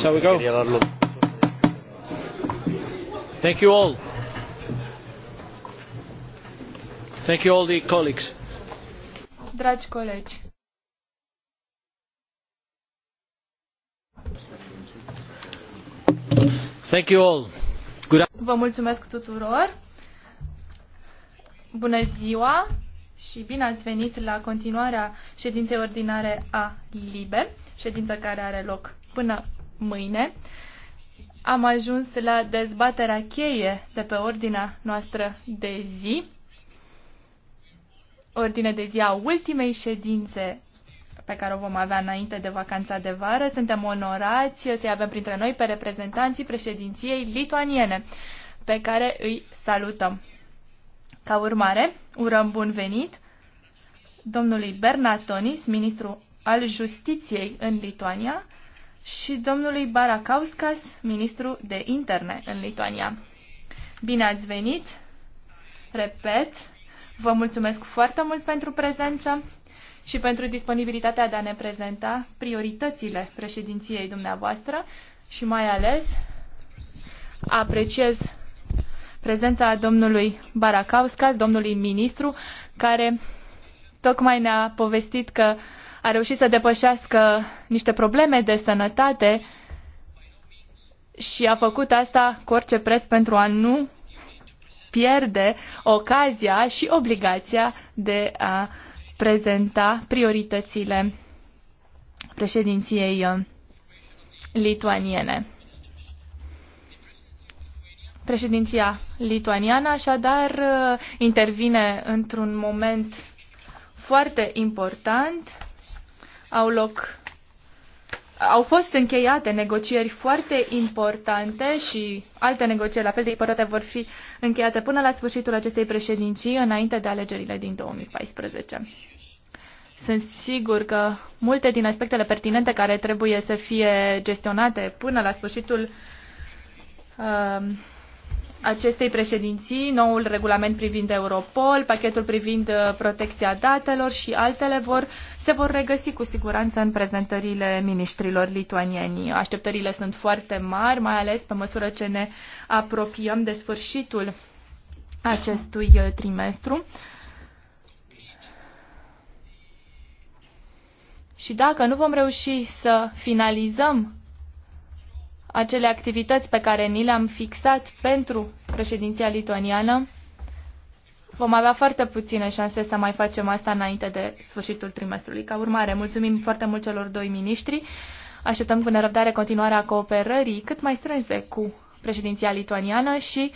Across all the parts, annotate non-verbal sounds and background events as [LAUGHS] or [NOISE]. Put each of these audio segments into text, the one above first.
Shall we go? Thank you all. Thank you all the colleagues. Dragi colegi. Thank you all. Good Vă mulțumesc tuturor. Bună ziua și bine ați venit la continuarea ședinței ordinare a LIBE, ședință care are loc până mâine, am ajuns la dezbaterea cheie de pe ordinea noastră de zi, ordine de zi a ultimei ședințe pe care o vom avea înainte de vacanța de vară. Suntem onorați să-i avem printre noi pe reprezentanții președinției lituaniene, pe care îi salutăm. Ca urmare, urăm bun venit domnului Bernatonis, ministru al justiției în Lituania, și domnului Barakauskas, ministru de interne în Lituania. Bine ați venit! Repet, vă mulțumesc foarte mult pentru prezență și pentru disponibilitatea de a ne prezenta prioritățile președinției dumneavoastră și mai ales apreciez prezența domnului Barakauskas, domnului ministru, care tocmai ne-a povestit că uh, a reușit să depășească niște probleme de sănătate și a făcut asta cu orice preț pentru a nu pierde ocazia și obligația de a prezenta prioritățile președinției uh, lituaniene. Președinția lituaniană așadar uh, intervine într-un moment foarte important au loc au fost încheiate negocieri foarte importante și alte negocieri la fel de importante vor fi încheiate până la sfârșitul acestei președinții, înainte de alegerile din 2014. Sunt sigur că multe din aspectele pertinente care trebuie să fie gestionate până la sfârșitul uh, acestei președinții, noul regulament privind Europol, pachetul privind uh, protecția datelor și altele vor, se vor regăsi cu siguranță în prezentările ministrilor lituanieni. Așteptările sunt foarte mari, mai ales pe măsură ce ne apropiem de sfârșitul acestui uh, trimestru. Și dacă nu vom reuși să finalizăm acele activități pe care ni le-am fixat pentru președinția lituaniană, vom avea foarte puține șanse să mai facem asta înainte de sfârșitul trimestrului. Ca urmare, mulțumim foarte mult celor doi miniștri. Așteptăm cu nerăbdare continuarea cooperării cât mai strânse cu președinția lituaniană și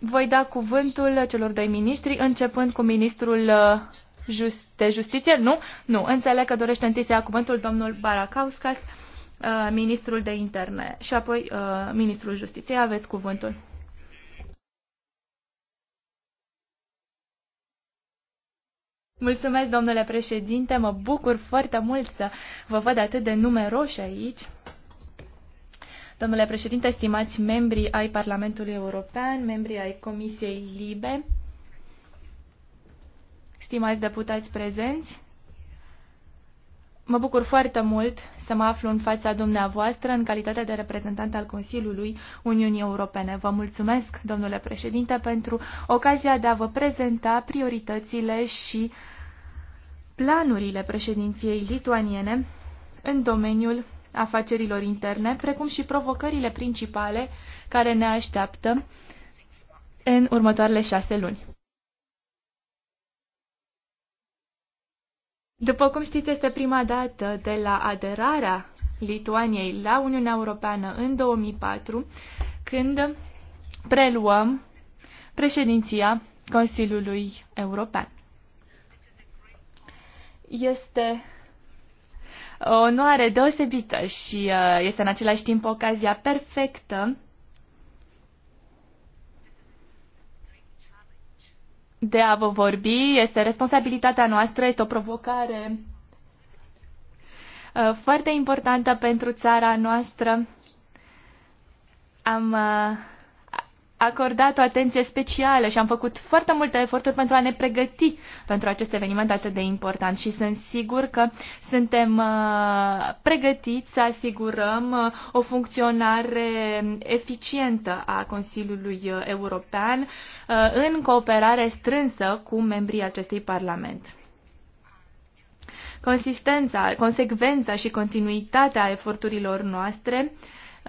voi da cuvântul celor doi miniștri, începând cu ministrul uh, de justiție. Nu, nu, înțeleg că dorește întâi să ia cuvântul domnul Barakauskas Uh, ministrul de interne și apoi uh, ministrul justiției. Aveți cuvântul. Mulțumesc, domnule președinte, mă bucur foarte mult să vă văd atât de numeroși aici. Domnule președinte, stimați membri ai Parlamentului European, membri ai Comisiei Libe, stimați deputați prezenți, Mă bucur foarte mult să mă aflu în fața dumneavoastră în calitate de reprezentant al Consiliului Uniunii Europene. Vă mulțumesc, domnule președinte, pentru ocazia de a vă prezenta prioritățile și planurile președinției lituaniene în domeniul afacerilor interne, precum și provocările principale care ne așteaptă în următoarele șase luni. După cum știți, este prima dată de la aderarea Lituaniei la Uniunea Europeană în 2004, când preluăm președinția Consiliului European. Este o onoare deosebită și uh, este în același timp ocazia perfectă de a vă vorbi. Este responsabilitatea noastră, este o provocare uh, foarte importantă pentru țara noastră. Am uh, acordat o atenție specială și am făcut foarte multe eforturi pentru a ne pregăti pentru acest eveniment atât de important și sunt sigur că suntem uh, pregătiți să asigurăm uh, o funcționare eficientă a Consiliului European uh, în cooperare strânsă cu membrii acestui Parlament. Consistența, consecvența și continuitatea eforturilor noastre uh,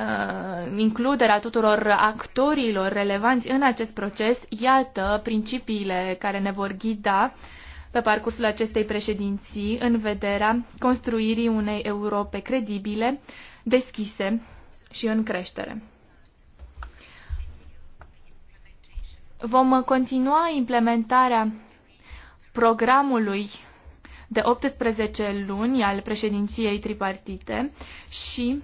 Uh, includerea tuturor actorilor relevanți în acest proces, iată principiile care ne vor ghida pe parcursul acestei președinții în vederea construirii unei Europe credibile, deschise și în creștere. Vom continua implementarea programului de 18 luni al președinției tripartite și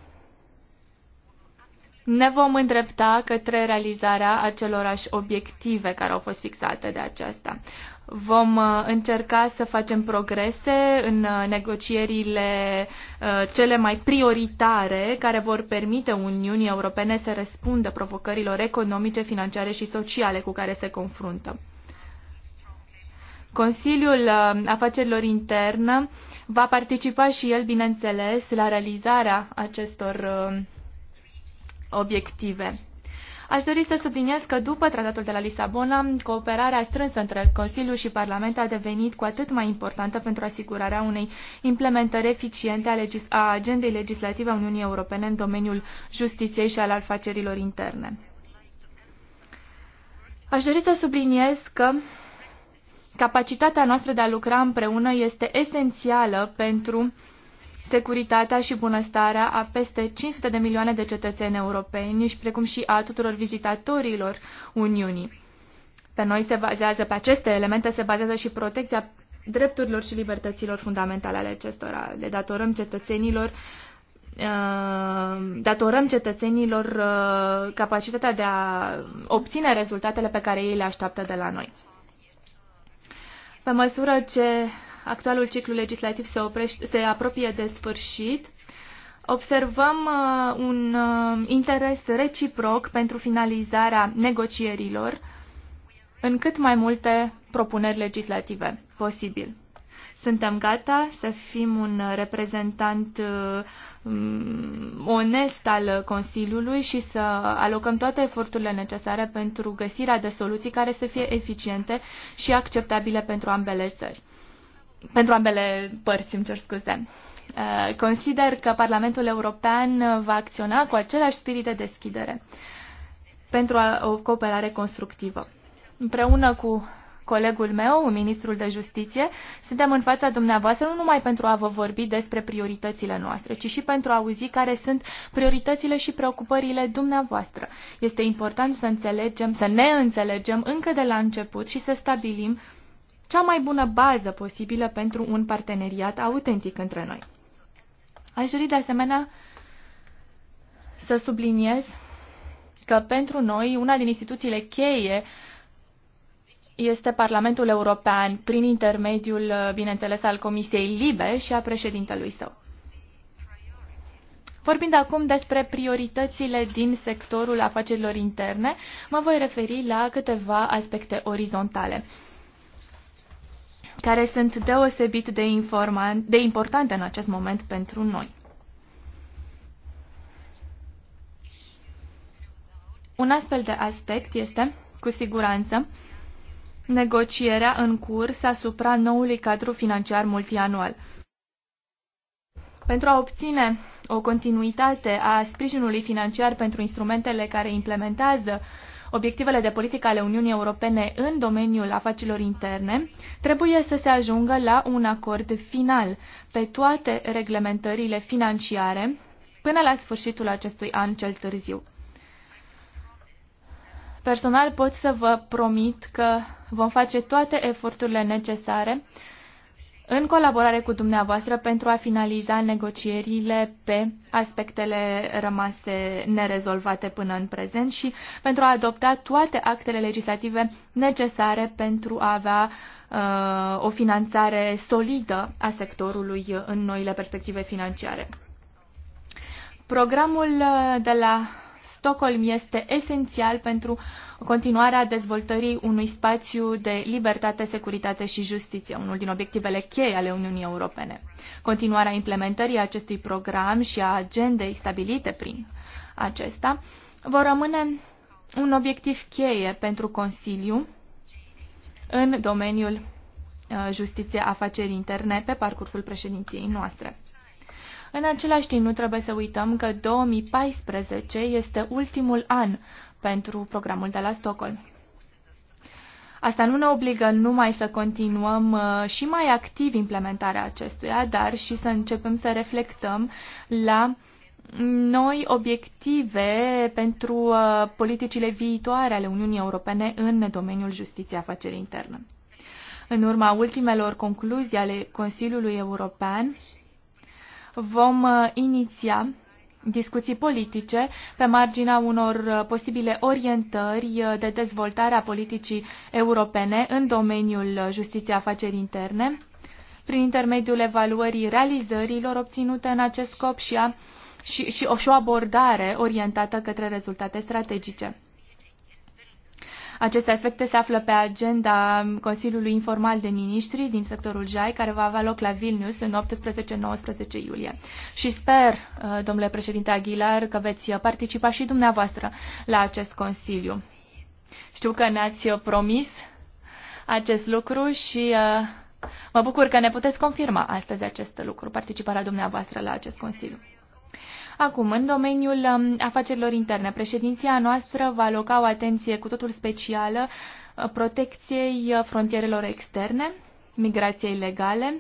ne vom îndrepta către realizarea acelorași obiective care au fost fixate de aceasta. Vom uh, încerca să facem progrese în uh, negocierile uh, cele mai prioritare care vor permite Uniunii Europene să răspundă provocărilor economice, financiare și sociale cu care se confruntă. Consiliul Afacerilor Interne va participa și el, bineînțeles, la realizarea acestor obiective. Aș dori să subliniez că după tratatul de la Lisabona, cooperarea strânsă între Consiliu și Parlament a devenit cu atât mai importantă pentru asigurarea unei implementări eficiente a, legis- a agendei legislative a Uniunii Europene în domeniul justiției și al afacerilor interne. Aș dori să subliniez că capacitatea noastră de a lucra împreună este esențială pentru securitatea și bunăstarea a peste 500 de milioane de cetățeni europeni și precum și a tuturor vizitatorilor Uniunii. Pe noi se bazează, pe aceste elemente se bazează și protecția drepturilor și libertăților fundamentale ale acestora. Le datorăm cetățenilor uh, datorăm cetățenilor uh, capacitatea de a obține rezultatele pe care ei le așteaptă de la noi. Pe măsură ce actualul ciclu legislativ se, oprește, se apropie de sfârșit, observăm uh, un uh, interes reciproc pentru finalizarea negocierilor în cât mai multe propuneri legislative posibil. Suntem gata să fim un reprezentant uh, mm, onest al Consiliului și să alocăm toate eforturile necesare pentru găsirea de soluții care să fie eficiente și acceptabile pentru ambele țări pentru ambele părți, îmi cer scuze. Uh, consider că Parlamentul European va acționa cu același spirit de deschidere pentru o cooperare constructivă. Împreună cu colegul meu, ministrul de justiție, suntem în fața dumneavoastră nu numai pentru a vă vorbi despre prioritățile noastre, ci și pentru a auzi care sunt prioritățile și preocupările dumneavoastră. Este important să înțelegem, să ne înțelegem încă de la început și să stabilim cea mai bună bază posibilă pentru un parteneriat autentic între noi. Aș dori de asemenea să subliniez că pentru noi una din instituțiile cheie este Parlamentul European, prin intermediul, bineînțeles, al Comisiei Libe și a președintelui său. Vorbind acum despre prioritățile din sectorul afacerilor interne, mă voi referi la câteva aspecte orizontale care sunt deosebit de, de importante în acest moment pentru noi. Un astfel de aspect este, cu siguranță, negocierea în curs asupra noului cadru financiar multianual. Pentru a obține o continuitate a sprijinului financiar pentru instrumentele care implementează uh, obiectivele de politică ale Uniunii Europene în domeniul afacerilor interne, trebuie să se ajungă la un acord final pe toate reglementările financiare până la sfârșitul acestui an cel târziu. Personal pot să vă promit că vom face toate eforturile necesare în colaborare cu dumneavoastră pentru a finaliza negocierile pe aspectele rămase nerezolvate până în prezent și pentru a adopta toate actele legislative necesare pentru a avea uh, o finanțare solidă a sectorului în noile perspective financiare. Programul uh, de la Stockholm este esențial pentru continuarea dezvoltării unui spațiu de libertate, securitate și justiție, unul din obiectivele cheie ale Uniunii Europene. Continuarea implementării acestui program și a agendei stabilite prin acesta vor rămâne un obiectiv cheie pentru Consiliu în domeniul uh, justiție afaceri interne pe parcursul președinției noastre. În același timp, nu trebuie să uităm că 2014 este ultimul an pentru programul de la Stockholm. Asta nu ne obligă numai să continuăm uh, și mai activ implementarea acestuia, dar și să începem să reflectăm la noi obiective pentru uh, politicile viitoare ale Uniunii Europene în domeniul justiției afacerii interne. În urma ultimelor concluzii ale Consiliului European, vom uh, iniția discuții politice pe marginea unor uh, posibile orientări uh, de dezvoltare a politicii europene în domeniul justiției afaceri interne, prin intermediul evaluării realizărilor obținute în acest scop și, a, și, și o, și o abordare orientată către rezultate strategice. Aceste efecte se află pe agenda Consiliului Informal de Ministri din sectorul JAI, care va avea loc la Vilnius în 18-19 iulie. Și sper, uh, domnule președinte Aguilar, că veți participa și dumneavoastră la acest Consiliu. Știu că ne-ați promis acest lucru și uh, mă bucur că ne puteți confirma astăzi acest lucru, participarea dumneavoastră la acest Consiliu. Acum, în domeniul um, afacerilor interne, președinția noastră va aloca o atenție cu totul specială uh, protecției uh, frontierelor externe, migrației legale,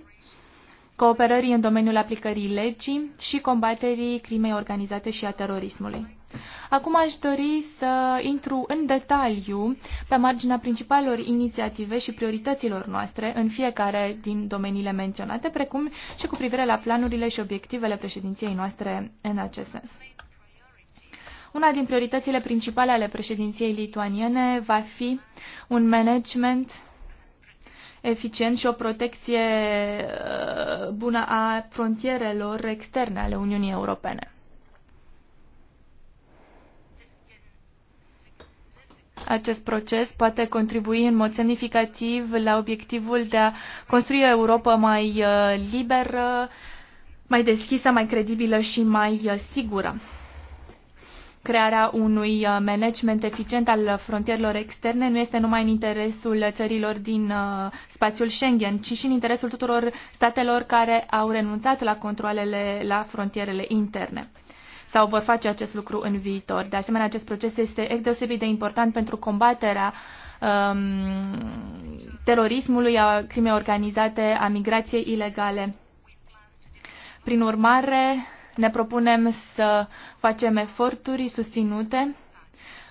cooperării în domeniul aplicării legii și combaterii crimei organizate și a terorismului. Acum aș dori să intru în detaliu pe marginea principalelor inițiative și priorităților noastre în fiecare din domeniile menționate, precum și cu privire la planurile și obiectivele președinției noastre în acest sens. Una din prioritățile principale ale președinției lituaniene va fi un management eficient și o protecție uh, bună a frontierelor externe ale Uniunii Europene. acest proces poate contribui în mod semnificativ la obiectivul de a construi o Europa mai uh, liberă, mai deschisă, mai credibilă și mai uh, sigură. Crearea unui uh, management eficient al frontierelor externe nu este numai în interesul țărilor din spațiul Schengen, ci și în interesul tuturor statelor care au renunțat la controlele la frontierele interne sau vor face acest lucru în viitor. De asemenea, acest proces este deosebit de important pentru combaterea um, terorismului, a crimei organizate, a migrației ilegale. Prin urmare, ne propunem să facem eforturi susținute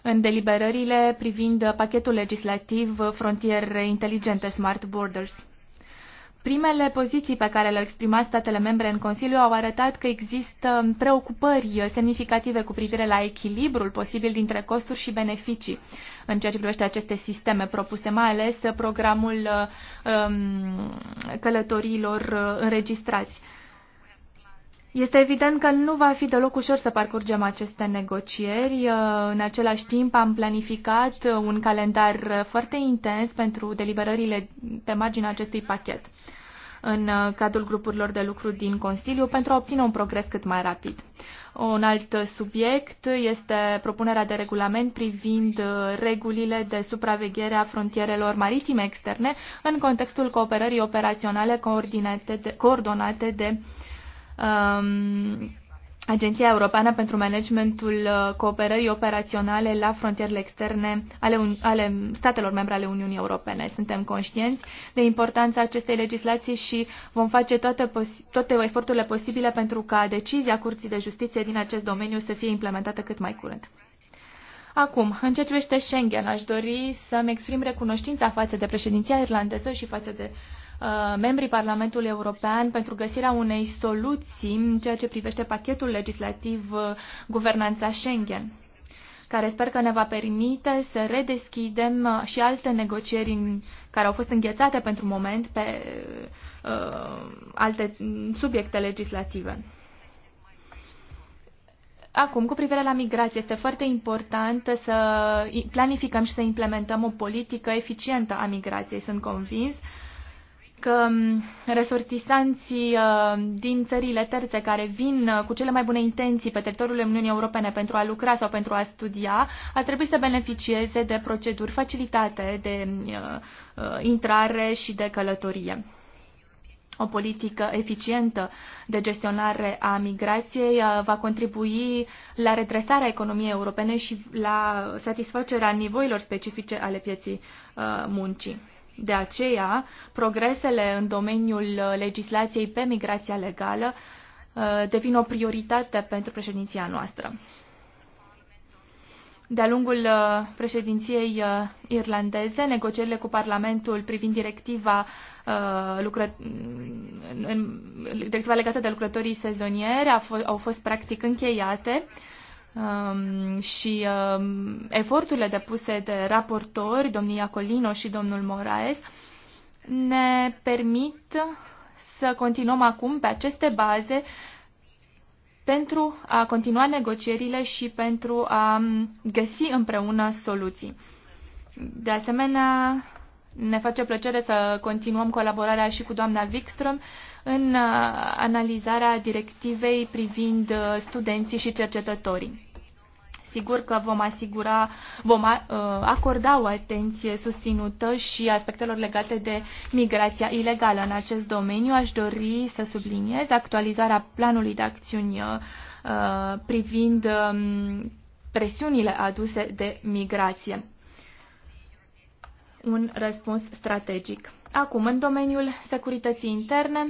în deliberările privind pachetul legislativ frontiere inteligente Smart Borders. Primele poziții pe care le-au exprimat statele membre în Consiliu au arătat că există preocupări semnificative cu privire la echilibrul posibil dintre costuri și beneficii în ceea ce privește aceste sisteme propuse, mai ales programul um, călătorilor uh, înregistrați. Uh, este evident că nu va fi deloc ușor să parcurgem aceste negocieri. Uh, în același timp am planificat uh, un calendar uh, foarte intens pentru deliberările pe marginea acestui pachet în cadrul grupurilor de lucru din Consiliu pentru a obține un progres cât mai rapid. Un alt subiect este propunerea de regulament privind regulile de supraveghere a frontierelor maritime externe în contextul cooperării operaționale coordonate de, coordonate de uh, um, Agenția Europeană pentru Managementul uh, Cooperării Operaționale la Frontierele Externe ale, un, ale statelor membre ale Uniunii Europene. Suntem conștienți de importanța acestei legislații și vom face toate, toate eforturile posibile pentru ca decizia Curții de Justiție din acest domeniu să fie implementată cât mai curând. Acum, în ce privește Schengen, aș dori să-mi exprim recunoștința față de președinția irlandeză și față de Uh, membrii Parlamentului European pentru găsirea unei soluții în ceea ce privește pachetul legislativ uh, Guvernanța Schengen care sper că ne va permite să redeschidem uh, și alte negocieri care au fost înghețate pentru moment pe uh, alte subiecte legislative. Acum, cu privire la migrație, este foarte important să planificăm și să implementăm o politică eficientă a migrației. Sunt convins uh, că mm, resortisanții uh, din țările terțe care vin uh, cu cele mai bune intenții pe teritoriul Uniunii Europene pentru a lucra sau pentru a studia ar trebui să beneficieze de proceduri facilitate de uh, intrare și de călătorie. O politică eficientă de gestionare a migrației va contribui la redresarea economiei europene și la satisfacerea nivoilor specifice ale pieții muncii. De aceea, progresele în domeniul uh, legislației pe migrația legală uh, devin o prioritate pentru președinția noastră. De-a lungul uh, președinției irlandeze, negocierile cu Parlamentul privind directiva, lucră... directiva legată de lucrătorii sezonieri au fost practic încheiate um, și um, eforturile depuse de raportori, domnii Acolino și domnul Moraes, ne permit să continuăm acum pe aceste baze pentru a continua negocierile și pentru a um, găsi împreună soluții. De asemenea, ne face plăcere să continuăm colaborarea și cu doamna Wikström în uh, analizarea directivei privind uh, studenții și cercetătorii. Sigur că vom asigura, vom ă, acorda o atenție susținută și aspectelor legate de migrația ilegală. În acest domeniu aș dori să subliniez actualizarea planului de acțiuni ă, privind um, presiunile aduse de migrație. Un răspuns strategic. Acum, în domeniul securității interne,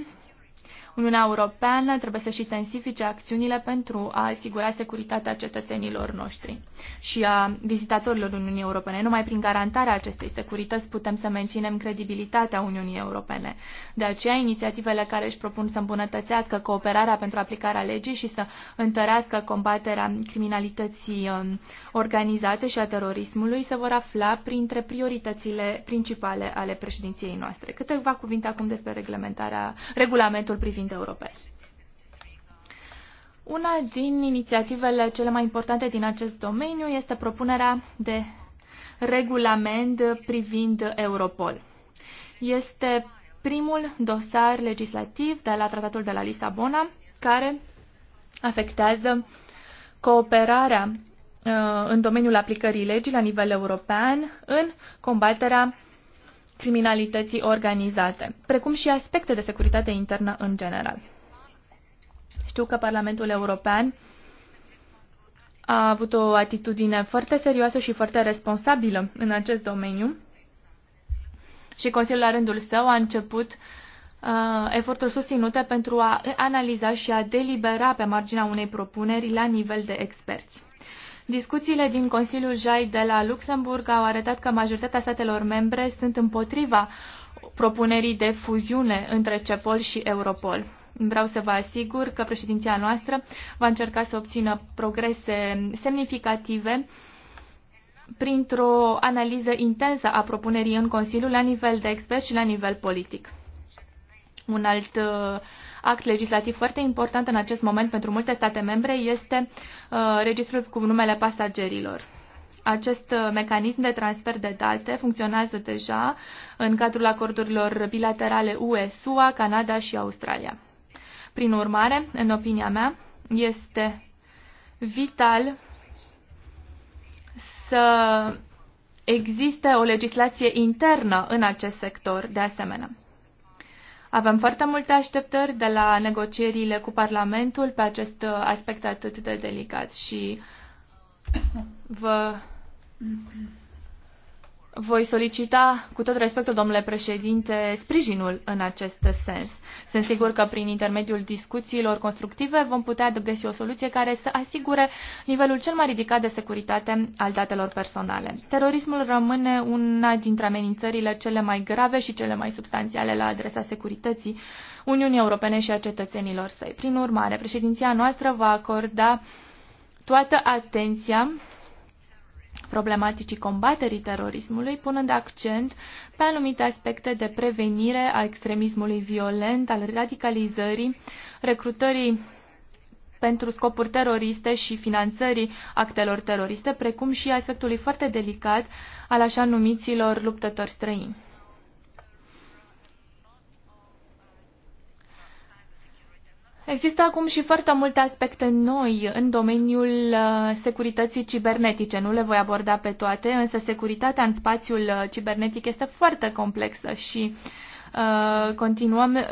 Uniunea Europeană trebuie să-și intensifice acțiunile pentru a asigura securitatea cetățenilor noștri și a vizitatorilor Uniunii Europene. Numai prin garantarea acestei securități putem să menținem credibilitatea Uniunii Europene. De aceea, inițiativele care își propun să îmbunătățească cooperarea pentru aplicarea legii și să întărească combaterea criminalității um, organizate și a terorismului se vor afla printre prioritățile principale ale președinției noastre. Câteva cuvinte acum despre reglementarea, regulamentul privind fonduri europene. Una din inițiativele cele mai importante din acest domeniu este propunerea de regulament privind Europol. Este primul dosar legislativ de la Tratatul de la Lisabona care afectează cooperarea uh, în domeniul aplicării legii la nivel european în combaterea criminalității organizate, precum și aspecte de securitate internă în general. Știu că Parlamentul European a avut o atitudine foarte serioasă și foarte responsabilă în acest domeniu și Consiliul la rândul său a început uh, eforturi susținute pentru a analiza și a delibera pe marginea unei propuneri la nivel de experți. Discuțiile din Consiliul JAI de la Luxemburg au arătat că majoritatea statelor membre sunt împotriva propunerii de fuziune între CEPOL și Europol. Vreau să vă asigur că președinția noastră va încerca să obțină progrese semnificative printr-o analiză intensă a propunerii în Consiliu la nivel de expert și la nivel politic. Un alt uh, act legislativ foarte important în acest moment pentru multe state membre este uh, registrul cu numele pasagerilor. Acest uh, mecanism de transfer de date funcționează deja în cadrul acordurilor bilaterale UE-SUA, Canada și Australia. Prin urmare, în opinia mea, este vital să existe o legislație internă în acest sector de asemenea. Avem foarte multe așteptări de la negocierile cu Parlamentul pe acest uh, aspect atât de delicat și vă voi solicita, cu tot respectul, domnule președinte, sprijinul în acest sens. Sunt sigur că prin intermediul discuțiilor constructive vom putea găsi o soluție care să asigure nivelul cel mai ridicat de securitate al datelor personale. Terorismul rămâne una dintre amenințările cele mai grave și cele mai substanțiale la adresa securității Uniunii Europene și a cetățenilor săi. Prin urmare, președinția noastră va acorda toată atenția problematicii combaterii terorismului, punând accent pe anumite aspecte de prevenire a extremismului violent, al radicalizării, recrutării pentru scopuri teroriste și finanțării actelor teroriste, precum și aspectului foarte delicat al așa numiților luptători străini. Există acum și foarte multe aspecte noi în domeniul uh, securității cibernetice. Nu le voi aborda pe toate, însă securitatea în spațiul uh, cibernetic este foarte complexă și uh, continuăm,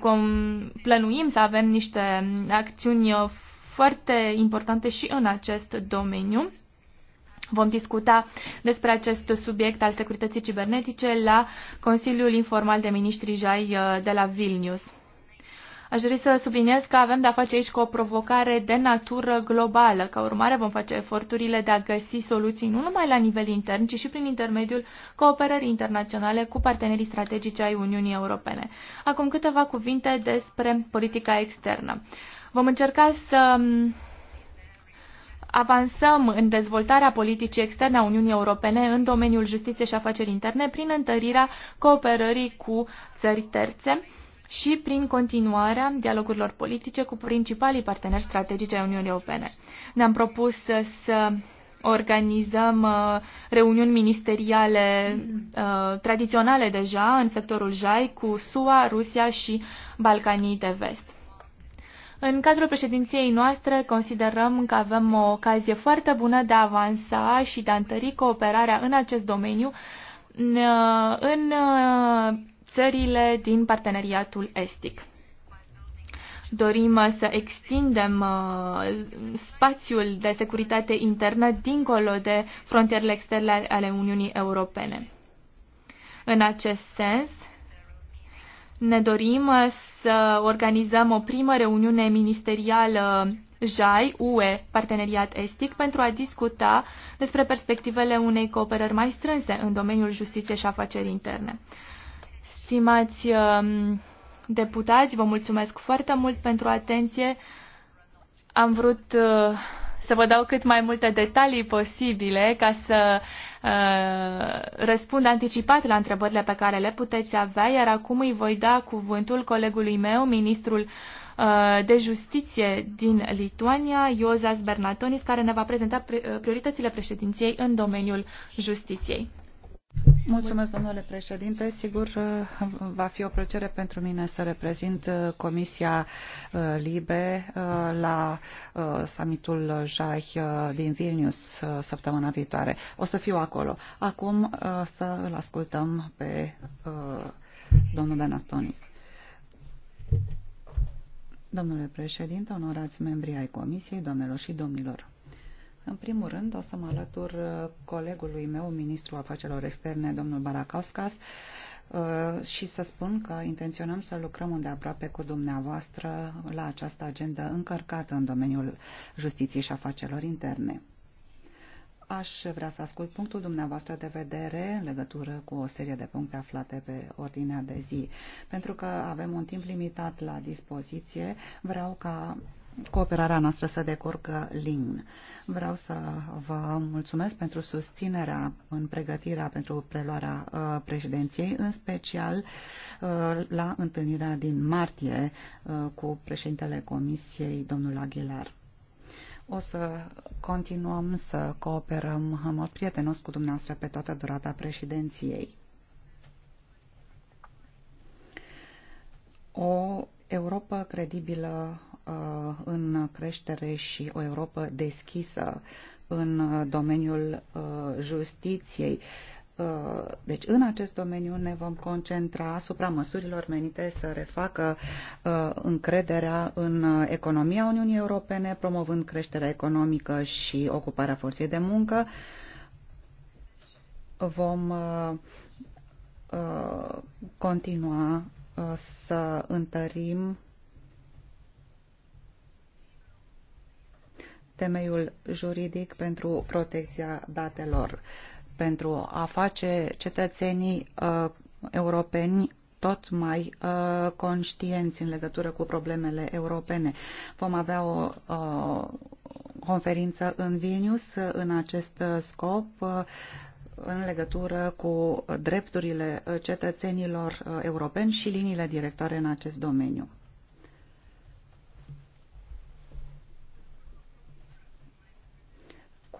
com, um, plănuim să avem niște acțiuni foarte importante și în acest domeniu. Vom discuta despre acest subiect al securității cibernetice la Consiliul Informal de Ministri Jai de la Vilnius. Aș dori să subliniez că avem de-a face aici cu o provocare de natură globală. Ca urmare vom face eforturile de a găsi soluții nu numai la nivel intern, ci și prin intermediul cooperării internaționale cu partenerii strategici ai Uniunii Europene. Acum câteva cuvinte despre politica externă. Vom încerca să avansăm în dezvoltarea politicii externe a Uniunii Europene în domeniul justiției și afaceri interne prin întărirea cooperării cu țări terțe și prin continuarea dialogurilor politice cu principalii parteneri strategici ai Uniunii Europene. Ne-am propus să organizăm uh, reuniuni ministeriale uh, tradiționale deja în sectorul JAI cu SUA, Rusia și Balcanii de Vest. În cadrul președinției noastre considerăm că avem o ocazie foarte bună de a avansa și de a întări cooperarea în acest domeniu uh, în țările din parteneriatul estic. Dorim uh, să extindem uh, spațiul de securitate internă dincolo de frontierele externe ale Uniunii Europene. În acest sens, ne dorim uh, să organizăm o primă reuniune ministerială JAI, UE, Parteneriat Estic, pentru a discuta despre perspectivele unei cooperări mai strânse în domeniul justiției și afaceri interne. Stimați um, deputați, vă mulțumesc foarte mult pentru atenție. Am vrut uh, să vă dau cât mai multe detalii posibile ca să uh, răspund anticipat la întrebările pe care le puteți avea, iar acum îi voi da cuvântul colegului meu, ministrul uh, de justiție din Lituania, Iozas Bernatonis, care ne va prezenta prioritățile președinției în domeniul justiției. Mulțumesc, domnule președinte. Sigur, uh, va fi o plăcere pentru mine să reprezint uh, Comisia uh, Libe la summitul JAI din Vilnius săptămâna viitoare. O să fiu acolo. Acum să îl ascultăm pe domnul Benastonis. Domnule președinte, onorați membrii ai Comisiei, doamnelor și domnilor. În primul rând, o să mă alătur uh, colegului meu, ministrul afacerilor externe, domnul Barakauskas, uh, și să spun că intenționăm să lucrăm îndeaproape cu dumneavoastră la această agendă încărcată în domeniul justiției și afacerilor interne. Aș vrea să ascult punctul dumneavoastră de vedere în legătură cu o serie de puncte aflate pe ordinea de zi. Pentru că avem un timp limitat la dispoziție, vreau ca cooperarea noastră să decurgă lin. Vreau să vă mulțumesc pentru susținerea în pregătirea pentru preluarea uh, președinției, în special uh, la întâlnirea din martie uh, cu președintele Comisiei, domnul Aguilar. O să continuăm să cooperăm în mod prietenos cu dumneavoastră pe toată durata președinției. O Europa credibilă Uh, în creștere și o Europa deschisă în domeniul uh, justiției. Uh, deci în acest domeniu ne vom concentra asupra măsurilor menite să refacă încrederea în economia Uniunii Europene, promovând creșterea economică și ocuparea forței de muncă. Vom continua să întărim temeiul juridic pentru protecția datelor, pentru a face cetățenii uh, europeni tot mai uh, conștienți în legătură cu problemele europene. Vom avea o uh, conferință în Vilnius în acest uh, scop. Uh, în legătură cu drepturile uh, cetățenilor uh, europeni și liniile directoare în acest domeniu.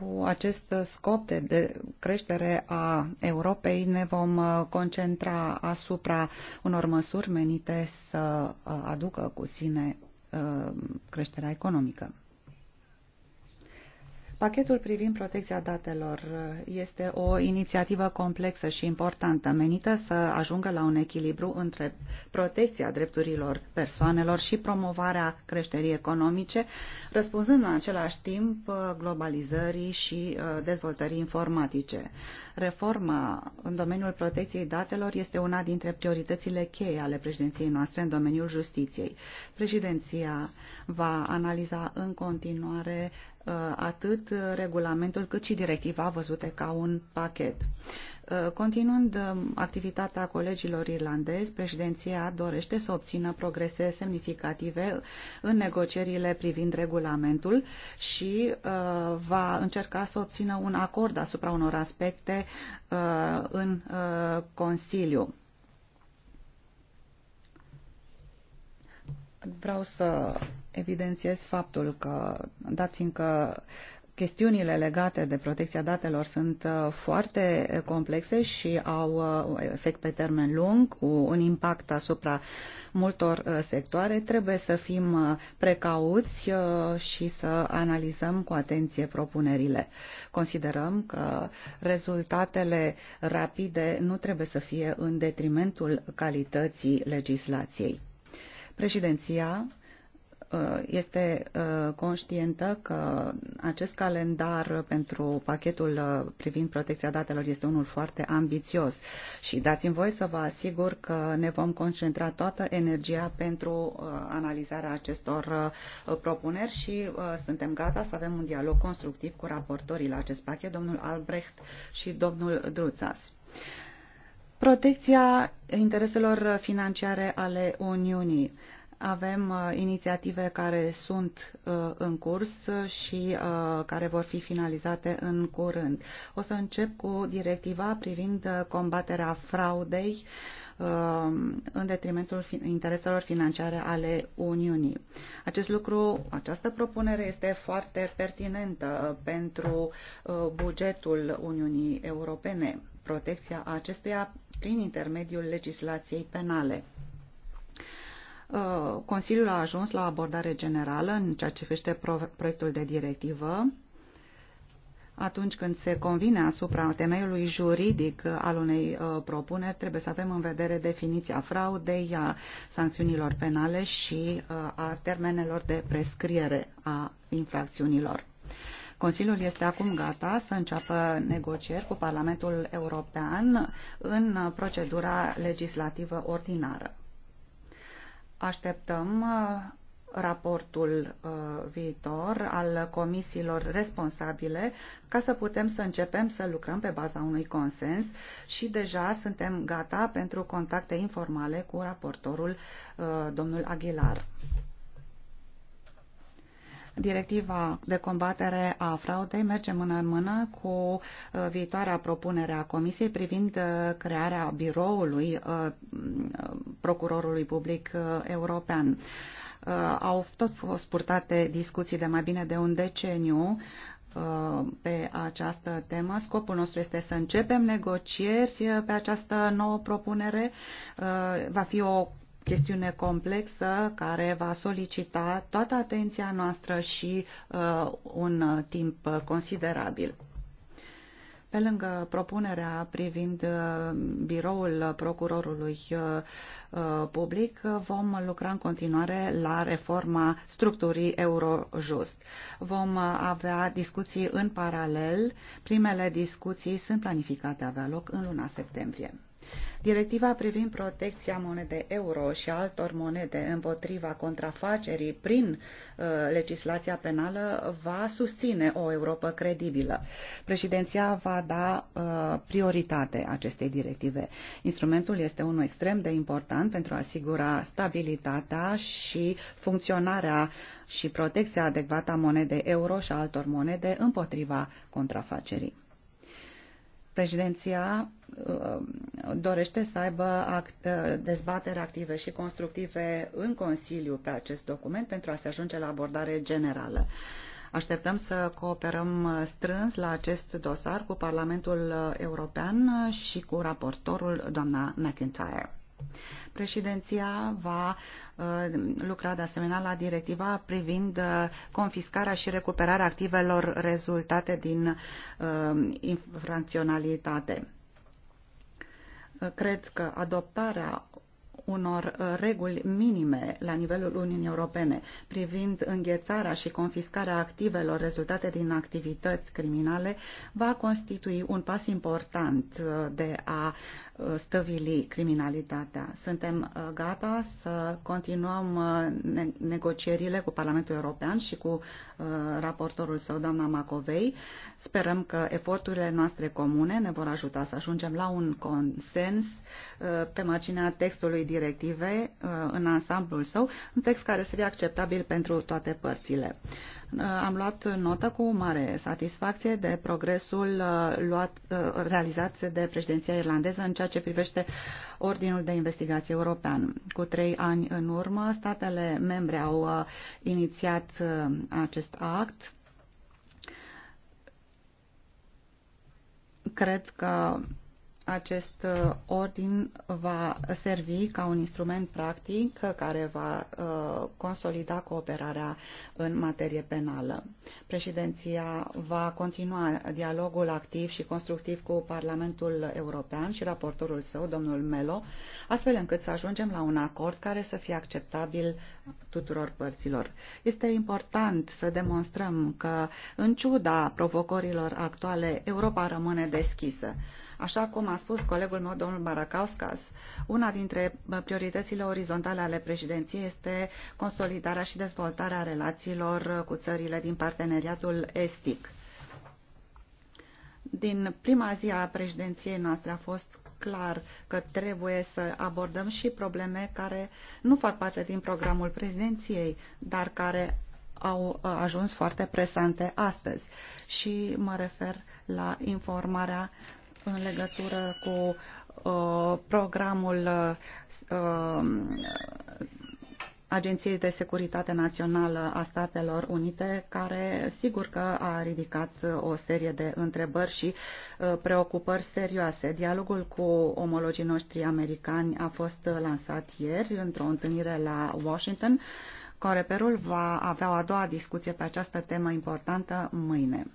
cu acest scop de, creștere a Europei ne vom uh, concentra asupra unor măsuri menite să uh, aducă cu sine uh, creșterea economică. Pachetul privind protecția datelor uh, este o inițiativă complexă și importantă, menită să ajungă la un echilibru între protecția drepturilor persoanelor și promovarea creșterii economice, răspunzând în același timp uh, globalizării și uh, dezvoltării informatice. Reforma în domeniul protecției datelor este una dintre prioritățile cheie ale președinției noastre în domeniul justiției. Președinția va analiza în continuare Uh, atât regulamentul cât și directiva văzute ca un pachet. Uh, continuând um, activitatea colegilor irlandezi, președinția dorește să obțină progrese semnificative în negocierile privind regulamentul și uh, va încerca să obțină un acord asupra unor aspecte în Consiliu. Vreau să evidențiez faptul că, dat fiindcă chestiunile legate de protecția datelor sunt uh, foarte uh, complexe și au uh, efect pe termen lung, cu un impact asupra multor sectoare, trebuie să fim precauți și să analizăm cu atenție propunerile. Considerăm că rezultatele rapide nu trebuie să fie în detrimentul calității legislației. Președinția Uh, este uh, conștientă că acest calendar pentru pachetul uh, privind protecția datelor este unul foarte ambițios și dați-mi voi să vă asigur că ne vom concentra toată energia pentru analizarea acestor propuneri și suntem gata să avem un dialog constructiv cu raportorii la acest pachet, domnul Albrecht și domnul Druțas. Protecția intereselor financiare ale Uniunii avem uh, inițiative care sunt uh, în curs uh, și care vor fi finalizate în curând. O să încep cu directiva privind combaterea fraudei în detrimentul intereselor financiare ale Uniunii. Acest lucru, această propunere este foarte pertinentă pentru bugetul Uniunii Europene, protecția acestuia prin intermediul legislației penale. Uh, Consiliul a ajuns la abordare generală în ceea ce privește proiectul de directivă atunci când se convine asupra temeiului juridic al unei uh, propuneri, trebuie să avem în vedere definiția fraudei, a sancțiunilor penale și uh, a termenelor de prescriere a infracțiunilor. Consiliul este acum gata să înceapă negocieri cu Parlamentul European în procedura legislativă ordinară. Așteptăm uh, raportul uh, viitor al comisiilor responsabile ca să putem să începem să lucrăm pe baza unui consens și deja suntem gata pentru contacte informale cu raportorul uh, domnul Aguilar. Directiva de combatere a fraudei merge mână în mână cu uh, viitoarea propunere a Comisiei privind uh, crearea biroului uh, procurorului public european au tot fost purtate discuții de mai bine de un deceniu pe această temă. Scopul nostru este să începem negocieri pe această nouă propunere. Va fi o chestiune complexă care va solicita toată atenția noastră și uh, un timp considerabil. Pe lângă propunerea privind uh, biroul procurorului uh, uh, public, vom lucra în continuare la reforma structurii Eurojust. Vom avea discuții în paralel. Primele discuții sunt planificate avea loc în luna septembrie. Directiva privind protecția monedei euro și altor monede împotriva contrafacerii prin uh, legislația penală va susține o Europa credibilă. Președinția va da uh, prioritate acestei directive. Instrumentul este unul extrem de important pentru a asigura stabilitatea și funcționarea și protecția adecvată a monedei euro și a altor monede împotriva contrafacerii. Președinția uh, dorește să aibă act, uh, dezbatere active și constructive în Consiliu pe acest document pentru a se ajunge la abordare generală. Așteptăm să cooperăm uh, strâns la acest dosar cu Parlamentul European și cu raportorul doamna McIntyre. Președinția va uh, lucra de asemenea la directiva privind uh, confiscarea și recuperarea activelor rezultate din uh, infracționalitate. Cred că adoptarea unor reguli minime la nivelul Uniunii Europene privind înghețarea și confiscarea activelor rezultate din activități criminale va constitui un pas important de a stăvili criminalitatea. Suntem uh, gata să continuăm uh, negocierile cu Parlamentul European și cu uh, raportorul său, doamna Macovei. Sperăm că eforturile noastre comune ne vor ajuta să ajungem la un consens pe marginea textului directive în ansamblul său, un text care să fie acceptabil pentru toate părțile. Uh, am luat notă cu mare satisfacție de progresul uh, luat, uh, realizat de președinția irlandeză în ceea ce privește Ordinul de Investigație European. Cu trei ani în urmă, statele membre au inițiat acest act. Cred că acest uh, ordin va servi ca un instrument practic care va uh, consolida cooperarea în materie penală. Președinția va continua dialogul activ și constructiv cu Parlamentul European și raportorul său, domnul Melo, astfel încât să ajungem la un acord care să fie acceptabil tuturor părților. Este important să demonstrăm că, în ciuda provocărilor actuale, Europa rămâne deschisă. Așa cum a spus colegul meu, domnul Barakauskas, una dintre prioritățile orizontale ale președinției este consolidarea și dezvoltarea relațiilor cu țările din parteneriatul estic. Din prima zi a președinției noastre a fost clar că trebuie să abordăm și probleme care nu fac parte din programul prezidenției, dar care au uh, ajuns foarte presante astăzi. Și mă refer la informarea în legătură cu uh, programul uh, Agenției de Securitate Națională a Statelor Unite, care sigur că a ridicat o serie de întrebări și uh, preocupări serioase. Dialogul cu omologii noștri americani a fost lansat ieri într-o întâlnire la Washington Coreperul va avea o a doua discuție pe această temă importantă mâine.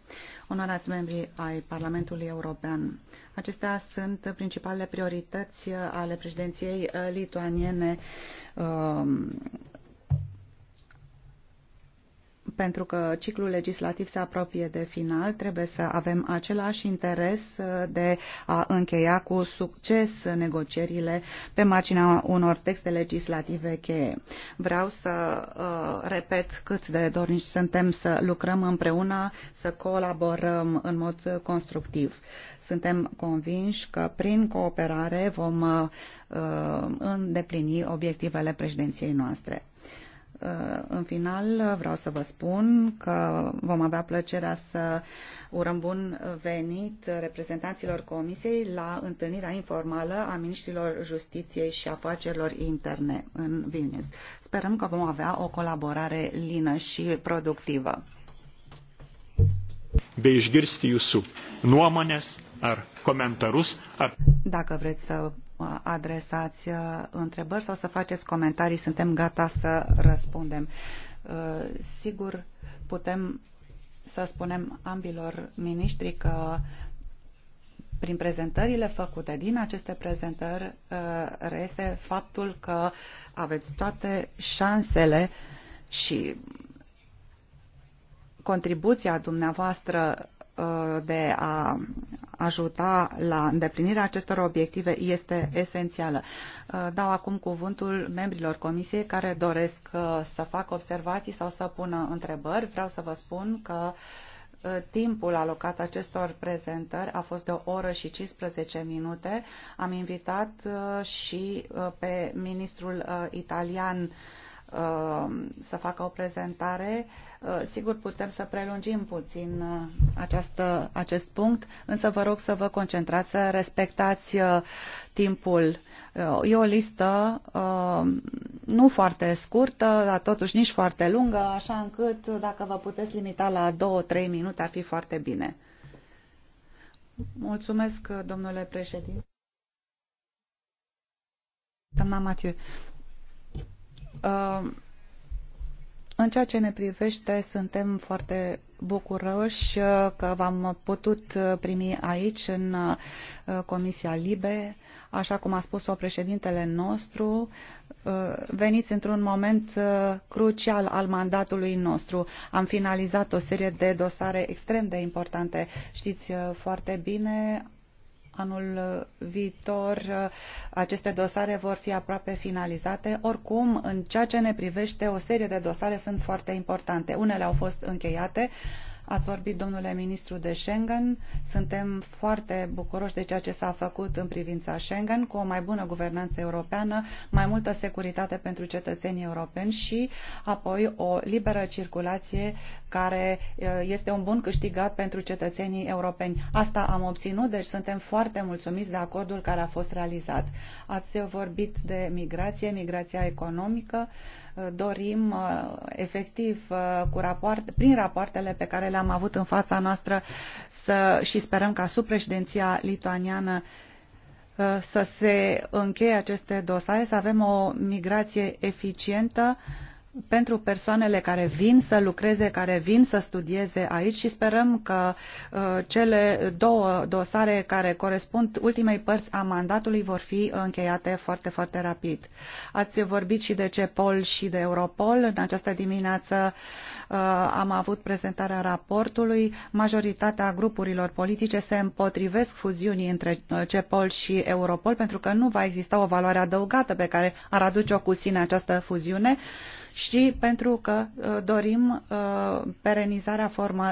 Onorați membrii ai Parlamentului European, acestea sunt principalele priorități ale președinției lituaniene um, pentru că ciclul legislativ se apropie de final, trebuie să avem același interes de a încheia cu succes negocierile pe marginea unor texte legislative cheie. Vreau să uh, repet cât de dornici suntem să lucrăm împreună, să colaborăm în mod constructiv. Suntem convinși că prin cooperare vom uh, îndeplini obiectivele președinției noastre. Uh, în final, vreau să vă spun că vom avea plăcerea să urăm bun venit reprezentanților Comisiei la întâlnirea informală a Ministrilor Justiției și Afacerilor Interne în Vilnius. Sperăm că vom avea o colaborare lină și productivă. jūsų nuomonės ar komentarus. Ar... Dacă vreți să adresați uh, întrebări sau să faceți comentarii. Suntem gata să răspundem. Uh, sigur, putem să spunem ambilor miniștri că prin prezentările făcute, din aceste prezentări, uh, reiese faptul că aveți toate șansele și contribuția dumneavoastră Uh, de a ajuta la îndeplinirea acestor obiective este esențială. Uh, dau acum cuvântul membrilor comisiei care doresc uh, să facă observații sau să pună întrebări. Vreau să vă spun că timpul alocat acestor prezentări a fost de o oră și 15 minute. Am invitat și pe ministrul italian Uh, să facă o prezentare. Uh, sigur, putem să prelungim puțin uh, această, acest punct, însă vă rog să vă concentrați, să respectați timpul. E o listă nu foarte scurtă, dar totuși nici foarte lungă, așa încât dacă vă puteți limita la 2-3 minute ar fi foarte bine. Mulțumesc, domnule președinte. Doamna Matiu, Uh, în ceea ce ne privește, suntem foarte bucuroși uh, că v-am putut uh, primi aici, în Comisia Libe, așa cum a spus-o președintele nostru, veniți într-un moment crucial al mandatului nostru. Am finalizat o serie de dosare extrem de importante. Știți foarte bine, anul viitor aceste dosare vor fi aproape finalizate. Oricum, în ceea ce ne privește, o serie de dosare sunt foarte importante. Unele au fost încheiate, Ați vorbit, domnule ministru, de Schengen. Suntem foarte bucuroși de ceea ce s-a făcut în privința Schengen, cu o mai bună guvernanță europeană, mai multă securitate pentru cetățenii europeni și apoi o liberă circulație care este un bun câștigat pentru cetățenii europeni. Asta am obținut, deci suntem foarte mulțumiți de acordul care a fost realizat. Ați vorbit de migrație, migrația economică. Dorim efectiv cu rapoarte, prin rapoartele pe care le-am avut în fața noastră să, și sperăm ca sub președinția lituaniană să se încheie aceste dosare, să avem o migrație eficientă uh, pentru persoanele care vin să lucreze, care vin să studieze aici și sperăm că uh, cele două dosare care corespund ultimei părți a mandatului vor fi încheiate foarte, foarte rapid. Ați vorbit și de CEPOL și de Europol. În această dimineață uh, am avut prezentarea raportului. Majoritatea grupurilor politice se împotrivesc fuziunii între uh, CEPOL și Europol pentru că nu va exista o valoare adăugată pe care ar aduce-o cu sine această fuziune și pentru că uh, dorim uh, perenizarea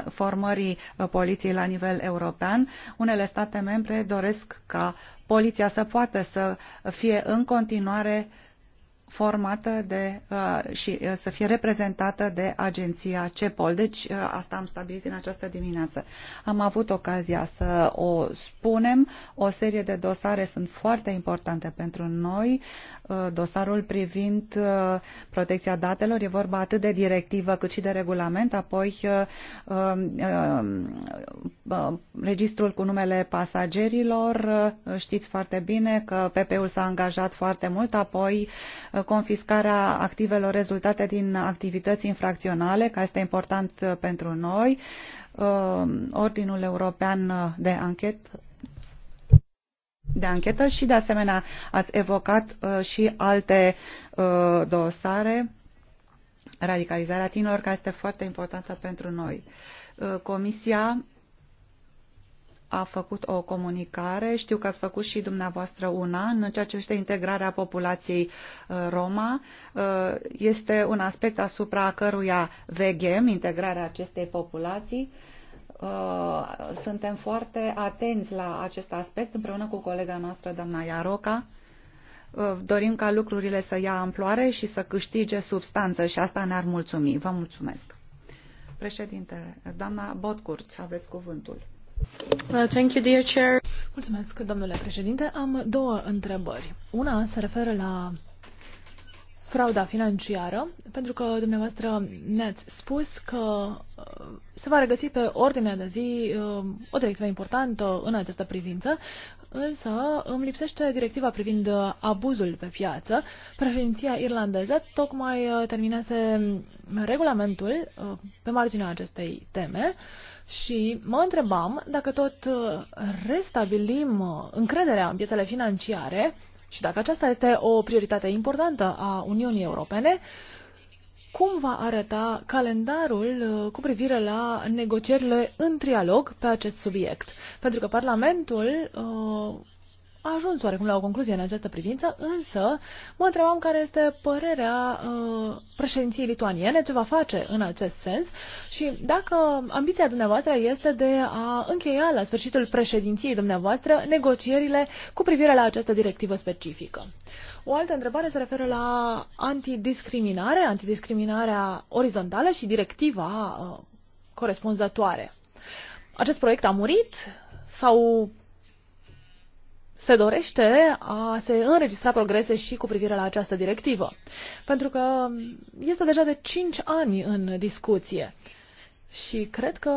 formării uh, poliției la nivel european. Unele state membre doresc ca poliția să poată să fie în continuare uh, formată de, uh, și uh, să fie reprezentată de agenția CEPOL. Deci uh, asta am stabilit în această dimineață. Am avut ocazia să o spunem. O serie de dosare sunt foarte importante pentru noi. Dosarul privind protecția datelor e vorba atât de directivă cât și de regulament, apoi um, registrul cu numele pasagerilor. Știți foarte bine că PP-ul s-a angajat foarte mult, apoi confiscarea activelor rezultate din activități infracționale, care este important uh, pentru noi, uh, Ordinul European de Anchet de anchetă și, de asemenea, ați evocat uh, și alte uh, dosare, radicalizarea tinerilor, care este foarte importantă pentru noi. Uh, Comisia a făcut o comunicare, știu că ați făcut și dumneavoastră una, în ceea ce privește integrarea populației uh, Roma. Uh, este un aspect asupra căruia veghem, integrarea acestei populații. Uh, suntem foarte atenți la acest aspect împreună cu colega noastră, doamna Iaroca dorim ca lucrurile să ia amploare și să câștige substanță și asta ne-ar mulțumi. Vă mulțumesc. Președinte, doamna Botcurt, aveți cuvântul. Mulțumesc, domnule președinte. Am două întrebări. Una se referă la frauda financiară, pentru că dumneavoastră ne-ați spus că uh, se va regăsi pe ordinea de zi uh, o directivă importantă în această privință, însă îmi lipsește directiva privind abuzul pe piață. Președinția irlandeză tocmai uh, terminase regulamentul pe marginea acestei teme. Și mă întrebam dacă tot uh, restabilim uh, încrederea în piețele financiare și dacă aceasta este o prioritate importantă a Uniunii Europene, cum va arăta calendarul uh, cu privire la negocierile în trialog pe acest subiect? Pentru că Parlamentul a ajuns oarecum la o concluzie în această privință, însă mă întrebam care este părerea uh, președinției lituaniene, ce va face în acest sens și dacă ambiția dumneavoastră este de a încheia la sfârșitul președinției dumneavoastră negocierile cu privire la această directivă specifică. O altă întrebare se referă la antidiscriminare, antidiscriminarea orizontală și directiva uh, corespunzătoare. Acest proiect a murit sau se dorește a se înregistra progrese și cu privire la această directivă. Pentru că este deja de 5 ani în discuție și cred că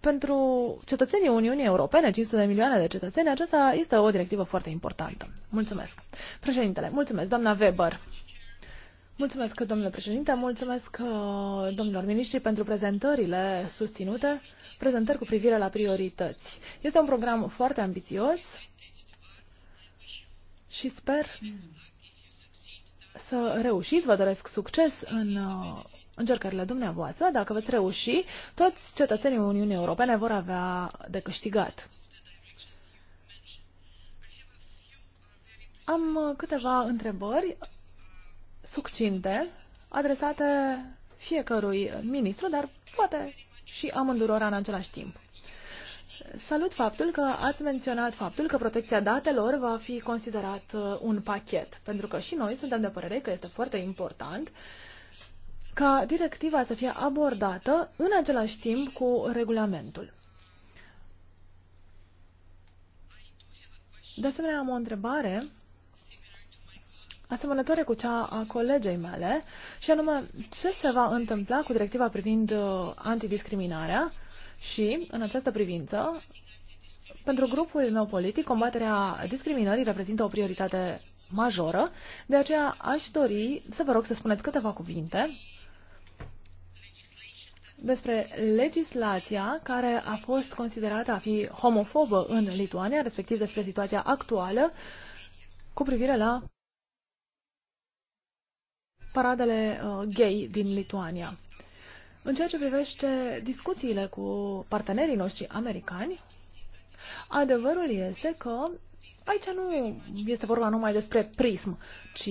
pentru cetățenii Uniunii Europene, 500 de milioane de cetățeni, aceasta este o directivă foarte importantă. Mulțumesc. Președintele, mulțumesc, doamna Weber. Mulțumesc, domnule președinte, mulțumesc uh, domnilor miniștri pentru prezentările susținute, prezentări cu privire la priorități. Este un program foarte ambițios și sper să reușiți, vă doresc succes în uh, încercările dumneavoastră. Dacă veți reuși, toți cetățenii Uniunii Europene vor avea de câștigat. Am uh, câteva întrebări succinte adresate fiecărui ministru, dar poate și amândurora în același timp. Salut faptul că ați menționat faptul că protecția datelor va fi considerat uh, un pachet, pentru că și noi suntem de părere că este foarte important ca directiva să fie abordată în același timp cu regulamentul. De asemenea, am o întrebare asemănătoare cu cea a colegei mele, și anume ce se va întâmpla cu directiva privind uh, antidiscriminarea și, în această privință, pentru grupul meu politic, combaterea discriminării reprezintă o prioritate majoră, de aceea aș dori să vă rog să spuneți câteva cuvinte despre legislația care a fost considerată a fi homofobă în Lituania, respectiv despre situația actuală cu privire la paradele uh, gay din Lituania. În ceea ce privește discuțiile cu partenerii noștri americani, adevărul este că aici nu este vorba numai despre prism, ci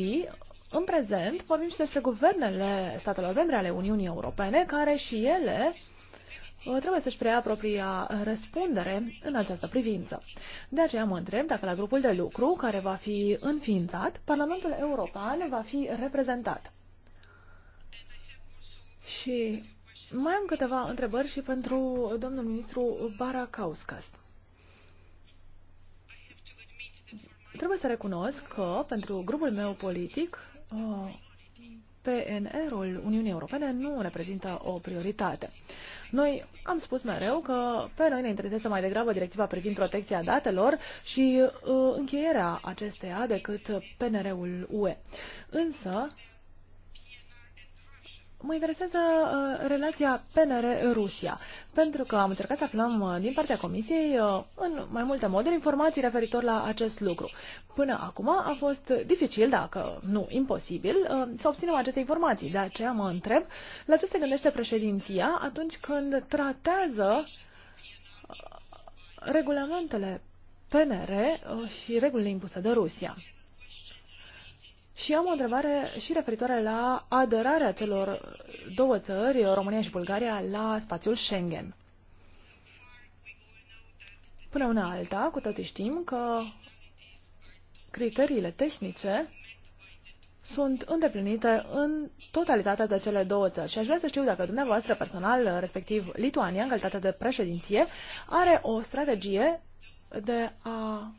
în prezent vorbim și despre guvernele statelor membre ale Uniunii Europene, care și ele uh, trebuie să-și preia propria răspundere în această privință. De aceea mă întreb dacă la grupul de lucru care va fi înființat, Parlamentul European va fi reprezentat. Și mai am câteva întrebări și pentru domnul ministru Barakauskas. Trebuie să recunosc că pentru grupul meu politic uh, PNR-ul Uniunii Europene nu reprezintă o prioritate. Noi am spus mereu că pe noi ne interesează mai degrabă directiva privind protecția datelor și uh, încheierea acesteia decât PNR-ul UE. Însă, mă interesează uh, relația PNR-Rusia, pentru că am încercat să aflăm uh, din partea Comisiei uh, în mai multe moduri informații referitor la acest lucru. Până acum a fost dificil, dacă nu imposibil, uh, să obținem aceste informații. De aceea mă întreb la ce se gândește președinția atunci când tratează uh, regulamentele PNR uh, și regulile impuse de Rusia. Și am o întrebare și referitoare la aderarea celor două țări, România și Bulgaria, la spațiul Schengen. Până una alta, cu toții știm că criteriile tehnice sunt îndeplinite în totalitatea de cele două țări. Și aș vrea să știu dacă dumneavoastră personal, respectiv Lituania, în calitate de președinție, are o strategie de a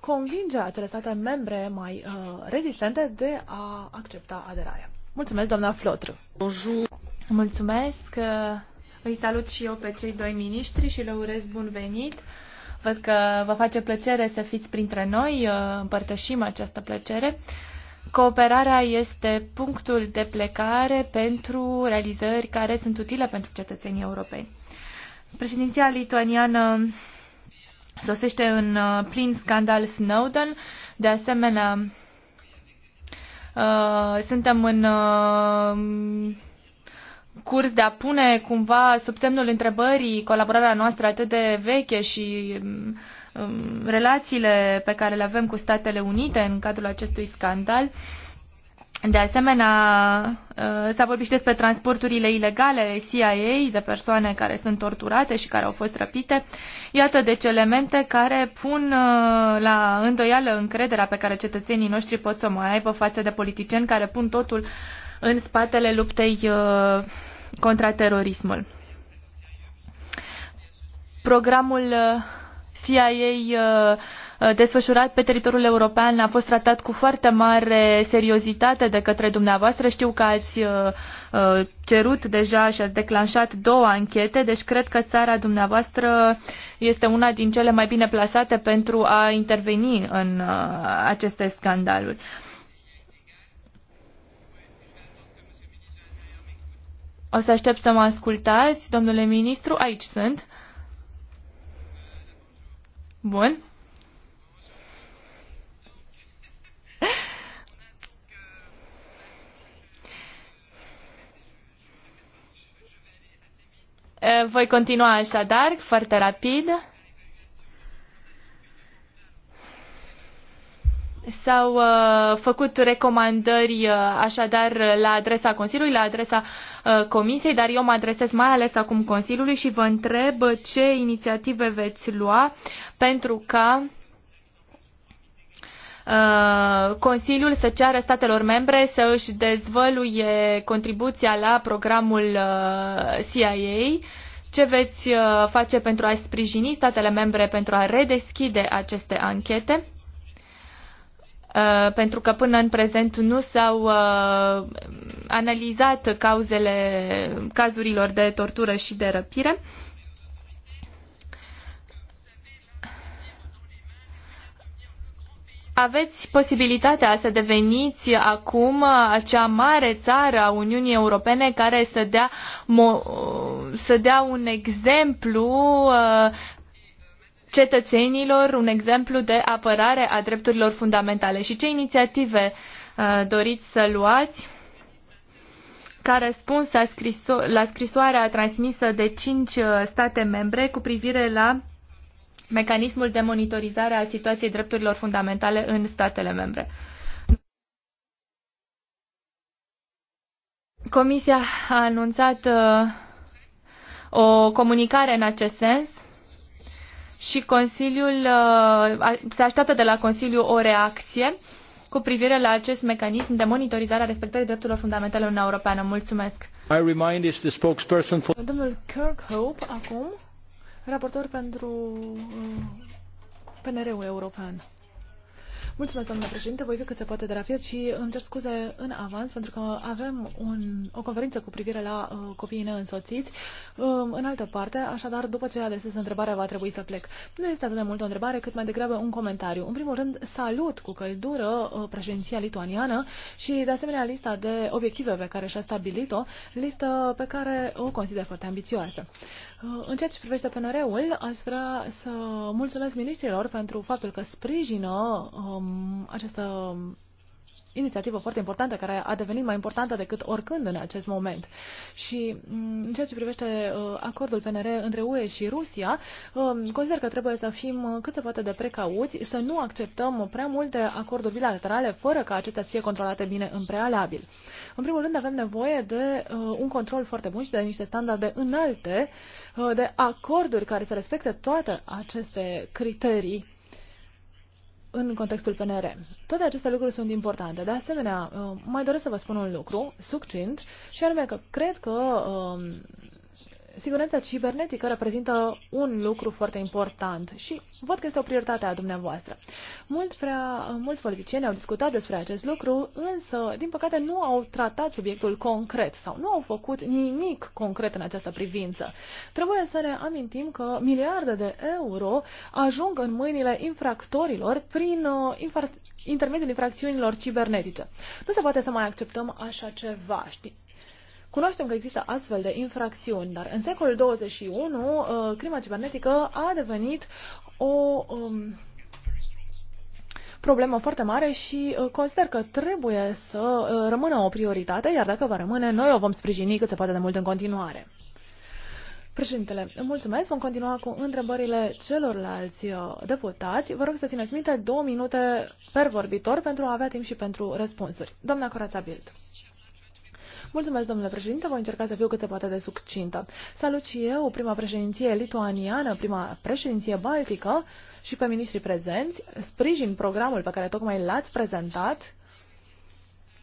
convinge acele state membre mai uh, rezistente de a accepta aderarea. Mulțumesc, doamna Flotr. Bonjour. Mulțumesc. Uh, îi salut și eu pe cei doi miniștri și le urez bun venit. Văd că vă face plăcere să fiți printre noi, uh, împărtășim această plăcere. Cooperarea este punctul de plecare pentru realizări care sunt utile pentru cetățenii europeni. Președinția lituaniană sosește în uh, plin scandal Snowden. De asemenea, uh, suntem în uh, curs de a pune cumva sub semnul întrebării colaborarea noastră atât de veche și um, relațiile pe care le avem cu Statele Unite în cadrul acestui scandal. Uh, de asemenea, uh, s-a vorbit și despre transporturile ilegale CIA de persoane care sunt torturate și care au fost răpite. Iată deci elemente care pun uh, la îndoială încrederea pe care cetățenii noștri pot să o mai aibă față de politicieni care pun totul în spatele luptei uh, contra terorismul. Programul CIA Uh, desfășurat pe teritoriul european a fost tratat cu foarte mare seriozitate de către dumneavoastră. Știu că ați uh, uh, cerut deja și ați declanșat două anchete, deci cred că țara dumneavoastră este una din cele mai bine plasate pentru a interveni în aceste scandaluri. O să aștept să mă ascultați, domnule ministru. Aici sunt. Bun. [LAUGHS] Voi continua așadar, foarte rapid. S-au uh, făcut recomandări uh, așadar la adresa Consiliului, la adresa uh, Comisiei, dar eu mă adresez mai ales acum Consiliului și vă întreb ce inițiative veți lua pentru ca uh, Uh, Consiliul să ceară statelor membre să își dezvăluie contribuția la programul uh, CIA. Ce veți uh, face pentru a sprijini statele membre pentru a redeschide aceste anchete? pentru că până în prezent nu s-au analizat cauzele cazurilor de tortură și de răpire. aveți posibilitatea să deveniți acum acea mare țară a Uniunii Europene care să dea, să dea un exemplu uh, cetățenilor, un exemplu de apărare a drepturilor fundamentale. Și ce inițiative uh, doriți să luați? ca răspuns la scrisoarea transmisă de cinci uh, state membre cu privire la mecanismul de monitorizare a situației drepturilor fundamentale în statele membre. Comisia a anunțat uh, o comunicare în acest sens și Consiliul uh, se așteaptă de la Consiliu o reacție cu privire la acest mecanism de monitorizare a respectării drepturilor fundamentale în Uniunea Europeană. Mulțumesc! I remind the For... Domnul Kirkhope, acum raportor pentru uh, PNR-ul european. Mulțumesc, doamnă președinte. Voi fi cât se poate de rapid și îmi cer scuze în avans pentru că avem un, o conferință cu privire la uh, copiii neînsoțiți uh, în altă parte, așadar după ce adresez întrebarea va trebui să plec. Nu este atât de mult o întrebare cât mai degrabă un comentariu. În primul rând, salut cu căldură uh, președinția lituaniană și de asemenea lista de obiective pe care și-a stabilit-o, listă pe care o consider foarte ambițioasă. În ceea ce privește PNR-ul, aș vrea să mulțumesc ministrilor pentru faptul că sprijină um, această inițiativă foarte importantă care a devenit mai importantă decât oricând în acest moment. Și mm, în ceea ce privește uh, acordul PNR între UE și Rusia, um, consider că trebuie să fim cât se poate de precauți, să nu acceptăm prea multe acorduri bilaterale fără ca acestea să fie controlate bine în prealabil. În primul rând avem nevoie de uh, un control foarte bun și de niște standarde înalte, uh, de acorduri care să respecte toate aceste criterii în contextul PNR. Toate aceste lucruri sunt importante. De asemenea, uh, mai doresc să vă spun un lucru, succint, și anume că cred că um, Siguranța cibernetică reprezintă un lucru foarte important și văd că este o prioritate a dumneavoastră. Mult prea, mulți politicieni au discutat despre acest lucru, însă, din păcate, nu au tratat subiectul concret sau nu au făcut nimic concret în această privință. Trebuie să ne amintim că miliarde de euro ajung în mâinile infractorilor prin uh, infra intermediul infracțiunilor cibernetice. Nu se poate să mai acceptăm așa ceva, știi? Cunoaștem că există astfel de infracțiuni, dar în secolul 21 uh, crima cibernetică a devenit o um, problemă foarte mare și uh, consider că trebuie să uh, rămână o prioritate, iar dacă va rămâne, noi o vom sprijini cât se poate de mult în continuare. Președintele, mulțumesc. Vom continua cu întrebările celorlalți deputați. Vă rog să țineți minte două minute per vorbitor pentru a avea timp și pentru răspunsuri. Doamna Corața Bild. Mulțumesc, domnule președinte, voi încerca să fiu câte poate de succintă. Salut și eu prima președinție lituaniană, prima președinție baltică și pe ministrii prezenți. Sprijin programul pe care tocmai l-ați prezentat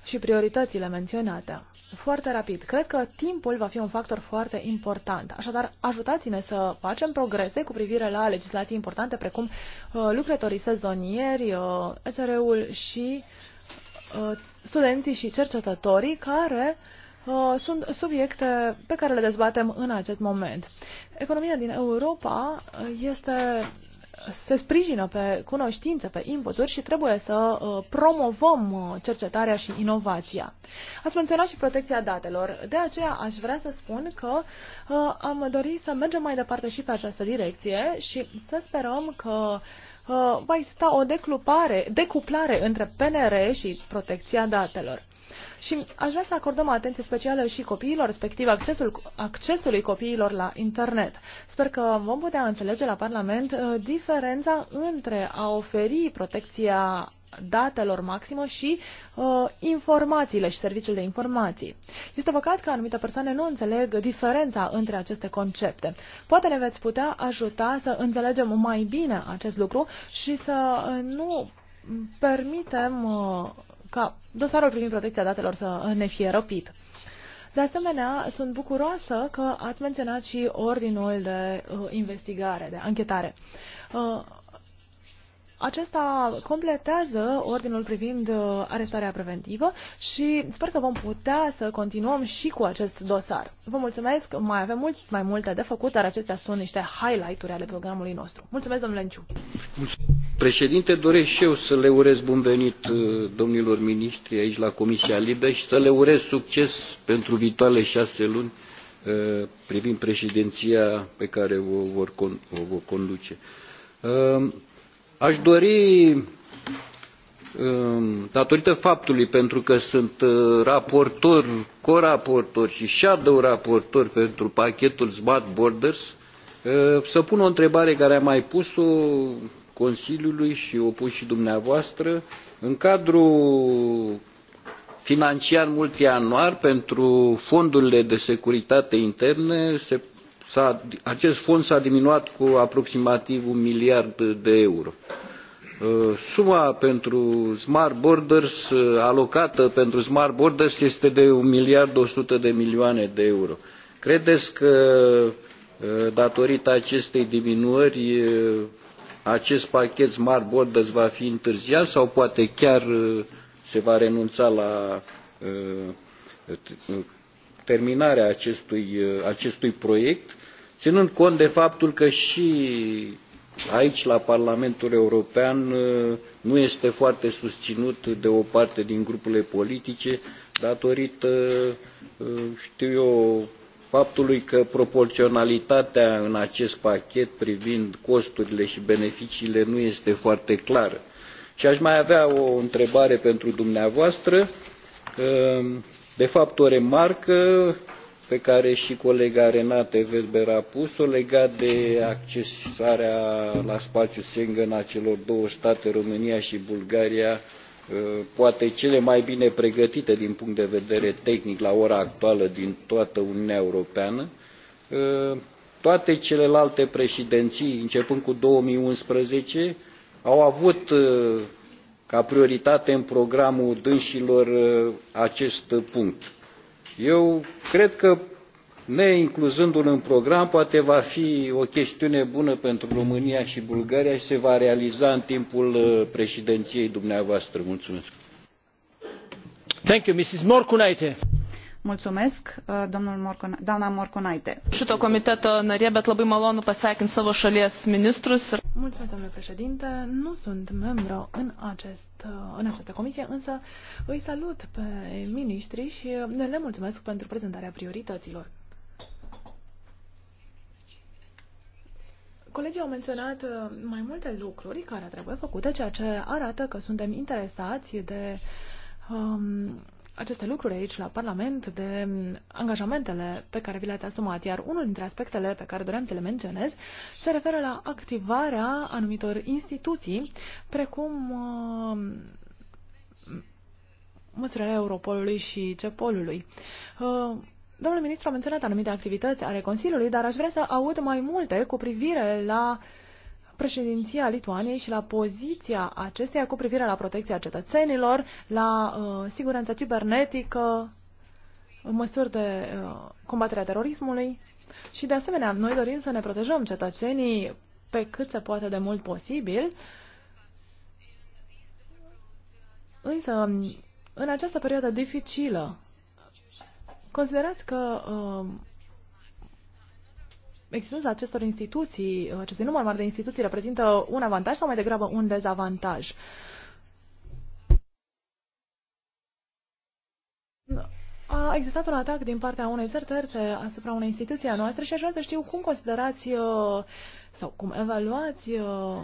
și prioritățile menționate. Foarte rapid, cred că timpul va fi un factor foarte important. Așadar, ajutați-ne să facem progrese cu privire la legislații importante precum uh, lucrătorii sezonieri, uh, ECR-ul și uh, Uh, studenții și cercetătorii care uh, sunt subiecte pe care le dezbatem în acest moment. Economia din Europa uh, este se sprijină pe cunoștințe, pe inputuri și trebuie să promovăm cercetarea și inovația. Ați menționat și protecția datelor. De aceea aș vrea să spun că am dorit să mergem mai departe și pe această direcție și să sperăm că uh, Uh, va exista o declupare, decuplare între PNR și protecția datelor. Și aș vrea să acordăm atenție specială și copiilor, respectiv accesul, accesului copiilor la internet. Sper că vom putea înțelege la Parlament uh, diferența între a oferi protecția datelor maximă și uh, informațiile și serviciul de informații. Este păcat că anumite persoane nu înțeleg diferența între aceste concepte. Poate ne veți putea ajuta să înțelegem mai bine acest lucru și să uh, nu permitem uh, ca dosarul privind protecția datelor să uh, ne fie răpit. De asemenea, sunt bucuroasă că ați menționat și ordinul de uh, investigare, de anchetare. Uh, acesta completează ordinul privind uh, arestarea preventivă și sper că vom putea să continuăm și cu acest dosar. Vă mulțumesc, mai avem mult mai multe de făcut, dar acestea sunt niște highlight-uri ale programului nostru. Mulțumesc, domnule Înciu. Președinte, doresc și eu să le urez bun venit uh, domnilor miniștri aici la Comisia Libe și să le urez succes pentru viitoarele șase luni uh, privind președinția pe care o vor, o vor conduce. Aș dori, um, datorită faptului, pentru că sunt uh, raportor, coraportor și shadow raportor pentru pachetul Smart Borders, uh, să pun o întrebare care am mai pus-o Consiliului și o pus și dumneavoastră. În cadrul financiar multianual pentru fondurile de securitate interne se acest fond s-a diminuat cu aproximativ un miliard de euro. Uh, suma pentru Smart Borders, uh, alocată pentru Smart Borders, este de un miliard 100 de milioane de euro. Credeți că uh, datorită acestei diminuări acest pachet Smart Borders va fi întârziat sau poate chiar se va renunța la terminarea acestui, acestui proiect ținând cont de faptul că și aici la Parlamentul European nu este foarte susținut de o parte din grupurile politice datorită, știu eu, faptului că proporționalitatea în acest pachet privind costurile și beneficiile nu este foarte clară. Și aș mai avea o întrebare pentru dumneavoastră, de fapt o remarcă pe care și colega Renate Weber a pus-o legat de accesarea la spațiul Schengen a celor două state, România și Bulgaria, ă, poate cele mai bine pregătite din punct de vedere tehnic la ora actuală din toată Uniunea Europeană. Ă, toate celelalte președinții, începând cu 2011, au avut ă, ca prioritate în programul dânșilor acest punct eu cred că neincluzându-l în program poate va fi o chestiune bună pentru România și Bulgaria și se va realiza în timpul uh, președinției dumneavoastră. Mulțumesc. Thank you, Mrs. Morcunaite. Mulțumesc, uh, domnul Morcon, doamna Morconaite. Šito komiteto narė, bet labai malonu pasveikinti savo šalies ministrus. Mulțumesc, domnule președinte. Nu sunt membru în, acest, uh, în această comisie, însă îi salut pe miniștri și uh, le mulțumesc pentru prezentarea priorităților. Colegii au menționat uh, mai multe lucruri care trebuie făcute, ceea ce arată că suntem interesați de um, aceste lucruri aici la Parlament de angajamentele pe care vi le-ați asumat, iar unul dintre aspectele pe care doream să le menționez se referă la activarea anumitor instituții, precum uh, măsurarea Europolului și Cepolului. Uh, Domnul ministru a menționat anumite activități ale Consiliului, dar aș vrea să aud mai multe cu privire la uh, președinția Lituaniei și la poziția acesteia cu privire la protecția cetățenilor, la uh, siguranța cibernetică, măsuri de uh, combatere a terorismului și, de asemenea, noi dorim să ne protejăm cetățenii pe cât se poate de mult posibil, însă, în această perioadă dificilă, considerați că uh, existența acestor instituții, acestui număr mare de instituții, reprezintă un avantaj sau mai degrabă un dezavantaj? A existat un atac din partea unei țări terțe asupra unei instituții a noastră și aș vrea să știu cum considerați uh, sau cum evaluați uh,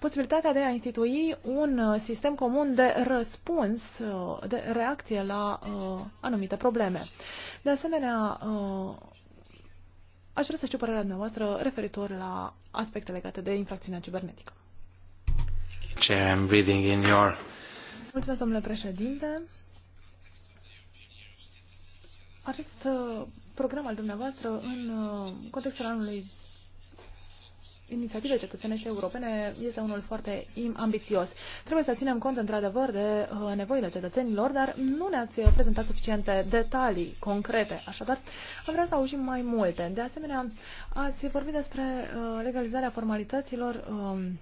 posibilitatea de a institui un uh, sistem comun de răspuns, uh, de reacție la uh, anumite probleme. De asemenea, uh, aș vrea să știu părerea dumneavoastră referitor la aspecte legate de infracțiunea cibernetică. Mulțumesc, domnule președinte. Acest uh, program al dumneavoastră în contextul anului inițiative cetățenești europene este unul foarte ambițios. Trebuie să ținem cont, într-adevăr, de uh, nevoile cetățenilor, dar nu ne-ați prezentat suficiente detalii concrete. Așadar, am vrea să auzim mai multe. De asemenea, ați vorbit despre uh, legalizarea formalităților, um,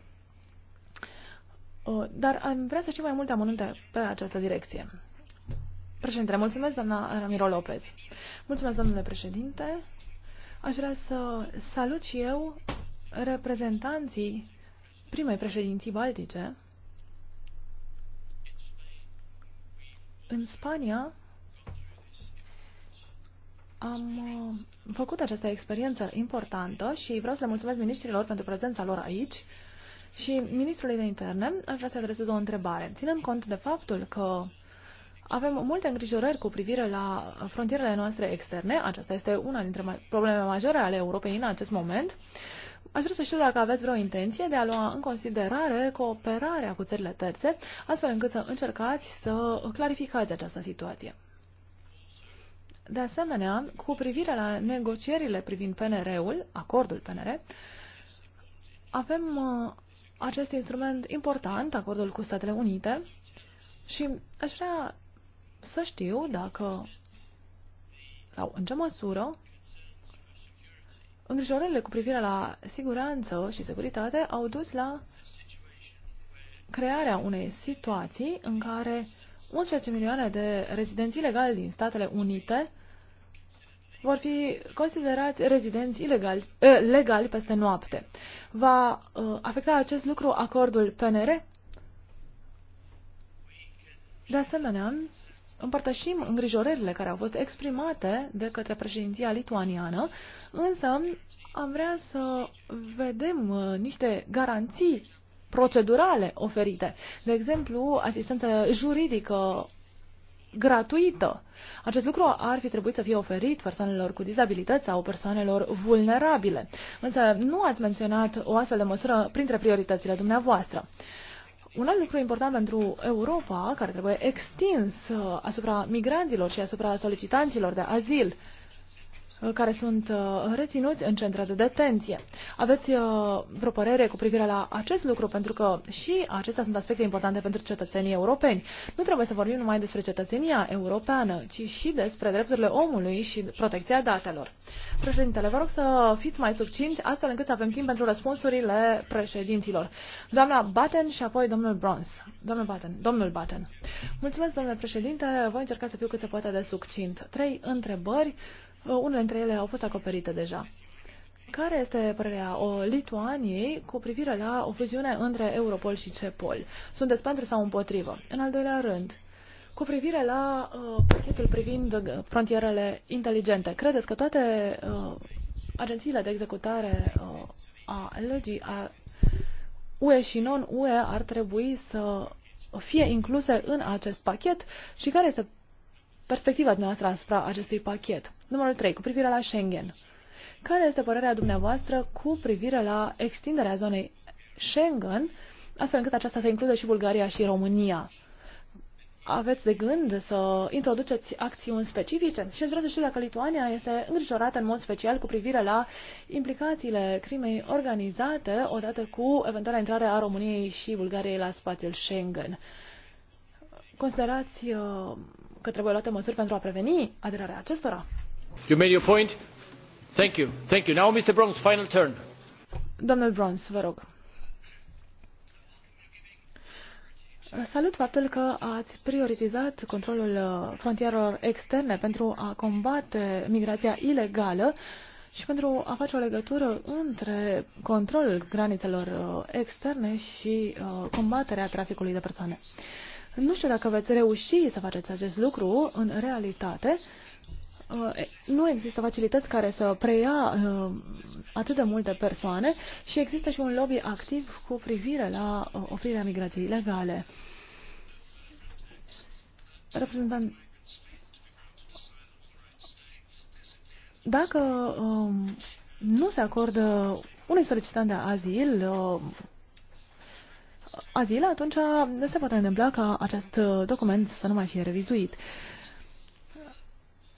uh, dar am vrea să știm mai multe amănunte pe această direcție. Președinte, mulțumesc, doamna Ramiro Lopez. Mulțumesc, domnule președinte. Aș vrea să salut și eu reprezentanții primei președinții baltice, în Spania am uh, făcut această experiență importantă și vreau să le mulțumesc ministrilor pentru prezența lor aici și ministrului de interne aș vrea să adresez o întrebare. Ținând cont de faptul că avem multe îngrijorări cu privire la frontierele noastre externe, aceasta este una dintre problemele majore ale Europei în acest moment, Aș vrea să știu dacă aveți vreo intenție de a lua în considerare cooperarea cu țările terțe, astfel încât să încercați să clarificați această situație. De asemenea, cu privire la negocierile privind PNR-ul, acordul PNR, avem uh, acest instrument important, acordul cu Statele Unite, și aș vrea să știu dacă sau în ce măsură Îngrijorările cu privire la siguranță și securitate au dus la crearea unei situații în care 11 milioane de rezidenți ilegali din Statele Unite vor fi considerați rezidenți ilegali, eh, legali peste noapte. Va eh, afecta acest lucru acordul PNR? De asemenea, împărtășim îngrijorările care au fost exprimate de către președinția lituaniană, însă am vrea să vedem uh, niște garanții procedurale oferite. De exemplu, asistență juridică gratuită. Acest lucru ar fi trebuit să fie oferit persoanelor cu dizabilități sau persoanelor vulnerabile. Însă nu ați menționat o astfel de măsură printre prioritățile dumneavoastră. Uh, un alt lucru important pentru Europa, care trebuie extins uh, asupra migranților și asupra solicitanților de azil, Uh, care sunt uh, reținuți în centre de detenție. Aveți uh, vreo părere cu privire la acest lucru, pentru că și acestea sunt aspecte importante pentru cetățenii europeni. Nu trebuie să vorbim numai despre cetățenia europeană, ci și despre drepturile omului și protecția datelor. Președintele, vă rog să fiți mai succinți, astfel încât să avem timp pentru răspunsurile președinților. Doamna Batten și apoi domnul Brons. Domnul Batten, domnul Batten. Mulțumesc, domnule președinte, voi încerca să fiu cât se poate de succint. Trei întrebări Uh, unele dintre ele au fost acoperite deja. Care este părerea o Lituaniei cu privire la o fuziune între Europol și CEPOL? Sunteți pentru sau împotrivă? În al doilea rând, cu privire la uh, pachetul privind uh, frontierele inteligente, credeți că toate uh, agențiile de executare uh, a legii a UE și non-UE ar trebui să fie incluse în acest pachet și care este perspectiva dumneavoastră asupra acestui pachet. Numărul 3. Cu privire la Schengen. Care este părerea dumneavoastră cu privire la extinderea zonei Schengen, astfel încât aceasta să includă și Bulgaria și România? Aveți de gând să introduceți acțiuni specifice? Și aș vrea să știu dacă Lituania este îngrijorată în mod special cu privire la implicațiile crimei organizate odată cu eventuala intrare a României și Bulgariei la spațiul Schengen. Considerați uh, că trebuie luate măsuri pentru a preveni aderarea acestora. You made your point. Thank you. Thank you. Now, Mr. Brons, final turn. Domnul Brons, vă rog. Salut faptul că ați prioritizat controlul uh, frontierelor externe pentru a combate migrația ilegală și pentru a face o legătură între controlul granițelor uh, externe și uh, combaterea traficului de persoane. Nu știu dacă veți reuși să faceți acest lucru în realitate. Uh, nu există facilități care să preia uh, atât de multe persoane și există și un lobby activ cu privire la uh, oprirea migrației ilegale. Reprezentant dacă um, nu se acordă unui solicitant de azil azil, atunci se poate întâmpla ca acest document să nu mai fie revizuit.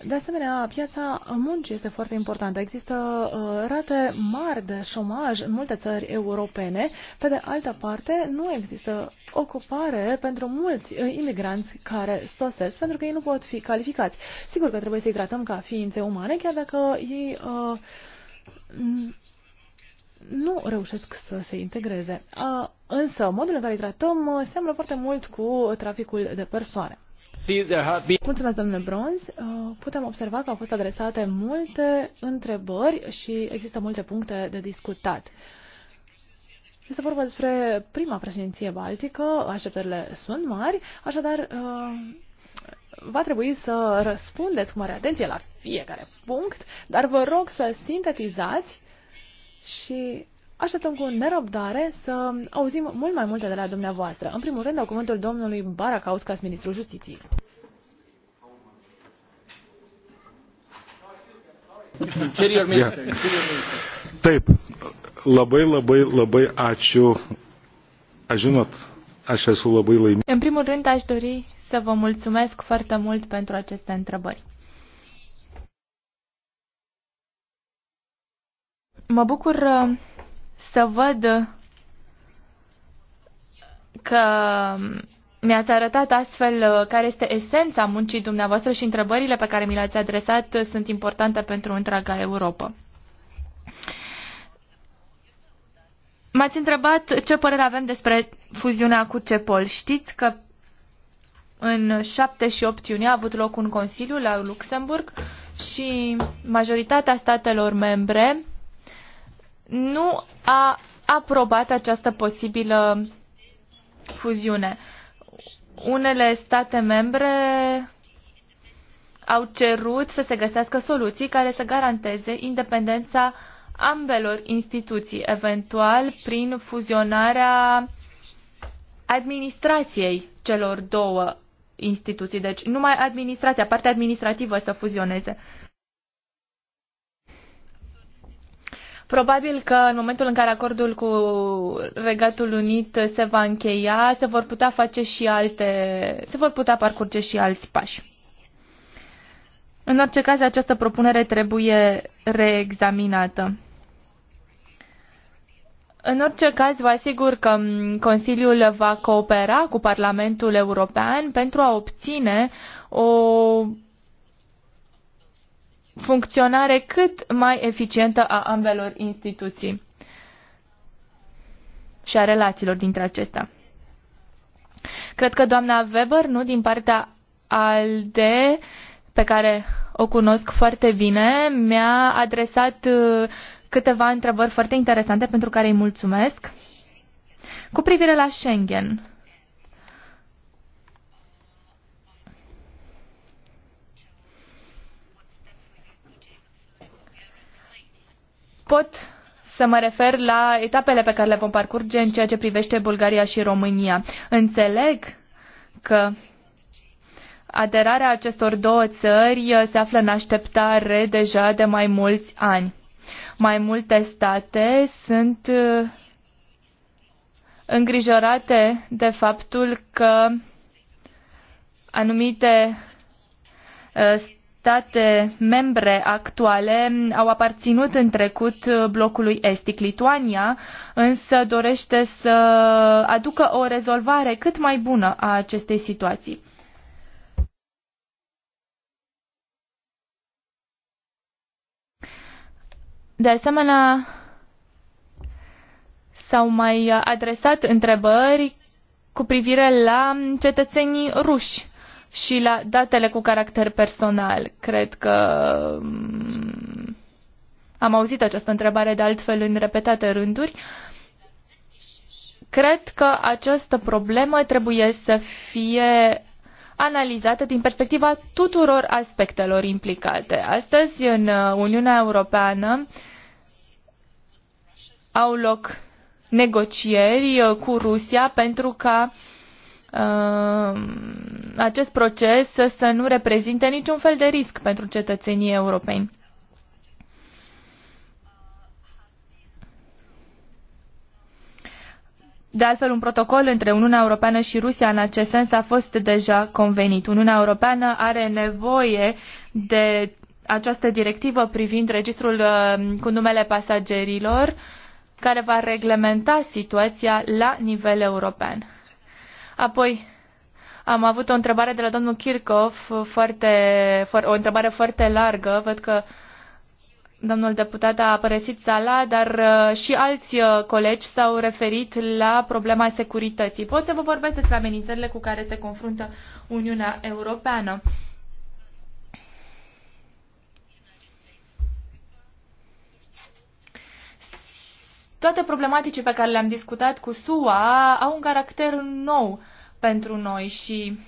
De asemenea, piața muncii este foarte importantă. Există uh, rate mari de șomaj în multe țări europene. Pe de altă parte, nu există ocupare pentru mulți uh, imigranți care sosesc, pentru că ei nu pot fi calificați. Sigur că trebuie să-i tratăm ca ființe umane, chiar dacă ei uh, nu reușesc să se integreze. A, însă, modul în care îi tratăm seamănă foarte mult cu traficul de persoane. Mulțumesc, domnule Bronz. Putem observa că au fost adresate multe întrebări și există multe puncte de discutat. Este vorba despre prima președinție baltică, așteptările sunt mari, așadar va trebui să răspundeți cu mare atenție la fiecare punct, dar vă rog să sintetizați și așteptăm cu nerăbdare să auzim mult mai multe de la dumneavoastră. În primul rând, au cuvântul domnului Baracauskas, ministrul justiției. Interior minister. Taip, labai, labai, labai ačiū. Aš žinot, aš esu labai laimingas. În primul rând, aș dori să vă mulțumesc foarte mult pentru aceste întrebări. Mă bucur uh, să văd că mi-ați arătat astfel uh, care este esența muncii dumneavoastră și întrebările pe care mi le-ați adresat uh, sunt importante pentru întreaga Europa. M-ați întrebat ce părere avem despre fuziunea cu CEPOL. Știți că în 7 și 8 iunie a avut loc un consiliu la Luxemburg și majoritatea statelor membre nu a aprobat această posibilă fuziune. Unele state membre au cerut să se găsească soluții care să garanteze independența ambelor instituții, eventual prin fuzionarea administrației celor două instituții. Deci numai administrația, partea administrativă să fuzioneze. Probabil că în momentul în care acordul cu Regatul Unit se va încheia, se vor putea face și alte, se vor putea parcurge și alți pași. În orice caz, această propunere trebuie reexaminată. În orice caz, vă asigur că mm, Consiliul va coopera cu Parlamentul European pentru a obține o funcționare cât mai eficientă a ambelor instituții și a relațiilor dintre acestea. Cred că doamna Weber, nu din partea ALDE, pe care o cunosc foarte bine, mi-a adresat uh, câteva întrebări foarte interesante pentru care îi mulțumesc. Cu privire la Schengen, pot să mă refer la etapele pe care le vom parcurge în ceea ce privește Bulgaria și România. Înțeleg că aderarea acestor două țări se află în așteptare deja de mai mulți ani. Mai multe state sunt uh, îngrijorate de faptul că anumite uh, state membre actuale au aparținut în trecut blocului estic. Lituania însă dorește să aducă o rezolvare cât mai bună a acestei situații. De asemenea, s-au mai adresat întrebări cu privire la cetățenii ruși și la datele cu caracter personal. Cred că mm, am auzit această întrebare de altfel în repetate rânduri. Cred că această problemă trebuie să fie analizată din perspectiva tuturor aspectelor implicate. Astăzi, în Uniunea Europeană, au loc negocieri cu Rusia pentru ca uh, Uh, acest proces să nu reprezinte niciun fel de risc pentru cetățenii europeni. De altfel, un protocol între Uniunea Europeană și Rusia în acest sens a fost deja convenit. Uniunea Europeană are nevoie de această directivă privind registrul uh, cu numele pasagerilor, care va reglementa situația la nivel european. Apoi am avut o întrebare de la domnul Kirchhoff, foarte, o întrebare foarte largă. Văd că domnul deputat a părăsit sala, dar uh, și alți uh, colegi s-au referit la problema securității. Pot să vă vorbesc despre amenințările cu care se confruntă Uniunea Europeană. Toate problematicii pe care le-am discutat cu SUA au un caracter nou pentru noi și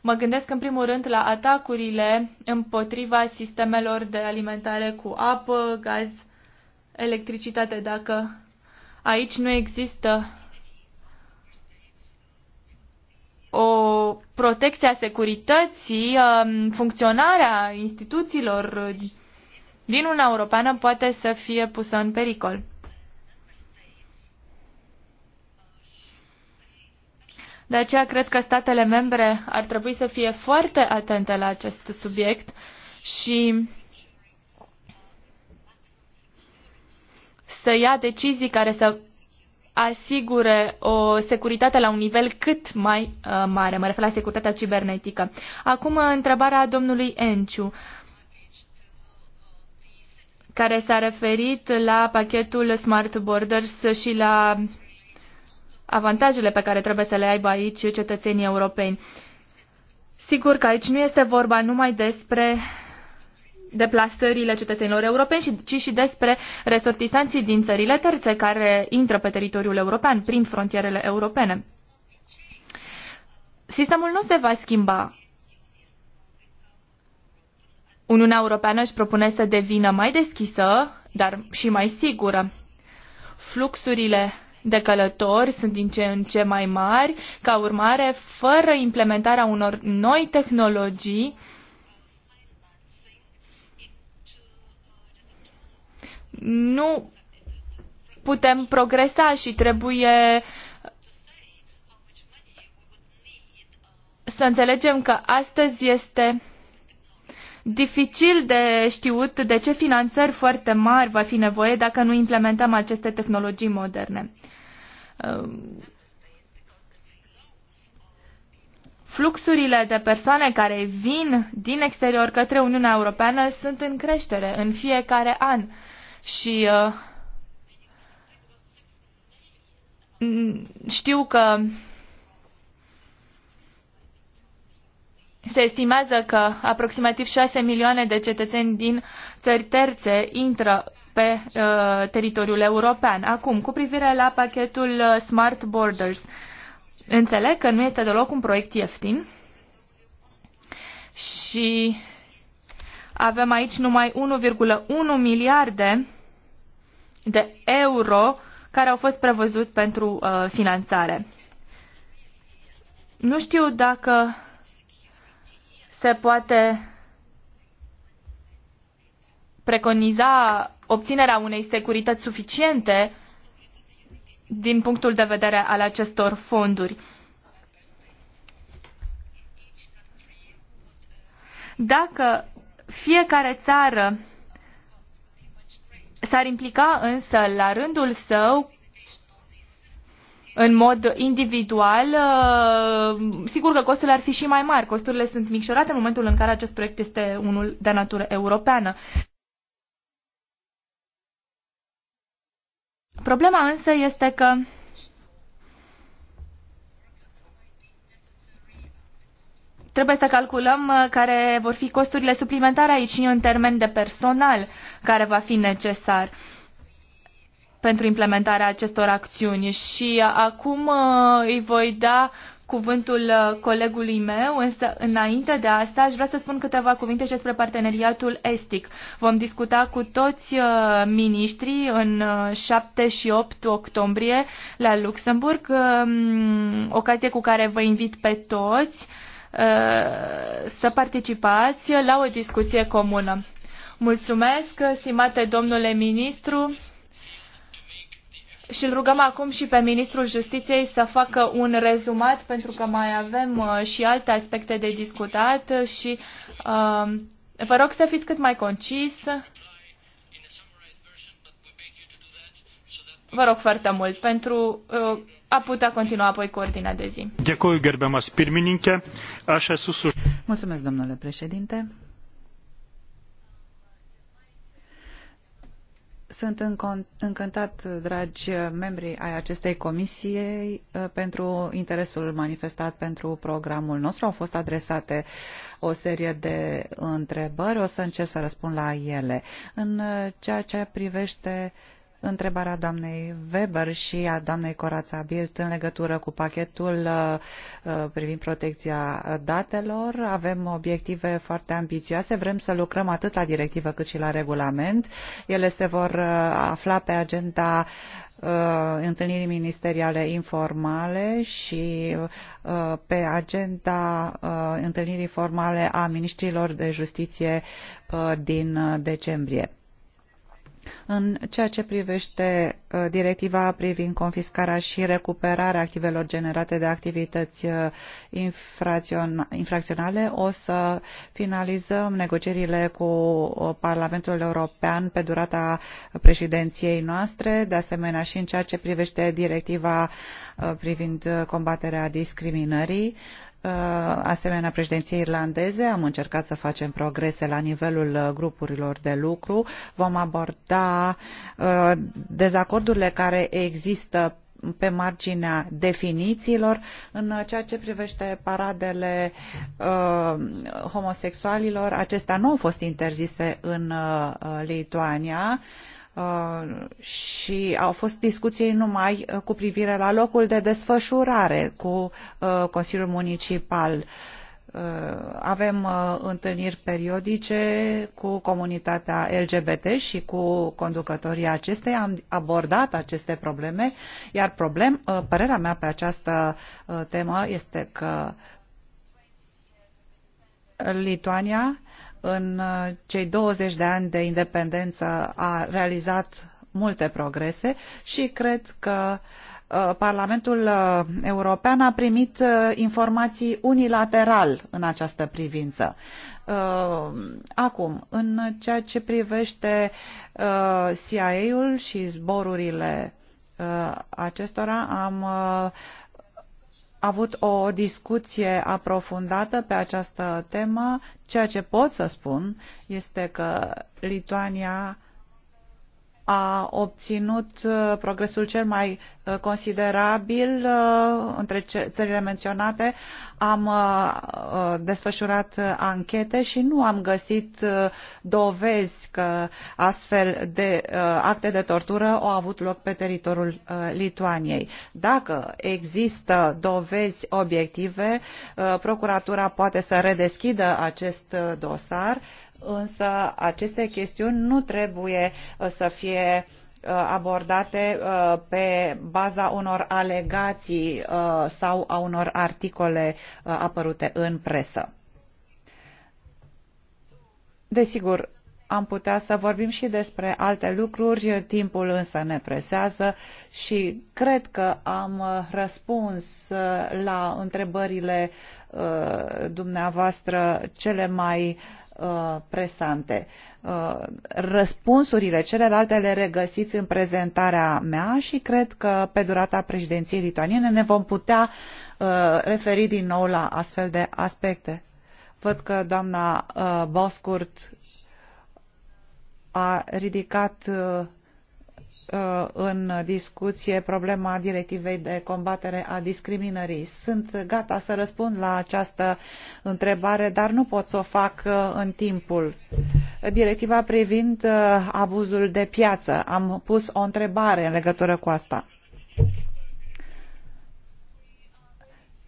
mă gândesc în primul rând la atacurile împotriva sistemelor de alimentare cu apă, gaz, electricitate, dacă aici nu există o protecție a securității, um, funcționarea instituțiilor din Uniunea Europeană poate să fie pusă în pericol. De aceea cred că statele membre ar trebui să fie foarte atente la acest subiect și să ia decizii care să asigure o securitate la un nivel cât mai uh, mare. Mă refer la securitatea cibernetică. Acum întrebarea domnului Enciu care s-a referit la pachetul Smart Borders și la avantajele pe care trebuie să le aibă aici cetățenii europeni. Sigur că aici nu este vorba numai despre deplasările cetățenilor europeni, ci și despre resortisanții din țările terțe care intră pe teritoriul european prin frontierele europene. Sistemul nu se va schimba. Uniunea Europeană își propune să devină mai deschisă, dar și mai sigură. Fluxurile de călători sunt din ce în ce mai mari, ca urmare, fără implementarea unor noi tehnologii, nu putem progresa și trebuie să înțelegem că astăzi este dificil de știut de ce finanțări foarte mari va fi nevoie dacă nu implementăm aceste tehnologii moderne. Ehm, fluxurile de persoane care vin din exterior către Uniunea Europeană sunt în creștere în fiecare an și uh, știu că Se estimează că aproximativ 6 milioane de cetățeni din țări terțe intră pe uh, teritoriul european. Acum, cu privire la pachetul uh, Smart Borders, înțeleg că nu este deloc un proiect ieftin și avem aici numai 1,1 miliarde de euro care au fost prevăzuți pentru uh, finanțare. Nu știu dacă se poate preconiza obținerea unei securități suficiente din punctul de vedere al acestor fonduri. Dacă fiecare țară s-ar implica însă la rândul său în mod individual, uh, sigur că costurile ar fi și mai mari. Costurile sunt micșorate în momentul în care acest proiect este unul de natură europeană. Problema însă este că trebuie să calculăm uh, care vor fi costurile suplimentare aici în termen de personal care va fi necesar. Uh, pentru implementarea acestor acțiuni. Și uh, acum uh, îi voi da cuvântul uh, colegului meu, însă înainte de asta aș vrea să spun câteva cuvinte și despre parteneriatul estic. Vom discuta cu toți miniștrii în 7 și 8 octombrie la Luxemburg, um, ocazie cu care vă invit pe toți să participați la o discuție comună. Mulțumesc, stimate domnule ministru și îl rugăm acum și pe Ministrul Justiției să facă un rezumat, pentru că mai avem uh, și alte aspecte de discutat și uh, vă rog să fiți cât mai concis. Vă rog foarte mult pentru uh, a putea continua apoi cu ordinea de zi. Mulțumesc, domnule președinte. Sunt încântat, dragi membri ai acestei comisii, uh, pentru interesul manifestat pentru programul nostru. Au fost adresate o serie de întrebări, o să încerc să răspund la ele. În uh, ceea ce privește uh, întrebarea doamnei Weber și a doamnei Corața Bilt în legătură cu pachetul uh, uh, privind protecția datelor. Avem obiective foarte ambițioase, vrem să lucrăm atât la directivă cât și la regulament. Ele se vor uh, afla pe agenda întâlnirii ministeriale informale și pe agenda întâlnirii formale a ministrilor de justiție din decembrie. În ceea ce privește uh, directiva privind confiscarea și recuperarea activelor generate de activități uh, infracționale, o să finalizăm negocierile cu uh, Parlamentul European pe durata președinției noastre, de asemenea și în ceea ce privește directiva privind combaterea discriminării. Uh, asemenea președinției irlandeze. Am încercat să facem progrese la nivelul uh, grupurilor de lucru. Vom aborda uh, dezacordurile care există pe marginea definițiilor în ceea ce privește paradele homosexualilor. Acestea nu au fost interzise în Lituania. Uh, și au fost discuții numai uh, cu privire la locul de desfășurare cu uh, Consiliul Municipal. Avem întâlniri periodice cu comunitatea LGBT și cu conducătorii acestei. Am abordat aceste probleme, iar problem, părerea mea pe această temă este că Lituania în uh, cei 20 de ani de independență a realizat multe progrese și cred că uh, Parlamentul uh, European a primit informații unilateral în această privință. Acum, în ceea ce privește CIA-ul și zborurile acestora, am avut o discuție aprofundată pe această temă. Ceea ce pot să spun este că Lituania a obținut uh, progresul cel mai uh, considerabil uh, între țările menționate. Am desfășurat anchete și nu am găsit dovezi că astfel de acte de tortură au avut loc pe teritoriul Lituaniei. Dacă există dovezi obiective, procuratura poate să redeschidă acest dosar însă aceste chestiuni nu trebuie uh, să fie uh, abordate uh, pe baza unor alegații sau a unor articole apărute în presă. Desigur, am putea să vorbim și despre alte lucruri, timpul însă ne presează și cred că am răspuns la întrebările dumneavoastră cele mai uh, Uh, presante. Uh, răspunsurile celelalte le regăsiți în prezentarea mea și cred că pe durata președinției lituaniene ne vom putea uh, referi din nou la astfel de aspecte. Văd că doamna Boscurt a ridicat Uh, în discuție problema directivei de combatere a discriminării. Sunt gata să răspund la această întrebare, dar nu pot să o fac uh, în timpul. Directiva privind uh, abuzul de piață. Am pus o întrebare în legătură cu asta.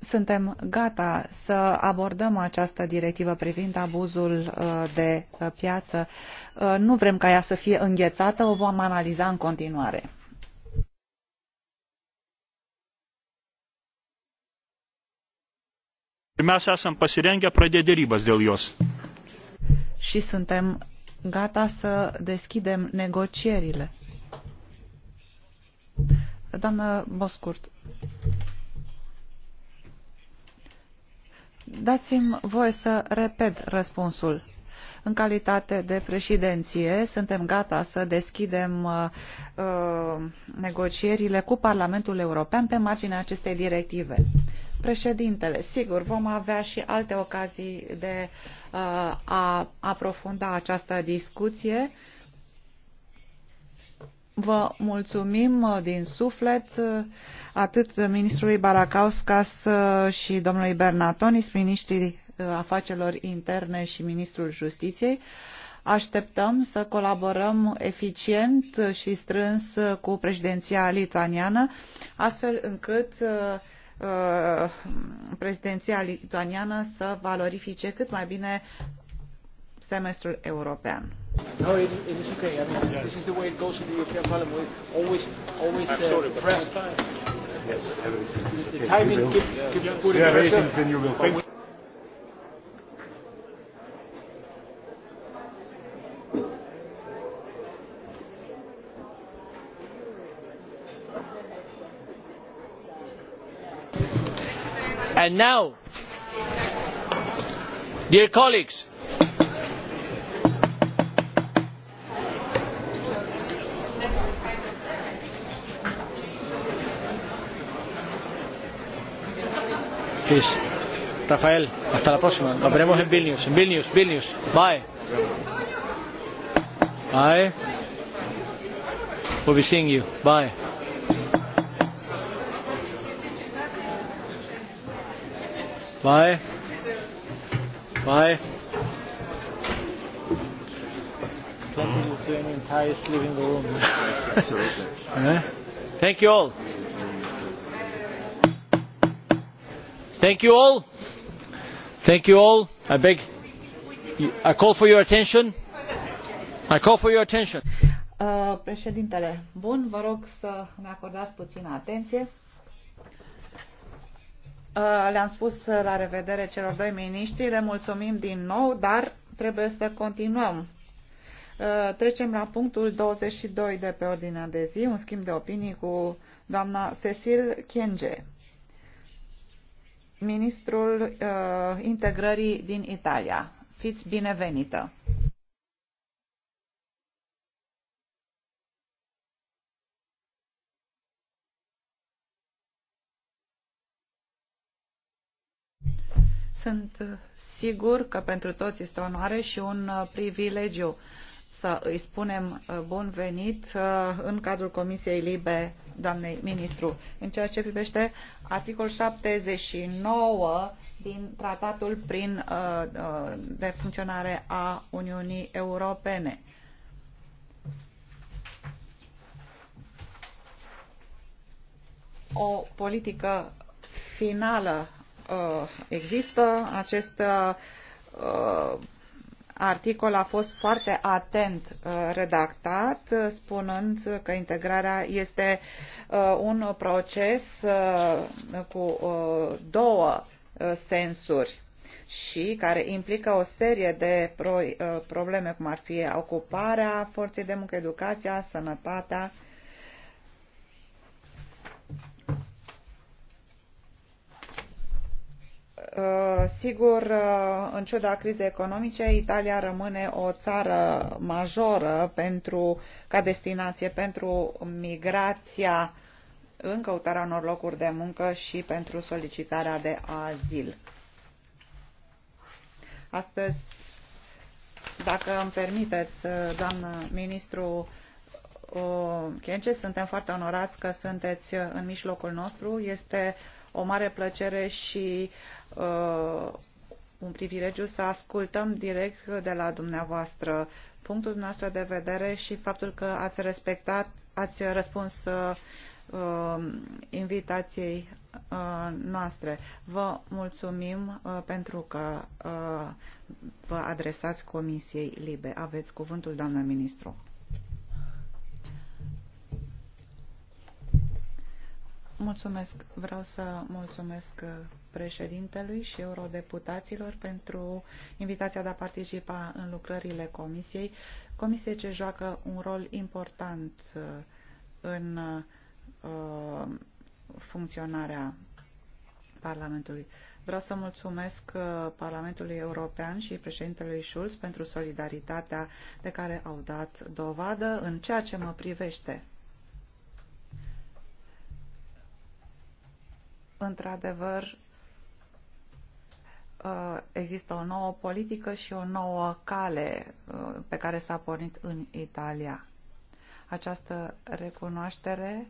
Suntem gata să abordăm această directivă privind abuzul uh, de uh, piață. Uh, nu vrem ca ea să fie înghețată, o vom analiza în continuare. Mes esam pasirengę pradėti dėrybas dėl jos. Și suntem gata să deschidem negocierile. Doamnă Boscurt, Dați-mi voie să repet răspunsul. În calitate de președinție, suntem gata să deschidem uh, uh, negocierile cu Parlamentul European pe marginea acestei directive. Președintele, sigur, vom avea și alte ocazii de uh, a aprofunda această discuție. Uh, Vă mulțumim uh, din suflet uh, atât ministrului Baracauscas uh, și domnului Bernatonis, miniștrii afacerilor interne și ministrul justiției. Așteptăm să colaborăm eficient și strâns cu președinția lituaniană, astfel încât președinția lituaniană să valorifice cât mai bine semestrul european. No, it, it is okay. I mean, yes. this is the way it goes in the European Parliament. We always, always uh, sorry, press time. Yes, everything is okay. The timing keeps keep, keep yes. putting yeah, pressure. Then you will think. And now, dear colleagues, please. Rafael, hasta la próxima. Nos veremos en Vilnius, en Vilnius, Vilnius. Bye. Bye. We'll be seeing you. Bye. Bye. Bye. Plenty of entire room. [LAUGHS] Eh? Thank you all. Thank you all. Thank you all. I beg. I call for your attention. I call for your attention. Uh, președintele, bun, vă rog să ne acordați puțină atenție. Uh, Le-am spus la revedere celor doi miniștri, le mulțumim din nou, dar trebuie să continuăm. Uh, trecem la punctul 22 de pe ordinea de zi, un schimb de opinii cu doamna Cecil Kenge ministrul uh, integrării din Italia. Fiți binevenită! Sunt sigur că pentru toți este o onoare și un uh, privilegiu să îi spunem uh, bun venit uh, în cadrul Comisiei Libe doamnei ministru. În ceea ce privește articolul 79 din tratatul prin, uh, de funcționare a Uniunii Europene. O politică finală există. Acest articol a fost foarte atent uh, redactat, uh, spunând că integrarea este uh, un proces cu două sensuri și care implică o serie de probleme, cum ar fi ocuparea forței de muncă, educația, sănătatea Uh, sigur, uh, în ciuda crizei economice, Italia rămâne o țară majoră pentru, ca destinație pentru migrația în căutarea unor locuri de muncă și pentru solicitarea de azil. Astăzi, dacă îmi permiteți, uh, doamnă ministru Chence, suntem foarte onorați că sunteți în mijlocul nostru. Este uh, o mare plăcere și uh, un privilegiu să ascultăm direct de la dumneavoastră punctul dumneavoastră de vedere și faptul că ați respectat, ați răspuns uh, invitației uh, noastre. Vă mulțumim uh, pentru că uh, vă adresați Comisiei Libe. Aveți cuvântul, doamnă ministru. Mulțumesc. Vreau să mulțumesc uh, președintelui și eurodeputaților pentru invitația de a participa în lucrările comisiei. Comisie ce joacă un rol important uh, în uh, funcționarea Parlamentului. Vreau să mulțumesc Parlamentului European și președintelui Schulz pentru solidaritatea de care au dat dovadă în ceea ce mă privește. într-adevăr, uh, există o nouă politică și o nouă cale uh, pe care s-a pornit în Italia. Această recunoaștere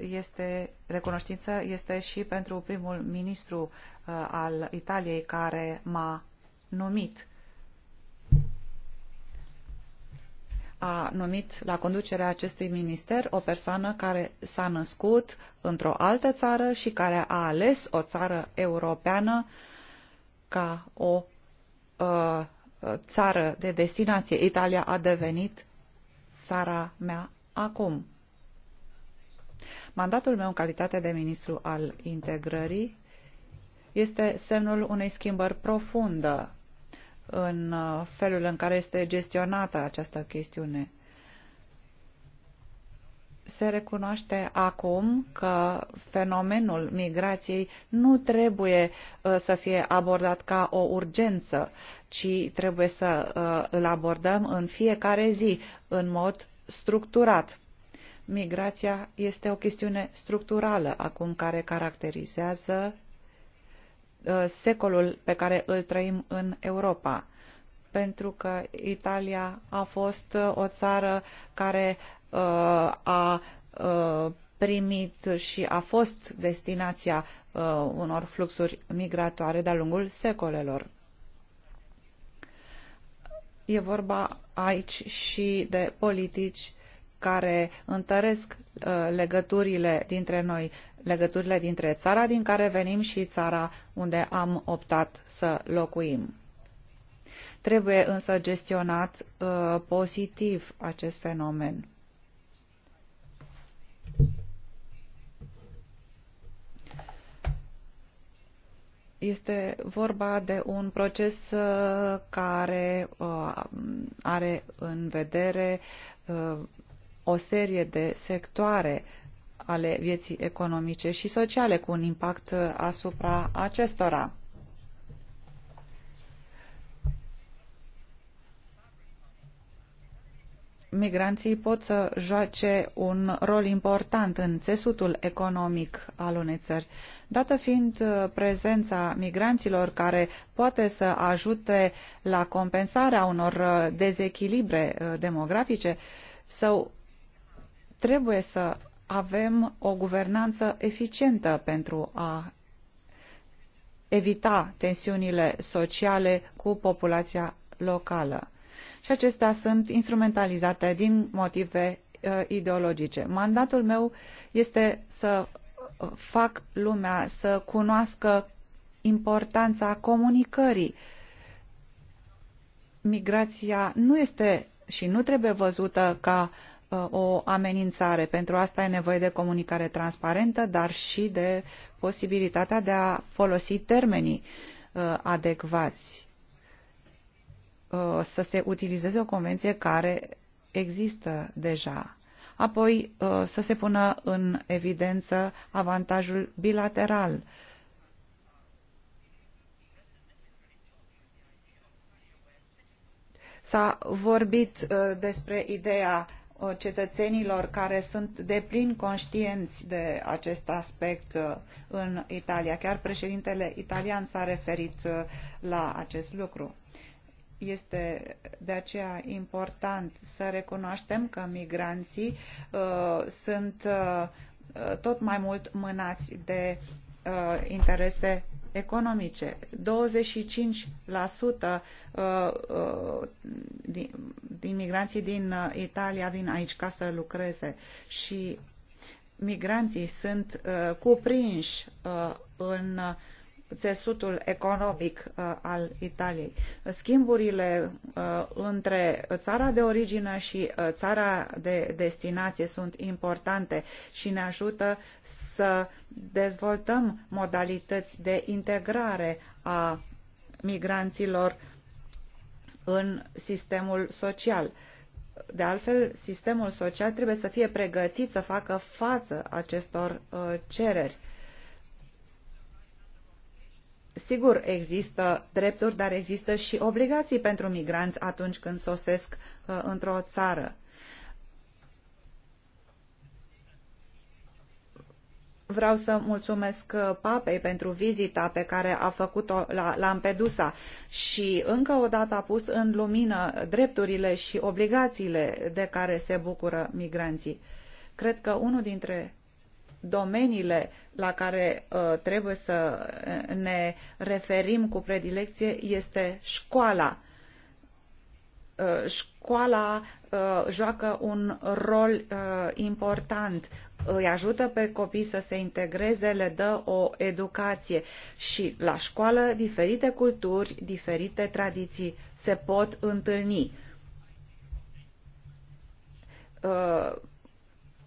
este, recunoștință este și pentru primul ministru uh, al Italiei care m-a numit a numit la conducerea acestui minister o persoană care s-a născut într-o altă țară și care a ales o țară europeană ca o uh, țară de destinație. Italia a devenit țara mea acum. Mandatul meu în calitate de ministru al integrării este semnul unei schimbări profundă în uh, felul în care este gestionată această chestiune. Se recunoaște acum că fenomenul migrației nu trebuie uh, să fie abordat ca o urgență, ci trebuie să uh, îl abordăm în fiecare zi, în mod structurat. Migrația este o chestiune structurală acum care caracterizează Uh, secolul pe care îl trăim în Europa. Pentru că Italia a fost uh, o țară care uh, a primit și a fost destinația unor fluxuri migratoare de-a lungul secolelor. E vorba aici și de politici care întăresc uh, legăturile dintre noi, legăturile dintre țara din care venim și țara unde am optat să locuim. Trebuie însă gestionat uh, pozitiv acest fenomen. Este vorba de un proces uh, care are în vedere o serie de sectoare ale vieții economice și sociale cu un impact asupra acestora. Migranții pot să joace un rol important în țesutul economic al unei țări, dată fiind uh, prezența migranților care poate să ajute la compensarea unor uh, dezechilibre uh, demografice sau Trebuie să avem o guvernanță eficientă pentru a evita tensiunile sociale cu populația locală. Și acestea sunt instrumentalizate din motive uh, ideologice. Mandatul meu este să uh, fac lumea să cunoască importanța comunicării. Migrația nu este și nu trebuie văzută ca uh, Uh, o amenințare. Pentru asta e nevoie de comunicare transparentă, dar și de posibilitatea de a folosi termenii uh, adecvați. Uh, să se utilizeze o convenție care există deja. Apoi să se pună în evidență avantajul bilateral s a vorbit despre ideea Uh, cetățenilor care sunt deplin conștienți de acest aspect uh, în Italia. Chiar președintele italian s-a referit uh, la acest lucru. Este de aceea important să recunoaștem că migranții uh, sunt uh, tot mai mult mânați de uh, interese economice. 25% uh, uh, din migranții din uh, Italia vin aici ca să lucreze și migranții sunt cuprinși în țesutul economic al Italiei. Schimburile între țara de origine și țara de destinație sunt importante și ne ajută să dezvoltăm modalități de integrare a migranților în sistemul social. De altfel, sistemul social trebuie să fie pregătit să facă față acestor uh, cereri. Sigur, există drepturi, dar există și obligații pentru migranți atunci când sosesc uh, într-o țară. Vreau să mulțumesc uh, papei pentru vizita pe care a făcut-o la Lampedusa și încă o dată a pus în lumină drepturile și obligațiile de care se bucură migranții. Cred că unul dintre domeniile la care uh, trebuie să uh, ne referim cu predilecție este școala. Uh, școala uh, joacă un rol uh, important îi ajută pe copii să se integreze, le dă o educație și la școală diferite culturi, diferite tradiții se pot întâlni. Uh,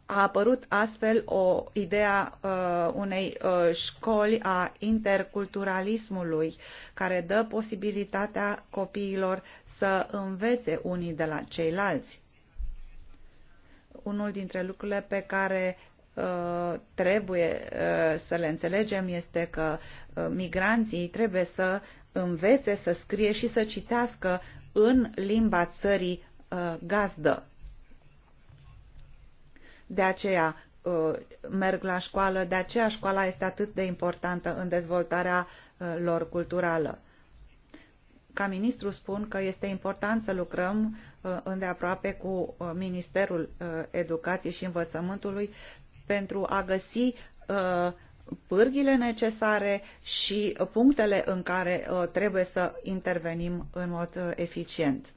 a apărut astfel o idee a uh, unei uh, școli a interculturalismului care dă posibilitatea copiilor să învețe unii de la ceilalți unul dintre lucrurile pe care uh, trebuie uh, să le înțelegem este că uh, migranții trebuie să învețe să scrie și să citească în limba țării gazdă. De aceea merg la școală, de aceea școala este atât de importantă în dezvoltarea lor culturală. Ca ministru spun că este important să lucrăm uh, îndeaproape cu uh, Ministerul uh, Educației și Învățământului pentru a găsi pârghile necesare și punctele în care trebuie să intervenim în mod eficient.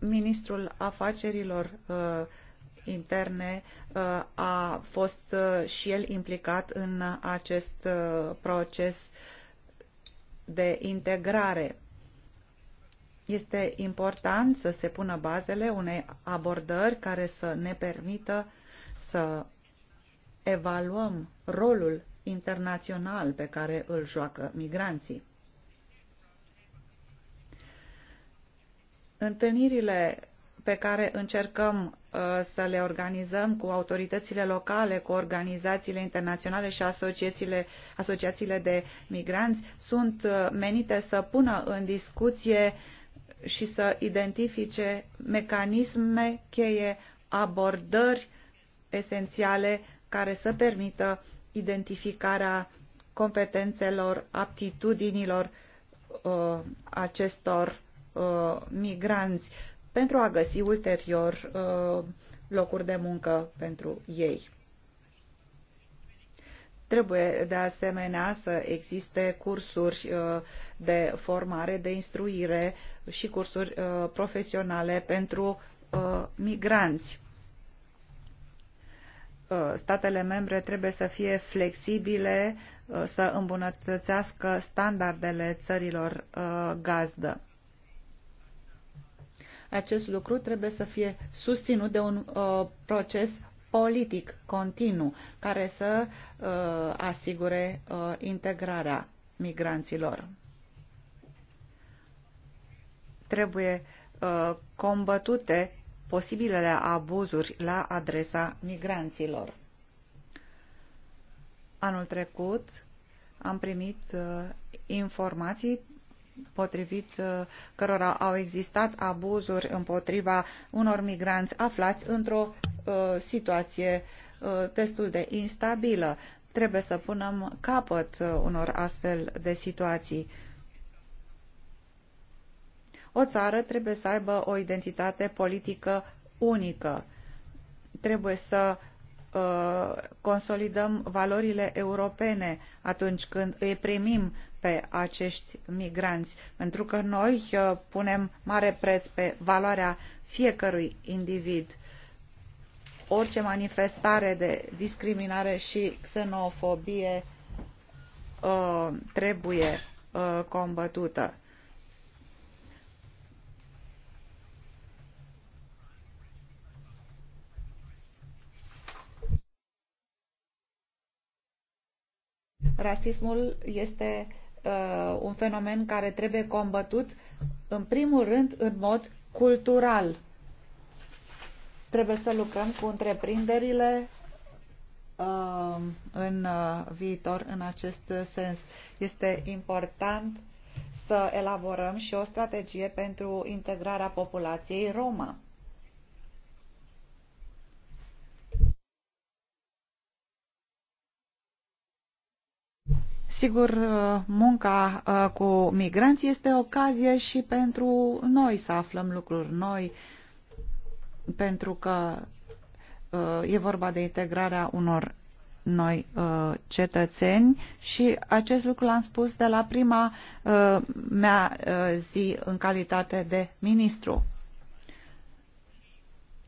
Ministrul Afacerilor uh, interne uh, a fost uh, și el implicat în acest uh, proces de integrare. Este important să se pună bazele unei abordări care să ne permită să evaluăm rolul internațional pe care îl joacă migranții. Întâlnirile pe care încercăm Uh, să le organizăm cu autoritățile locale, cu organizațiile internaționale și asociațiile, asociațiile de migranți sunt uh, menite să pună în discuție și să identifice mecanisme cheie, abordări esențiale care să permită identificarea competențelor, aptitudinilor uh, acestor migranți pentru a găsi ulterior uh, locuri de muncă pentru ei. Trebuie de asemenea să existe cursuri uh, de formare, de instruire și cursuri uh, profesionale pentru migranți. Statele membre trebuie să fie flexibile, să îmbunătățească standardele țărilor gazdă. Acest lucru trebuie să fie susținut de un uh, proces politic continuu care să uh, asigure uh, integrarea migranților. Trebuie uh, combătute posibilele abuzuri la adresa migranților. Anul trecut am primit uh, informații potrivit uh, cărora au existat abuzuri împotriva unor migranți aflați într-o uh, situație uh, destul de instabilă. Trebuie să punem capăt unor astfel de situații. O țară trebuie să aibă o identitate politică unică. Trebuie să consolidăm valorile europene atunci când îi primim pe acești migranți, pentru că noi uh, punem mare preț pe valoarea fiecărui individ. Orice manifestare de discriminare și xenofobie uh, trebuie uh, combătută. Rasismul este uh, un fenomen care trebuie combătut, în primul rând, în mod cultural. Trebuie să lucrăm cu întreprinderile uh, în uh, viitor în acest sens. Este important să elaborăm și o strategie pentru integrarea populației Roma. Sigur, uh, munca uh, cu migranți este ocazie și pentru noi să aflăm lucruri noi, pentru că uh, e vorba de integrarea unor noi cetățeni și acest lucru l-am spus de la prima mea zi în calitate de ministru.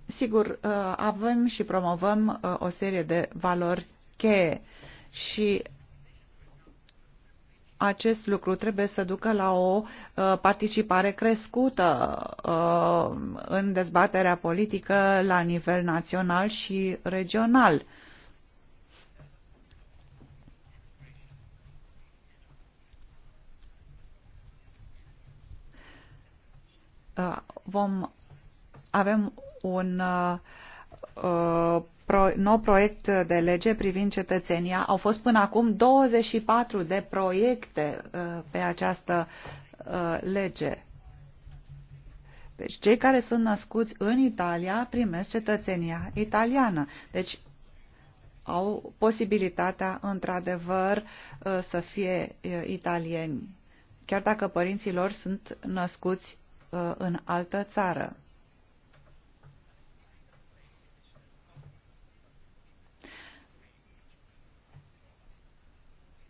Sigur, avem și promovăm o serie de valori cheie și acest lucru trebuie să ducă la o uh, participare crescută uh, în dezbaterea politică la nivel național și regional. Uh, vom avem un uh, nou proiect de lege privind cetățenia. Au fost până acum 24 de proiecte uh, pe această uh, lege. Deci cei care sunt născuți în Italia primesc cetățenia italiană. Deci au posibilitatea, într-adevăr, uh, să fie italieni, chiar dacă părinții lor sunt născuți în altă țară.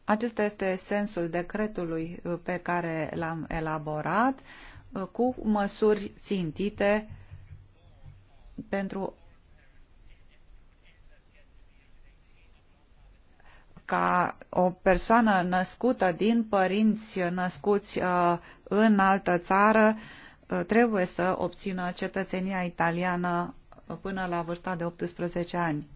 Acesta este sensul decretului uh, pe care l-am elaborat uh, cu măsuri țintite pentru ca o persoană născută din părinți născuți uh, în altă țară trebuie să obțină cetățenia italiană până la vârsta de 18 ani.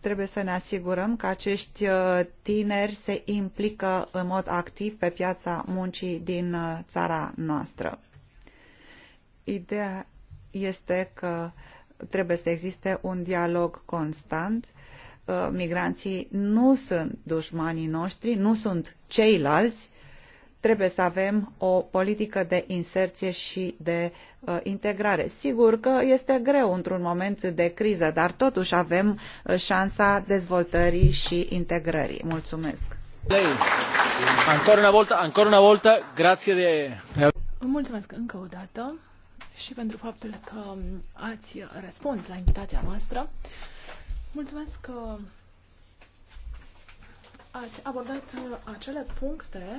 Trebuie să ne asigurăm că acești uh, tineri se implică în mod activ pe piața muncii din uh, țara noastră. Ideea este că trebuie să existe un dialog constant. Uh, migranții nu sunt dușmanii noștri, nu sunt ceilalți, trebuie să avem o politică de inserție și de uh, integrare. Sigur că este greu într-un moment de criză, dar totuși avem uh, șansa dezvoltării și integrării. Mulțumesc! Încă una volta, încă una volta, grazie de... Mulțumesc încă o dată și pentru faptul că ați răspuns la invitația noastră. Mulțumesc că ați abordat uh, acele puncte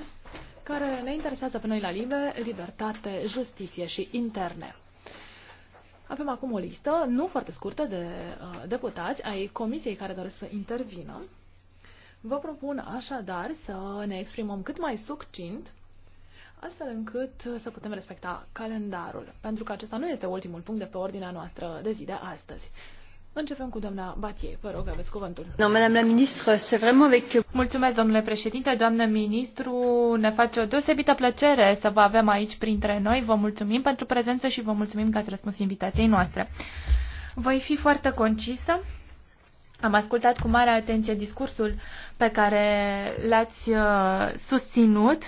care ne interesează pe noi la LIBE, libertate, justiție și interne. Avem acum o listă, nu foarte scurtă, de uh, deputați ai comisiei care doresc să intervină. Vă propun așadar să ne exprimăm cât mai succint, astfel încât să putem respecta calendarul, pentru că acesta nu este ultimul punct de pe ordinea noastră de zi de astăzi. Începem cu doamna Batie. Vă rog, aveți cuvântul. No, la ministre, c'est vraiment avec... Euh, Mulțumesc, domnule președinte, doamnă ministru. Ne face o deosebită plăcere să vă avem aici printre noi. Vă mulțumim pentru prezență și vă mulțumim că ați răspuns invitației noastre. Voi fi foarte concisă. Am ascultat cu mare atenție discursul pe care l-ați uh, susținut.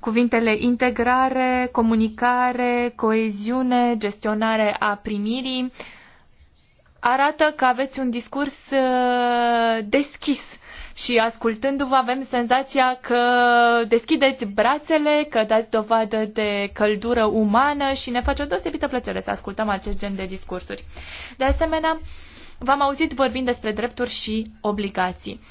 Cuvintele integrare, comunicare, coeziune, gestionare a primirii, uh, arată că aveți un discurs uh, deschis și ascultându-vă avem senzația că deschideți brațele, că dați dovadă de căldură umană și ne face o deosebită plăcere să ascultăm acest gen de discursuri. De asemenea, v-am auzit vorbind despre drepturi și obligații. Uh,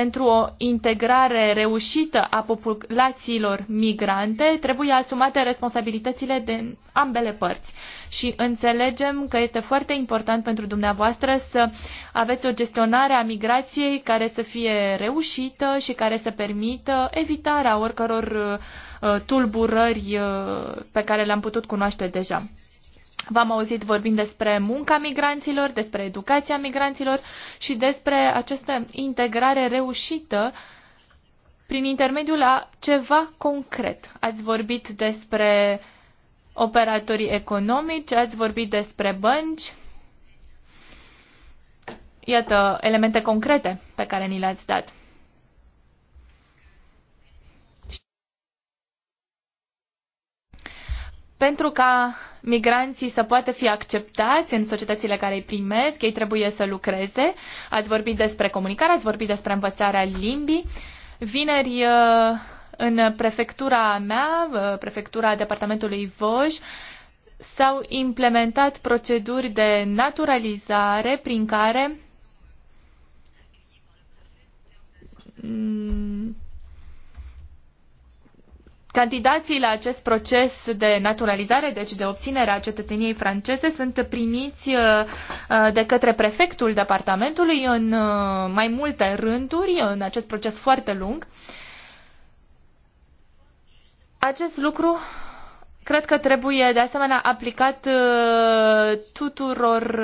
pentru o integrare reușită a populațiilor migrante, trebuie asumate responsabilitățile de ambele părți. Și înțelegem că este foarte important pentru dumneavoastră să aveți o gestionare a migrației care să fie reușită și care să permită evitarea oricăror uh, tulburări uh, pe care le-am putut cunoaște deja. V-am auzit vorbind despre munca migranților, despre educația migranților și despre această integrare reușită prin intermediul a ceva concret. Ați vorbit despre operatorii economici, ați vorbit despre bănci. Iată elemente concrete pe care ni le-ați dat. Pentru ca migranții să poată fi acceptați în societățile care îi primesc, ei trebuie să lucreze. Ați vorbit despre comunicare, ați vorbit despre învățarea limbii. Vineri uh, în prefectura mea, uh, prefectura departamentului Voj, s-au implementat proceduri de naturalizare prin care mm, Candidații la acest proces de naturalizare, deci de obținere a cetățeniei franceze, sunt primiți uh, uh, de către prefectul departamentului în uh, mai multe rânduri, în acest proces foarte lung. Acest lucru cred că trebuie de asemenea aplicat tuturor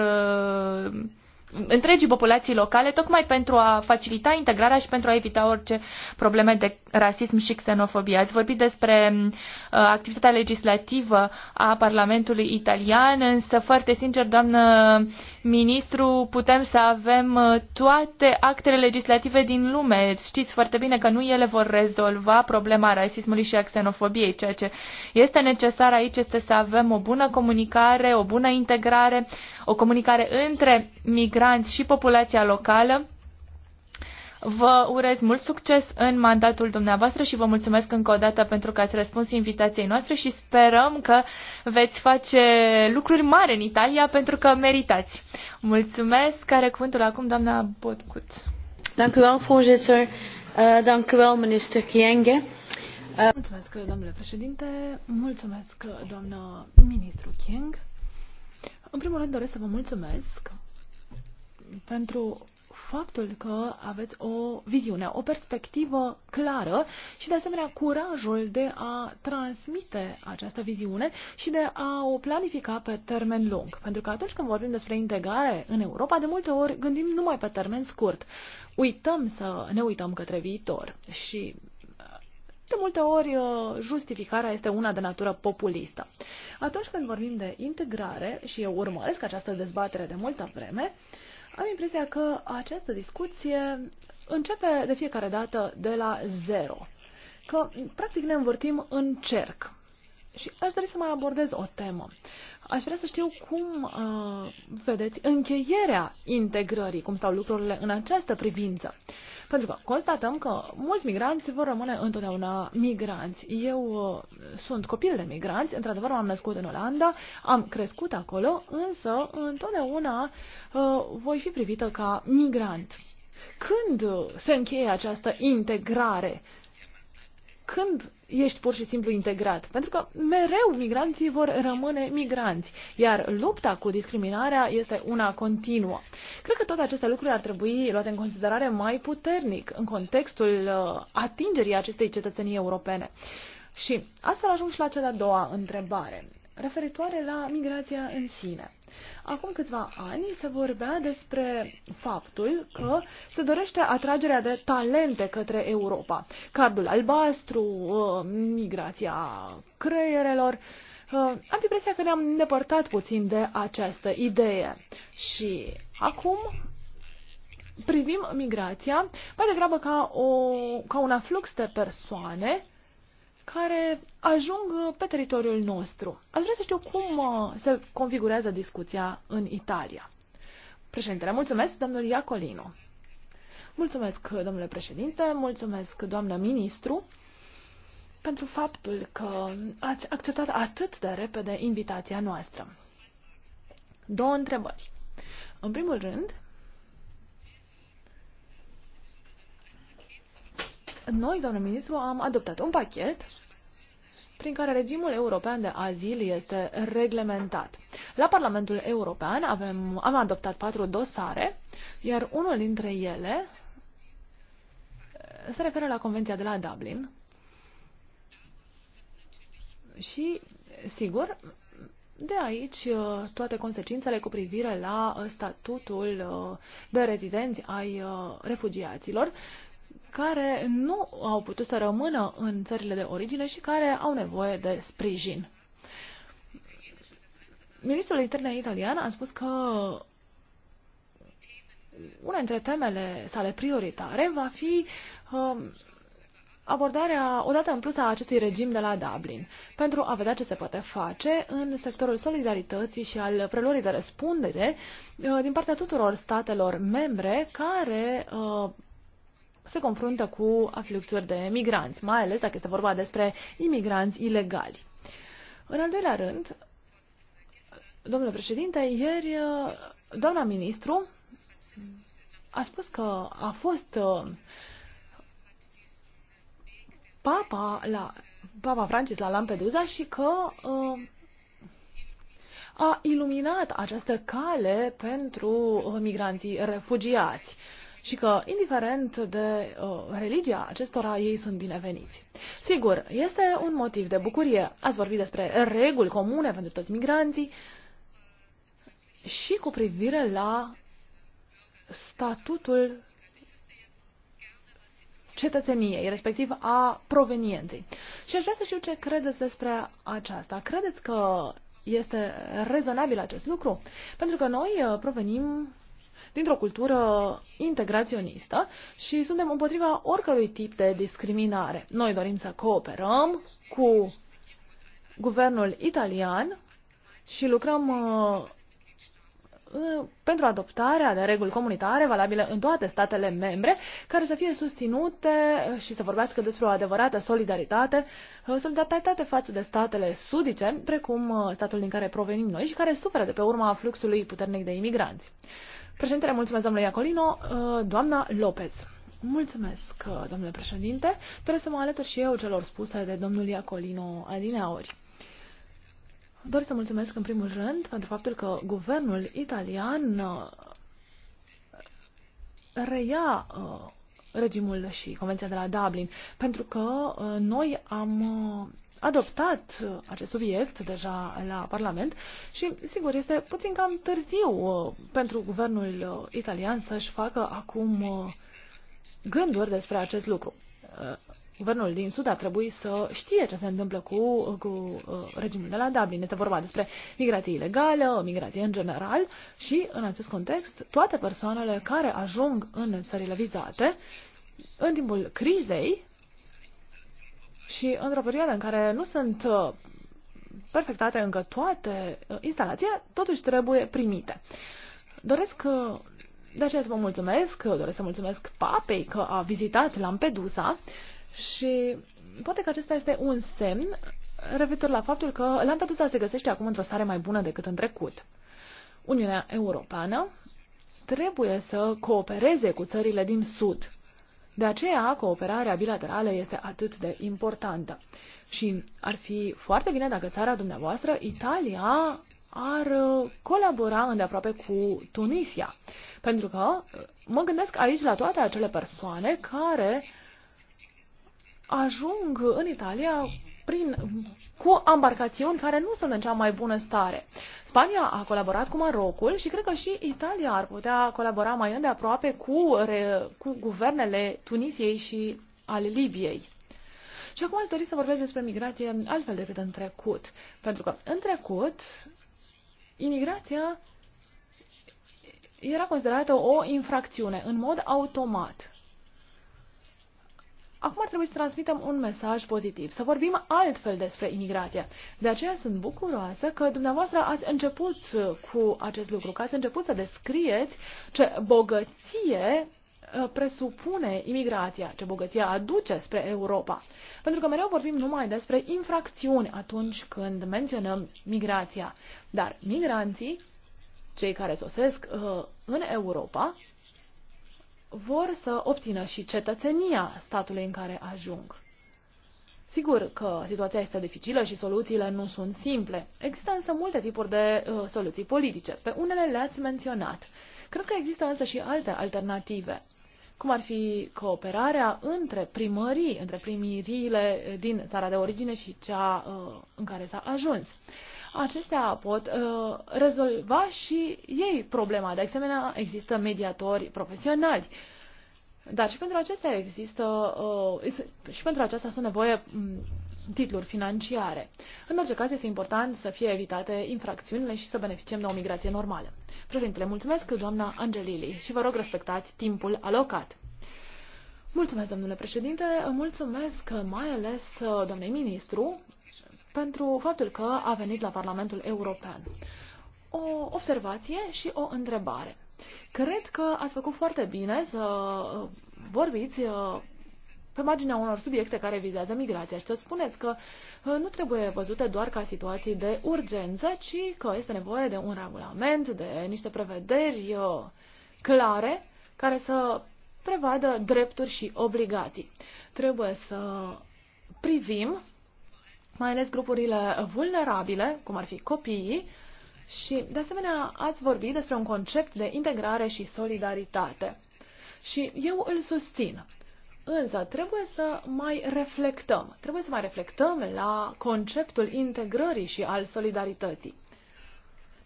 întregii populații locale, tocmai pentru a facilita integrarea și pentru a evita orice probleme de rasism și xenofobie. Ați vorbit despre uh, activitatea legislativă a Parlamentului italian, însă foarte sincer, doamnă ministru putem să avem uh, toate actele legislative din lume. Știți foarte bine că nu ele vor rezolva problema rasismului și a xenofobiei. Ceea ce este necesar aici este să avem o bună comunicare, o bună integrare, o comunicare între migranți și populația locală Vă urez mult succes în mandatul dumneavoastră și vă mulțumesc încă o dată pentru că ați răspuns invitației noastre și sperăm că veți face lucruri mari în Italia pentru că meritați. Mulțumesc. Care cuvântul acum, doamna Botcut? Dankuwel, u wel, voorzitter. Uh, minister Kienge. Eh, mulțumesc, domnule președinte. Mulțumesc, doamnă ministru King. În primul rând doresc să vă mulțumesc pentru faptul că aveți o viziune, o perspectivă clară și, de asemenea, curajul de a transmite această viziune și de a o planifica pe termen lung. Pentru că atunci când vorbim despre integrare în Europa, de multe ori gândim numai pe termen scurt. Uităm să ne uităm către viitor și de multe ori, justificarea este una de natură populistă. Atunci când vorbim de integrare, și eu urmăresc această dezbatere de multă vreme, uh, am impresia că această discuție începe de fiecare dată de la zero, că practic ne învârtim în cerc. Și aș dori să mai abordez o temă. Aș vrea să știu cum uh, vedeți încheierea integrării, cum stau lucrurile în această privință. Pentru că constatăm că mulți migranți vor rămâne întotdeauna migranți. Eu uh, sunt copil de migranți, într-adevăr m-am născut în Olanda, am crescut acolo, însă întotdeauna uh, voi fi privită ca migrant. Când se încheie această integrare? Când ești pur și simplu integrat. Pentru că mereu migranții vor rămâne migranți, iar lupta cu discriminarea este una continuă. Cred că toate aceste lucruri ar trebui luate în considerare mai puternic în contextul uh, atingerii acestei cetățenii europene. Și astfel ajung și la cea de-a doua întrebare referitoare la migrația în sine. Acum câțiva ani se vorbea despre faptul că se dorește atragerea de talente către Europa. Cardul albastru, uh, migrația creierelor. Uh, am impresia că ne-am îndepărtat puțin de această idee. Și acum privim migrația mai degrabă ca, o, ca un aflux de persoane care ajung uh, pe teritoriul nostru. Aș vrea să știu cum uh, se configurează discuția în Italia. Președintele, mulțumesc, domnul Iacolino. Mulțumesc, uh, domnule președinte, mulțumesc, doamnă ministru, pentru faptul că ați acceptat atât de repede invitația noastră. Două întrebări. În primul rând, noi, domnule ministru, am adoptat un pachet prin care regimul european de azil este reglementat. La Parlamentul European avem, am adoptat patru dosare, iar unul dintre ele se referă la Convenția de la Dublin. Și, sigur, de aici uh, toate consecințele cu privire la uh, statutul uh, de rezidenți ai refugiaților care nu au putut să rămână în țările de origine și care au nevoie de sprijin. Ministrul Interne italian a spus că una dintre temele sale prioritare va fi um, abordarea odată în plus a acestui regim de la Dublin, pentru a vedea ce se poate face în sectorul solidarității și al preluării de răspundere uh, din partea tuturor statelor membre care uh, se confruntă cu afluxuri de migranți, mai ales dacă este vorba despre imigranți ilegali. În al doilea rând, domnule președinte, ieri uh, doamna ministru a spus că a fost uh, papa, la, papa Francis la Lampedusa și că uh, a iluminat această cale pentru uh, migranții refugiați. Uh, și că, indiferent de uh, religia acestora, ei sunt bineveniți. Sigur, este un motiv de bucurie. Ați vorbit despre reguli comune pentru toți migranții și cu privire la statutul cetățeniei, respectiv a provenienței. Și aș vrea să știu ce credeți despre aceasta. Credeți că este rezonabil acest lucru? Pentru că noi uh, provenim dintr-o cultură integraționistă și suntem împotriva oricărui tip de discriminare. Noi dorim să cooperăm cu guvernul italian și lucrăm uh, pentru adoptarea de reguli comunitare valabile în toate statele membre, care să fie susținute și să vorbească despre o adevărată solidaritate, uh, solidaritate față de statele sudice, precum uh, statul din care provenim noi și care suferă de pe urma fluxului puternic de imigranți. Președintele, mulțumesc domnule Iacolino. Uh, doamna Lopez. Mulțumesc, uh, domnule președinte. Trebuie să mă alătur și eu celor spuse de domnul Iacolino adineaori. Doresc să mulțumesc în primul rând pentru faptul că guvernul italian uh, reia regimul și Convenția de la Dublin, pentru că uh, noi am uh, adoptat uh, acest subiect deja la Parlament și, sigur, este puțin cam târziu pentru guvernul italian să-și facă acum gânduri despre acest lucru guvernul din Sud ar trebui să știe ce se întâmplă cu, cu uh, regimul de la Dublin. Este vorba despre migrație ilegală, migrație în general și, în acest context, toate persoanele care ajung în țările vizate, în timpul crizei și într-o perioadă în care nu sunt uh, perfectate încă toate uh, instalațiile, totuși trebuie primite. Doresc uh, de aceea să vă mulțumesc, doresc să mulțumesc papei că a vizitat Lampedusa și poate că acesta este un semn referitor la faptul că Lampedusa se găsește acum într-o stare mai bună decât în trecut. Uniunea Europeană trebuie să coopereze cu țările din Sud. De aceea, cooperarea bilaterală este atât de importantă. Și ar fi foarte bine dacă țara dumneavoastră, Italia, ar uh, colabora îndeaproape cu Tunisia. Pentru că uh, mă gândesc aici la toate acele persoane care ajung în Italia prin, cu embarcațiuni care nu sunt în cea mai bună stare. Spania a colaborat cu Marocul și cred că și Italia ar putea colabora mai îndeaproape cu, re, cu guvernele Tunisiei și ale Libiei. Și acum aș dori să vorbesc despre migrație altfel decât în trecut. Pentru că în trecut, imigrația era considerată o infracțiune în mod automat. Acum ar trebui să transmitem un mesaj pozitiv, să vorbim altfel despre imigrație. De aceea sunt bucuroasă că dumneavoastră ați început cu acest lucru, că ați început să descrieți ce bogăție uh, presupune imigrația, ce bogăție aduce spre Europa. Pentru că mereu vorbim numai despre infracțiuni atunci când menționăm migrația. Dar migranții, cei care sosesc uh, în Europa, vor să obțină și cetățenia statului în care ajung. Sigur că situația este dificilă și soluțiile nu sunt simple. Există însă multe tipuri de uh, soluții politice. Pe unele le-ați menționat. Cred că există însă și alte alternative, cum ar fi cooperarea între primării, între primiriile din țara de origine și cea uh, în care s-a ajuns acestea pot uh, rezolva și ei problema. De asemenea, există mediatori profesionali. Dar și pentru acestea există, uh, și pentru acestea sunt nevoie mm, titluri financiare. În orice caz, este important să fie evitate infracțiunile și să beneficiem de o migrație normală. Președintele, mulțumesc, doamna Angelili, și vă rog respectați timpul alocat. Mulțumesc, domnule președinte, mulțumesc mai ales uh, doamnei ministru pentru faptul că a venit la Parlamentul European. O observație și o întrebare. Cred că ați făcut foarte bine să uh, vorbiți uh, pe marginea unor subiecte care vizează migrația și să spuneți că uh, nu trebuie văzute doar ca situații de urgență, ci că este nevoie de un regulament, de niște prevederi clare care să prevadă drepturi și obligații. Trebuie să privim mai ales grupurile vulnerabile, cum ar fi copiii, și, de asemenea, ați vorbit despre un concept de integrare și solidaritate. Și eu îl susțin. Însă, trebuie să mai reflectăm. Trebuie să mai reflectăm la conceptul integrării și al solidarității.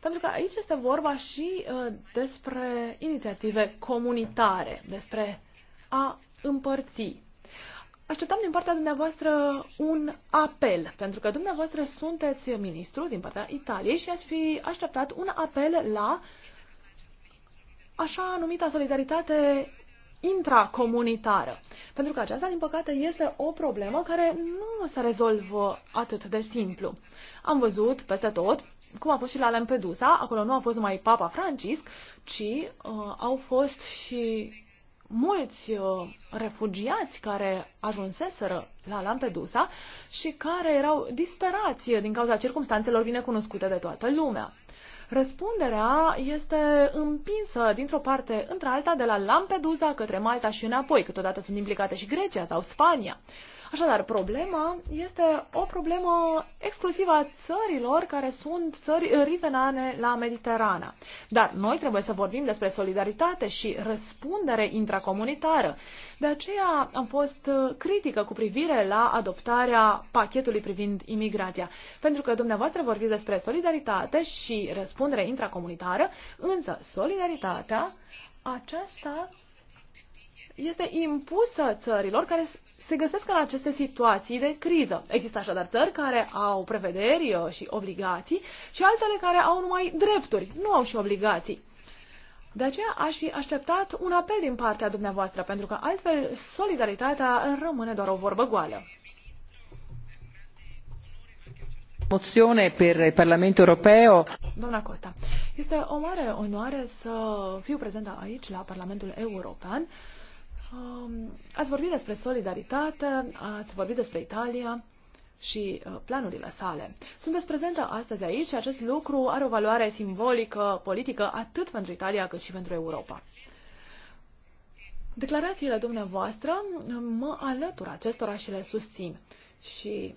Pentru că aici este vorba și uh, despre inițiative comunitare, despre a împărți Așteptam din partea dumneavoastră un apel, pentru că dumneavoastră sunteți ministru din partea Italiei și ați fi așteptat un apel la așa numita solidaritate intracomunitară. Pentru că aceasta, din păcate, este o problemă care nu se rezolvă atât de simplu. Am văzut peste tot, cum a fost și la Lampedusa, acolo nu a fost numai Papa Francisc, ci uh, au fost și mulți uh, refugiați care ajunseseră la Lampedusa și care erau disperați din cauza circumstanțelor binecunoscute de toată lumea. Răspunderea este împinsă dintr-o parte într alta de la Lampedusa către Malta și înapoi, câteodată sunt implicate și Grecia sau Spania. Așadar, problema este o problemă exclusivă a țărilor care sunt țări rivenane la Mediterana. Dar noi trebuie să vorbim despre solidaritate și răspundere intracomunitară. De aceea am fost critică cu privire la adoptarea pachetului privind imigrația. Pentru că dumneavoastră vorbiți despre solidaritate și răspundere intracomunitară, însă solidaritatea aceasta este impusă țărilor care se găsesc în aceste situații de criză. Există așadar țări care au prevederi uh, și obligații și altele care au numai drepturi, nu au și obligații. De aceea aș fi așteptat un apel din partea dumneavoastră, pentru că altfel solidaritatea rămâne doar o vorbă goală. Moțiune pentru Parlamentul Europeo. Doamna Costa, este o mare onoare să fiu prezentă aici la Parlamentul European. Um, ați vorbit despre solidaritate, ați vorbit despre Italia și uh, planurile sale. Sunteți prezentă astăzi aici și acest lucru are o valoare simbolică, politică, atât pentru Italia cât și pentru Europa. Declarațiile dumneavoastră um, mă alătur acestora și le susțin. Și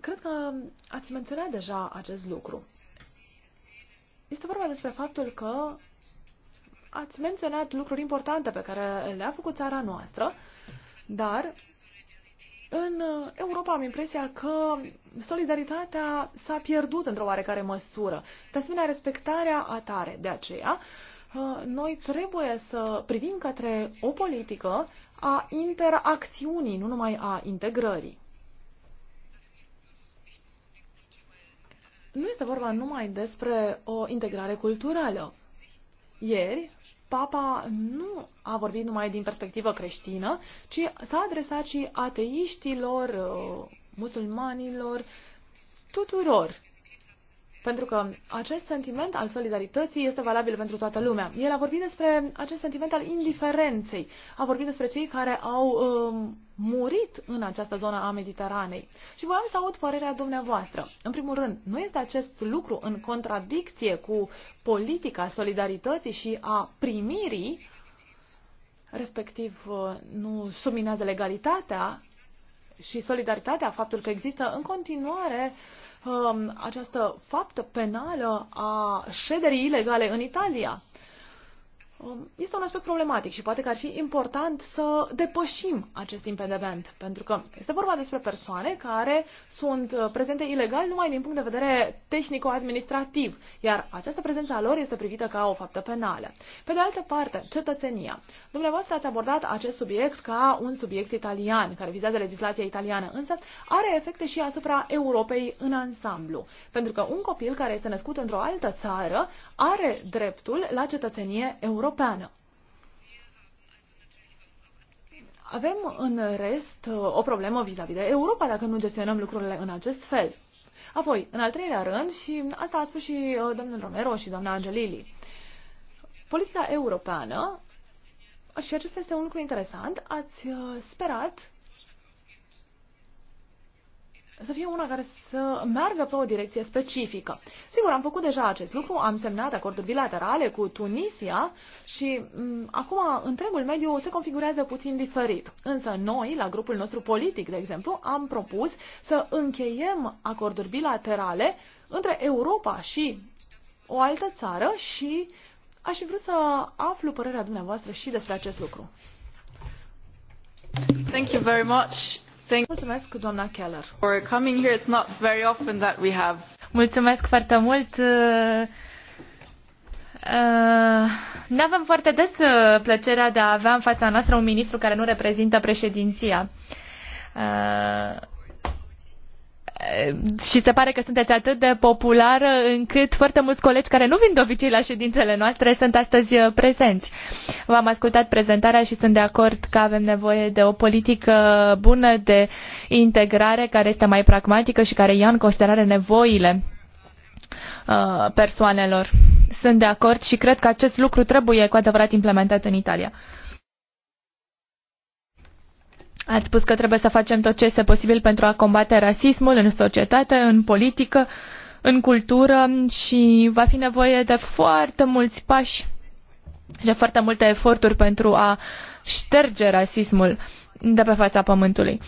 cred că ați menționat deja acest lucru. Este vorba despre faptul că ați menționat lucruri importante pe care le-a făcut țara noastră, dar în Europa am impresia că solidaritatea s-a pierdut într-o oarecare măsură. De asemenea, respectarea atare. De aceea, uh, noi trebuie să privim către o politică a interacțiunii, nu numai a integrării. Nu este vorba numai despre o integrare culturală. Ieri, Papa nu a vorbit numai din perspectivă creștină, ci s-a adresat și ateiștilor, uh, musulmanilor, tuturor. Pentru că acest sentiment al solidarității este valabil pentru toată lumea. El a vorbit despre acest sentiment al indiferenței. A vorbit despre cei care au um, murit în această zonă a Mediteranei. Și voiam să aud părerea dumneavoastră. În primul rând, nu este acest lucru în contradicție cu politica solidarității și a primirii, respectiv uh, nu subminează legalitatea și solidaritatea, faptul că există în continuare um, această faptă penală a șederii ilegale în Italia. Um, este un aspect problematic și poate că ar fi important să depășim acest impediment, pentru că este vorba despre persoane care sunt uh, prezente ilegal numai din punct de vedere tehnico-administrativ, iar această prezență a lor este privită ca o faptă penală. Pe de altă parte, cetățenia. Dumneavoastră ați abordat acest subiect ca un subiect italian, care vizează legislația italiană, însă are efecte și asupra Europei în ansamblu, pentru că un copil care este născut într-o altă țară are dreptul la cetățenie europeană Europeană. Avem în rest o problemă vis-a-vis -vis de Europa dacă nu gestionăm lucrurile în acest fel. Apoi, în al treilea rând, și asta a spus și uh, domnul Romero și doamna Angelili, politica europeană, și acesta este un lucru interesant, ați uh, sperat să fie una care să meargă pe o direcție specifică. Sigur, am făcut deja acest lucru, am semnat acorduri bilaterale cu Tunisia și mm, acum întregul mediu se configurează puțin diferit. Însă noi, la grupul nostru politic, de exemplu, am propus să încheiem acorduri bilaterale între Europa și o altă țară și aș fi vrut să aflu părerea dumneavoastră și despre acest lucru. Thank you very much. Mulțumesc, doamna Keller. For coming here, it's not very often that we have. Mulțumesc foarte mult. Uh, uh nu avem foarte des uh, plăcerea de a avea în fața noastră un ministru care nu reprezintă președinția. Uh, și se pare că sunteți atât de populară încât foarte mulți colegi care nu vin de obicei la ședințele noastre sunt astăzi uh, prezenți. V-am ascultat prezentarea și sunt de acord că avem nevoie de o politică bună de integrare care este mai pragmatică și care ia în considerare nevoile uh, persoanelor. Sunt de acord și cred că acest lucru trebuie cu adevărat implementat în Italia. Ați spus că trebuie să facem tot ce este posibil pentru a combate rasismul în societate, în politică, în cultură și va fi nevoie de foarte mulți pași și de foarte multe eforturi pentru a șterge rasismul de pe fața pământului.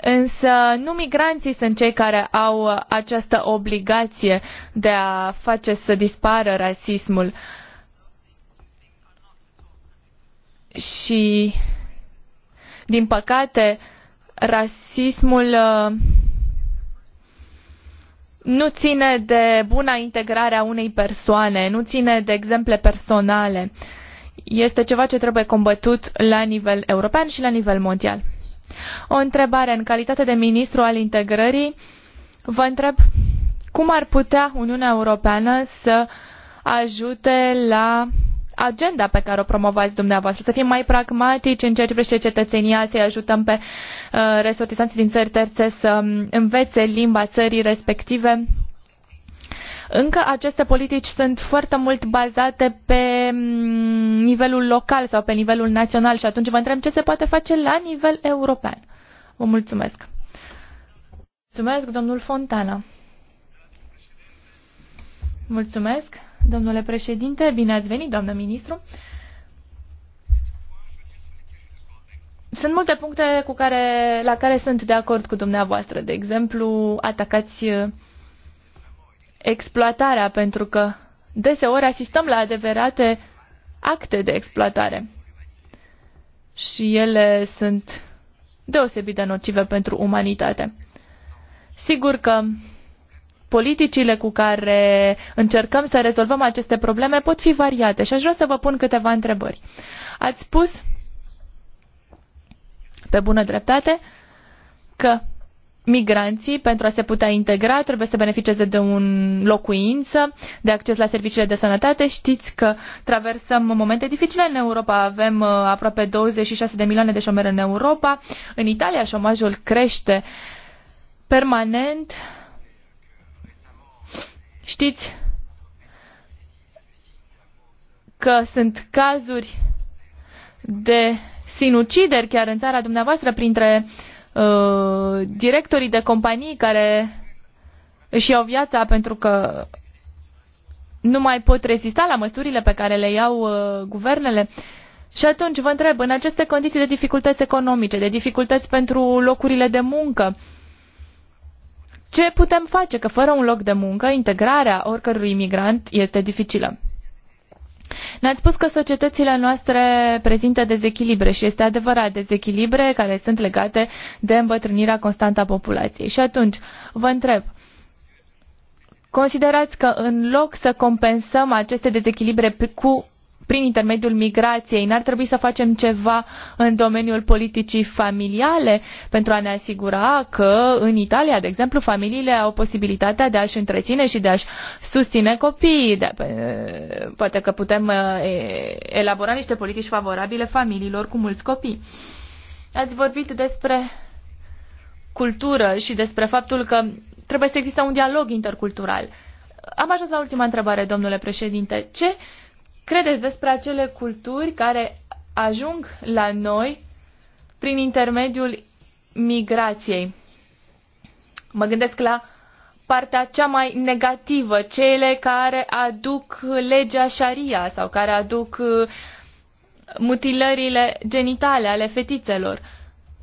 Însă nu migranții sunt cei care au această obligație de a face să dispară rasismul. Uh, și, din păcate, rasismul uh, nu ține de buna integrare a unei persoane, nu ține de exemple personale. Este ceva ce trebuie combătut la nivel european și la nivel mondial. O întrebare în calitate de ministru al integrării, vă întreb cum ar putea Uniunea Europeană să ajute la agenda pe care o promovați dumneavoastră, să fim mai pragmatici în ceea ce privește cetățenia, să-i ajutăm pe uh, resortizanții din țări terțe să um, învețe limba țării respective. Încă aceste politici sunt foarte mult bazate pe um, nivelul local sau pe nivelul național și atunci vă întreb ce se poate face la nivel european. Vă mulțumesc. Mulțumesc, domnul Fontana. Mulțumesc domnule președinte. Bine ați venit, doamnă ministru. Sunt multe puncte cu care, la care sunt de acord cu dumneavoastră. De exemplu, atacați uh, exploatarea, pentru că deseori asistăm la adevărate acte de exploatare. Și ele sunt deosebit de nocive pentru umanitate. Sigur că politicile cu care încercăm să rezolvăm aceste probleme pot fi variate și aș vrea să vă pun câteva întrebări. Ați spus pe bună dreptate că migranții, pentru a se putea integra, trebuie să beneficieze de un locuință, de acces la serviciile de sănătate. Știți că traversăm momente dificile în Europa. Avem uh, aproape 26 de milioane de șomeri în Europa. În Italia șomajul crește permanent Știți că sunt cazuri de sinucideri chiar în țara dumneavoastră printre uh, directorii de companii care își iau viața pentru că nu mai pot rezista la măsurile pe care le iau uh, guvernele. Și atunci vă întreb, în aceste condiții de dificultăți economice, de dificultăți pentru locurile de muncă, uh, ce putem face? Că fără un loc de muncă, integrarea oricărui imigrant este dificilă. Ne-ați spus că societățile noastre prezintă dezechilibre și este adevărat dezechilibre care sunt legate de îmbătrânirea constantă a populației. Și atunci vă întreb, considerați că în loc să compensăm aceste dezechilibre cu prin intermediul migrației. N-ar trebui să facem ceva în domeniul politicii familiale pentru a ne asigura că în Italia, de exemplu, familiile au posibilitatea de a-și întreține și de a-și susține copiii. De, poate că putem uh, elabora niște politici favorabile familiilor cu mulți copii. Ați vorbit despre cultură și despre faptul că trebuie să existe un dialog intercultural. Am ajuns la ultima întrebare, domnule președinte. Ce uh, credeți despre acele culturi care ajung la noi prin intermediul migrației? Mă gândesc la partea cea mai negativă, cele care aduc legea șaria sau care aduc uh, mutilările genitale ale fetițelor.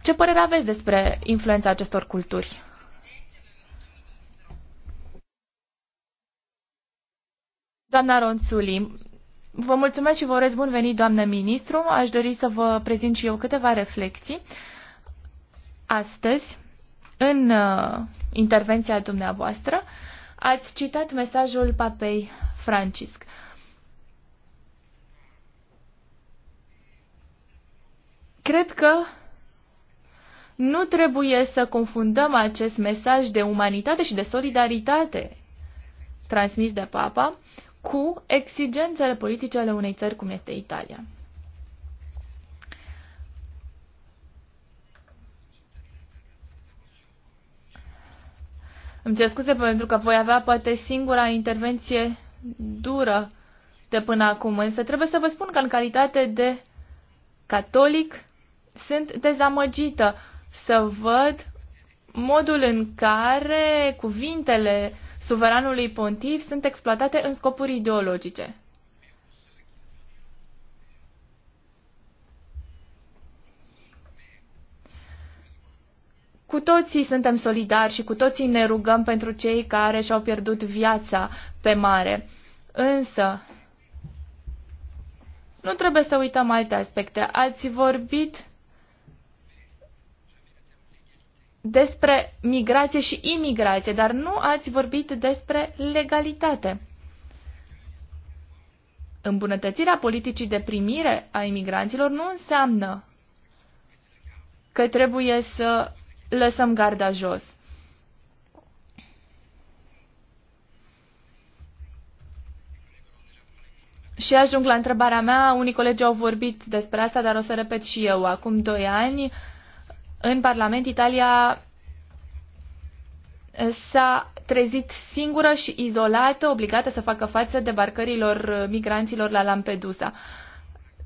Ce părere aveți despre influența acestor culturi? Doamna Ronțuli, Vă mulțumesc și vă urez bun venit, doamnă ministru. Aș dori să vă prezint și eu câteva reflexii. Astăzi, în uh, intervenția dumneavoastră, ați citat mesajul papei Francisc. Cred că nu trebuie să confundăm acest mesaj de umanitate și de solidaritate transmis de papa cu exigențele politice ale unei țări cum este Italia. Îmi cer scuze pentru că voi avea poate singura intervenție dură de până acum, însă trebuie să vă spun că în calitate de catolic sunt dezamăgită să văd modul în care cuvintele uh, suveranului pontiv sunt exploatate în scopuri ideologice. Cu toții suntem solidari și cu toții ne rugăm pentru cei care și-au pierdut viața pe mare. Însă, nu trebuie să uităm alte aspecte. Ați vorbit despre migrație și imigrație, dar nu ați vorbit despre legalitate. Îmbunătățirea politicii de primire a imigranților nu înseamnă că trebuie să lăsăm garda jos. Și ajung la întrebarea mea, unii colegi au vorbit despre asta, dar o să repet și eu. Acum doi ani în Parlament Italia s-a trezit singură și izolată, obligată să facă față debarcărilor migranților la Lampedusa.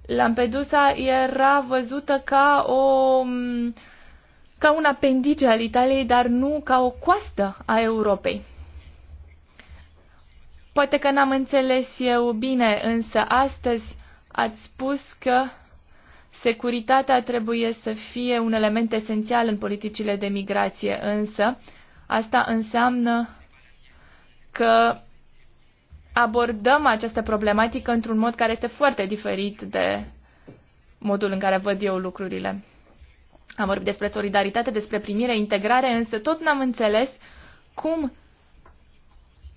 Lampedusa era văzută ca o ca un apendice al Italiei, dar nu ca o coastă a Europei. Poate că n-am înțeles eu bine, însă astăzi ați spus că Securitatea trebuie să fie un element esențial în politicile de migrație, însă asta înseamnă că abordăm această problematică într-un mod care este foarte diferit de modul în care văd eu lucrurile. Am vorbit despre solidaritate, despre primire, integrare, însă tot n-am înțeles cum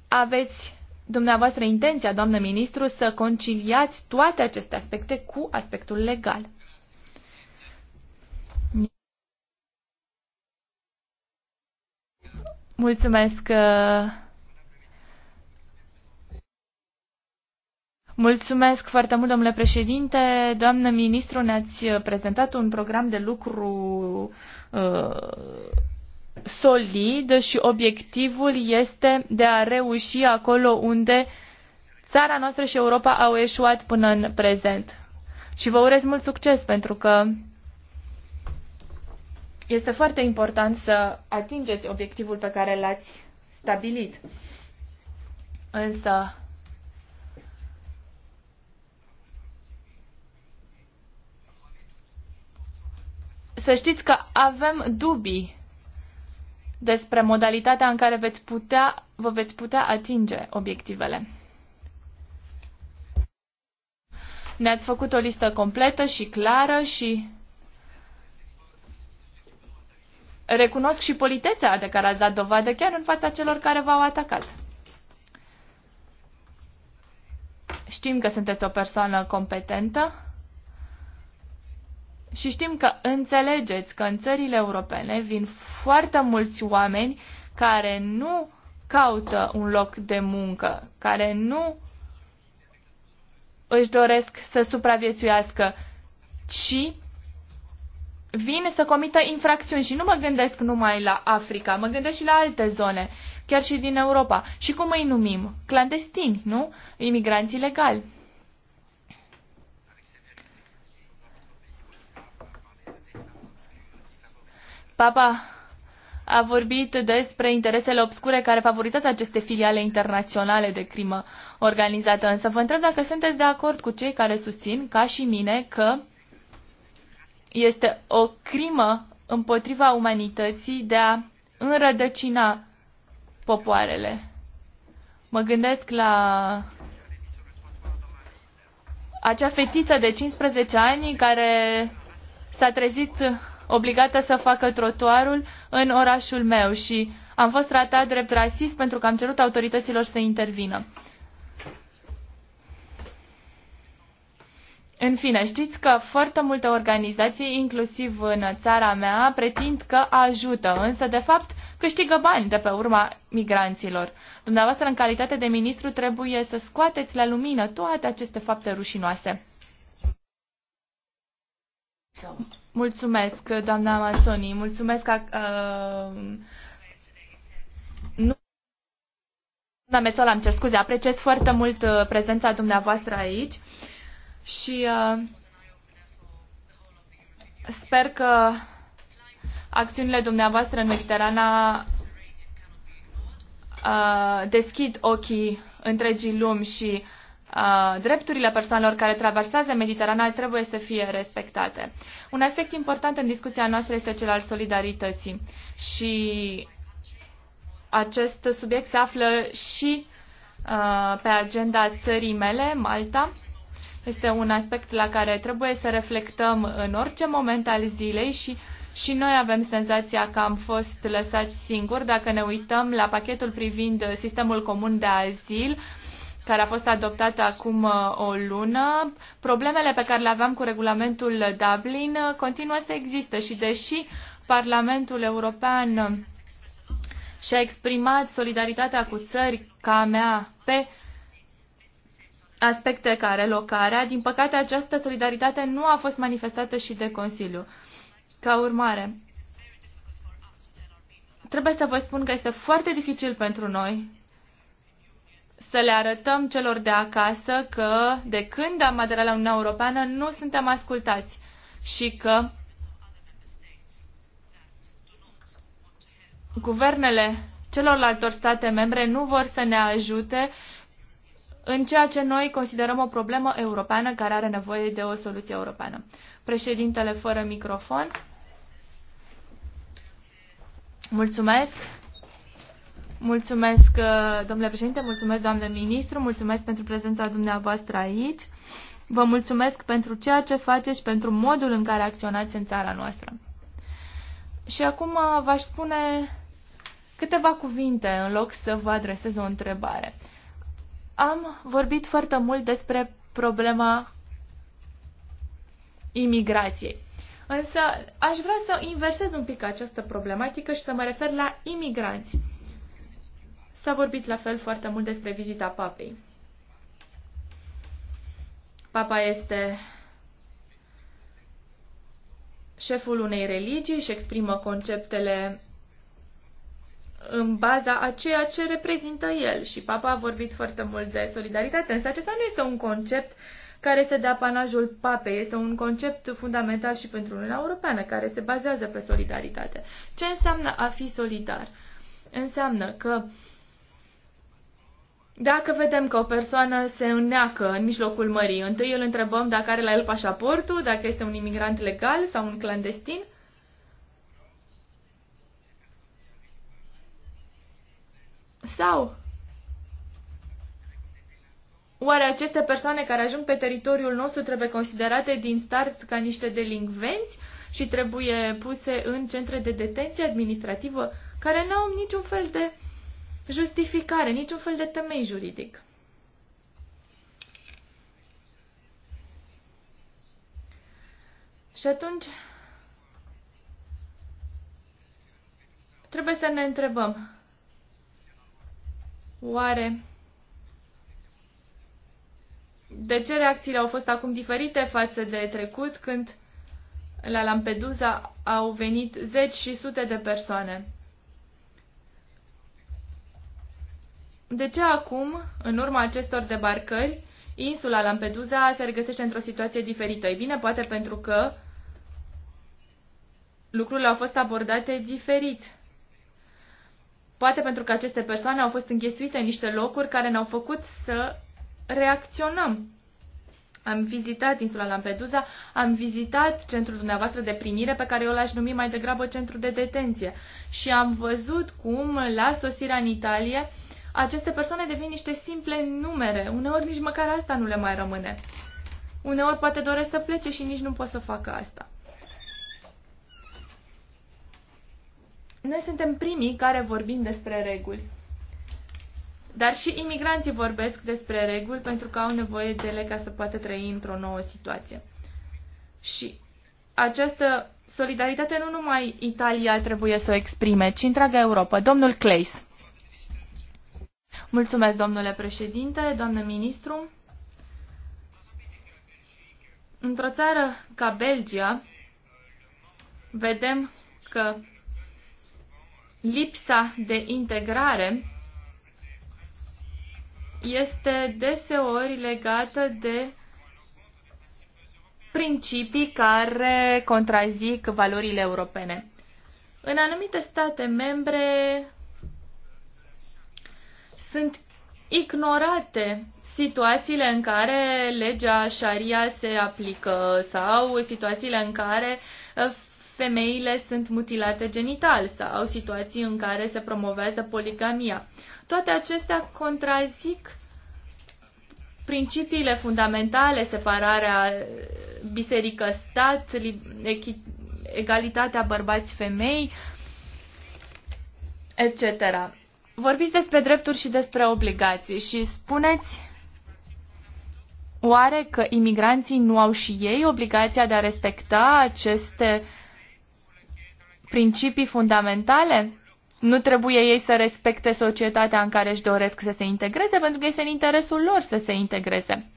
aveți dumneavoastră intenția, doamnă ministru, să conciliați toate aceste aspecte cu aspectul legal. Mulțumesc. Uh, mulțumesc foarte mult, domnule președinte. Doamnă ministru, ne-ați prezentat un program de lucru uh, solid și obiectivul este de a reuși acolo unde țara noastră și Europa au eșuat până în prezent. Și vă urez mult succes pentru că este foarte important să atingeți obiectivul pe care l-ați stabilit. Însă, să știți că avem dubii despre modalitatea în care veți putea, vă veți putea atinge obiectivele. Ne-ați făcut o listă completă și clară și recunosc și politețea de care ați dat dovadă chiar în fața celor care v-au atacat. Știm că sunteți o persoană competentă și știm că înțelegeți că în țările europene vin foarte mulți oameni care nu caută un loc de muncă, care nu își doresc să supraviețuiască, ci vin să comită infracțiuni și nu mă gândesc numai la Africa, mă gândesc și la alte zone, chiar și din Europa. Și cum îi numim? Clandestini, nu? Imigranți ilegali. Papa a vorbit despre interesele obscure care favorizează aceste filiale internaționale de crimă organizată, însă vă întreb dacă sunteți de acord cu cei care susțin, ca și mine, că este o crimă împotriva umanității de a înrădăcina popoarele. Mă gândesc la acea fetiță de 15 ani care s-a trezit obligată să facă trotuarul în orașul meu și am fost tratat drept rasist pentru că am cerut autorităților să intervină. În fine, știți că foarte multe organizații, inclusiv în țara mea, pretind că ajută, însă, de fapt, câștigă bani de pe urma migranților. Dumneavoastră, în calitate de ministru, trebuie să scoateți la lumină toate aceste fapte rușinoase. Mulțumesc, doamna Masoni, mulțumesc că... Uh, nu... Doamna Mețola, am cer scuze, apreciez foarte mult uh, prezența dumneavoastră aici și uh, sper că acțiunile dumneavoastră în Mediterana uh, deschid ochii întregii lumi și uh, drepturile persoanelor care traversează Mediterana trebuie să fie respectate. Un aspect important în discuția noastră este cel al solidarității și acest subiect se află și uh, pe agenda țării mele, Malta este un aspect la care trebuie să reflectăm în orice moment al zilei și și noi avem senzația că am fost lăsați singuri dacă ne uităm la pachetul privind sistemul comun de azil care a fost adoptat acum uh, o lună. Problemele pe care le aveam cu regulamentul Dublin uh, continuă să existe și deși Parlamentul European uh, și-a exprimat solidaritatea cu țări ca mea pe aspecte ca relocarea. Din păcate, această solidaritate nu a fost manifestată și de Consiliu. Ca urmare, trebuie să vă spun că este foarte dificil pentru noi să le arătăm celor de acasă că de când am aderat la Uniunea Europeană nu suntem ascultați și că guvernele celorlaltor state membre nu vor să ne ajute în ceea ce noi considerăm o problemă europeană care are nevoie de o soluție europeană. Președintele fără microfon. Mulțumesc. Mulțumesc, uh, domnule președinte, mulțumesc, doamnă ministru, mulțumesc pentru prezența dumneavoastră aici. Vă mulțumesc pentru ceea ce faceți și pentru modul în care acționați în țara noastră. Și acum uh, v-aș spune câteva cuvinte în loc să vă adresez o întrebare. Am vorbit foarte mult despre problema imigrației. Însă aș vrea să inversez un pic această problematică și să mă refer la imigranți. S-a vorbit la fel foarte mult despre vizita papei. Papa este șeful unei religii și exprimă conceptele în baza a ceea ce reprezintă el. Și papa a vorbit foarte mult de solidaritate, însă acesta nu este un concept care este de apanajul papei, este un concept fundamental și pentru Uniunea Europeană, care se bazează pe solidaritate. Ce înseamnă a fi solidar? Înseamnă că dacă vedem că o persoană se înneacă în mijlocul mării, întâi îl întrebăm dacă are la el pașaportul, dacă este un imigrant legal sau un clandestin, Sau oare aceste persoane care ajung pe teritoriul nostru trebuie considerate din start ca niște delinvenți și trebuie puse în centre de detenție administrativă care nu au niciun fel de justificare, niciun fel de temei juridic? Și atunci trebuie să ne întrebăm Oare de ce reacțiile au fost acum diferite față de trecut când la Lampedusa au venit zeci și sute de persoane? De ce acum, în urma acestor debarcări, insula Lampedusa se regăsește într-o situație diferită? Ei bine, poate pentru că lucrurile au fost abordate diferit. Poate pentru că aceste persoane au fost înghesuite în niște locuri care ne-au făcut să reacționăm. Am vizitat insula Lampedusa, am vizitat centrul dumneavoastră de primire, pe care eu l-aș numi mai degrabă centru de detenție. Și am văzut cum, la sosirea în Italia, aceste persoane devin niște simple numere. Uneori nici măcar asta nu le mai rămâne. Uneori poate doresc să plece și nici nu pot să facă asta. Noi suntem primii care vorbim despre reguli. Dar și imigranții vorbesc despre reguli pentru că au nevoie de ele ca să poată trăi într-o nouă situație. Și această solidaritate nu numai Italia trebuie să o exprime, ci întreaga Europa. Domnul Clays. Mulțumesc, domnule președinte, doamnă ministru. Într-o țară ca Belgia, vedem că lipsa de integrare este deseori legată de principii care contrazic valorile europene. În anumite state membre sunt ignorate situațiile în care legea șaria se aplică sau situațiile în care femeile sunt mutilate genital sau situații în care se promovează poligamia. Toate acestea contrazic principiile fundamentale, separarea biserică-stat, egalitatea bărbați-femei, etc. Vorbiți despre drepturi și despre obligații și spuneți oare că imigranții nu au și ei obligația de a respecta aceste principii fundamentale? Nu trebuie ei să respecte societatea în care își doresc să se integreze, pentru că este în interesul lor să se integreze.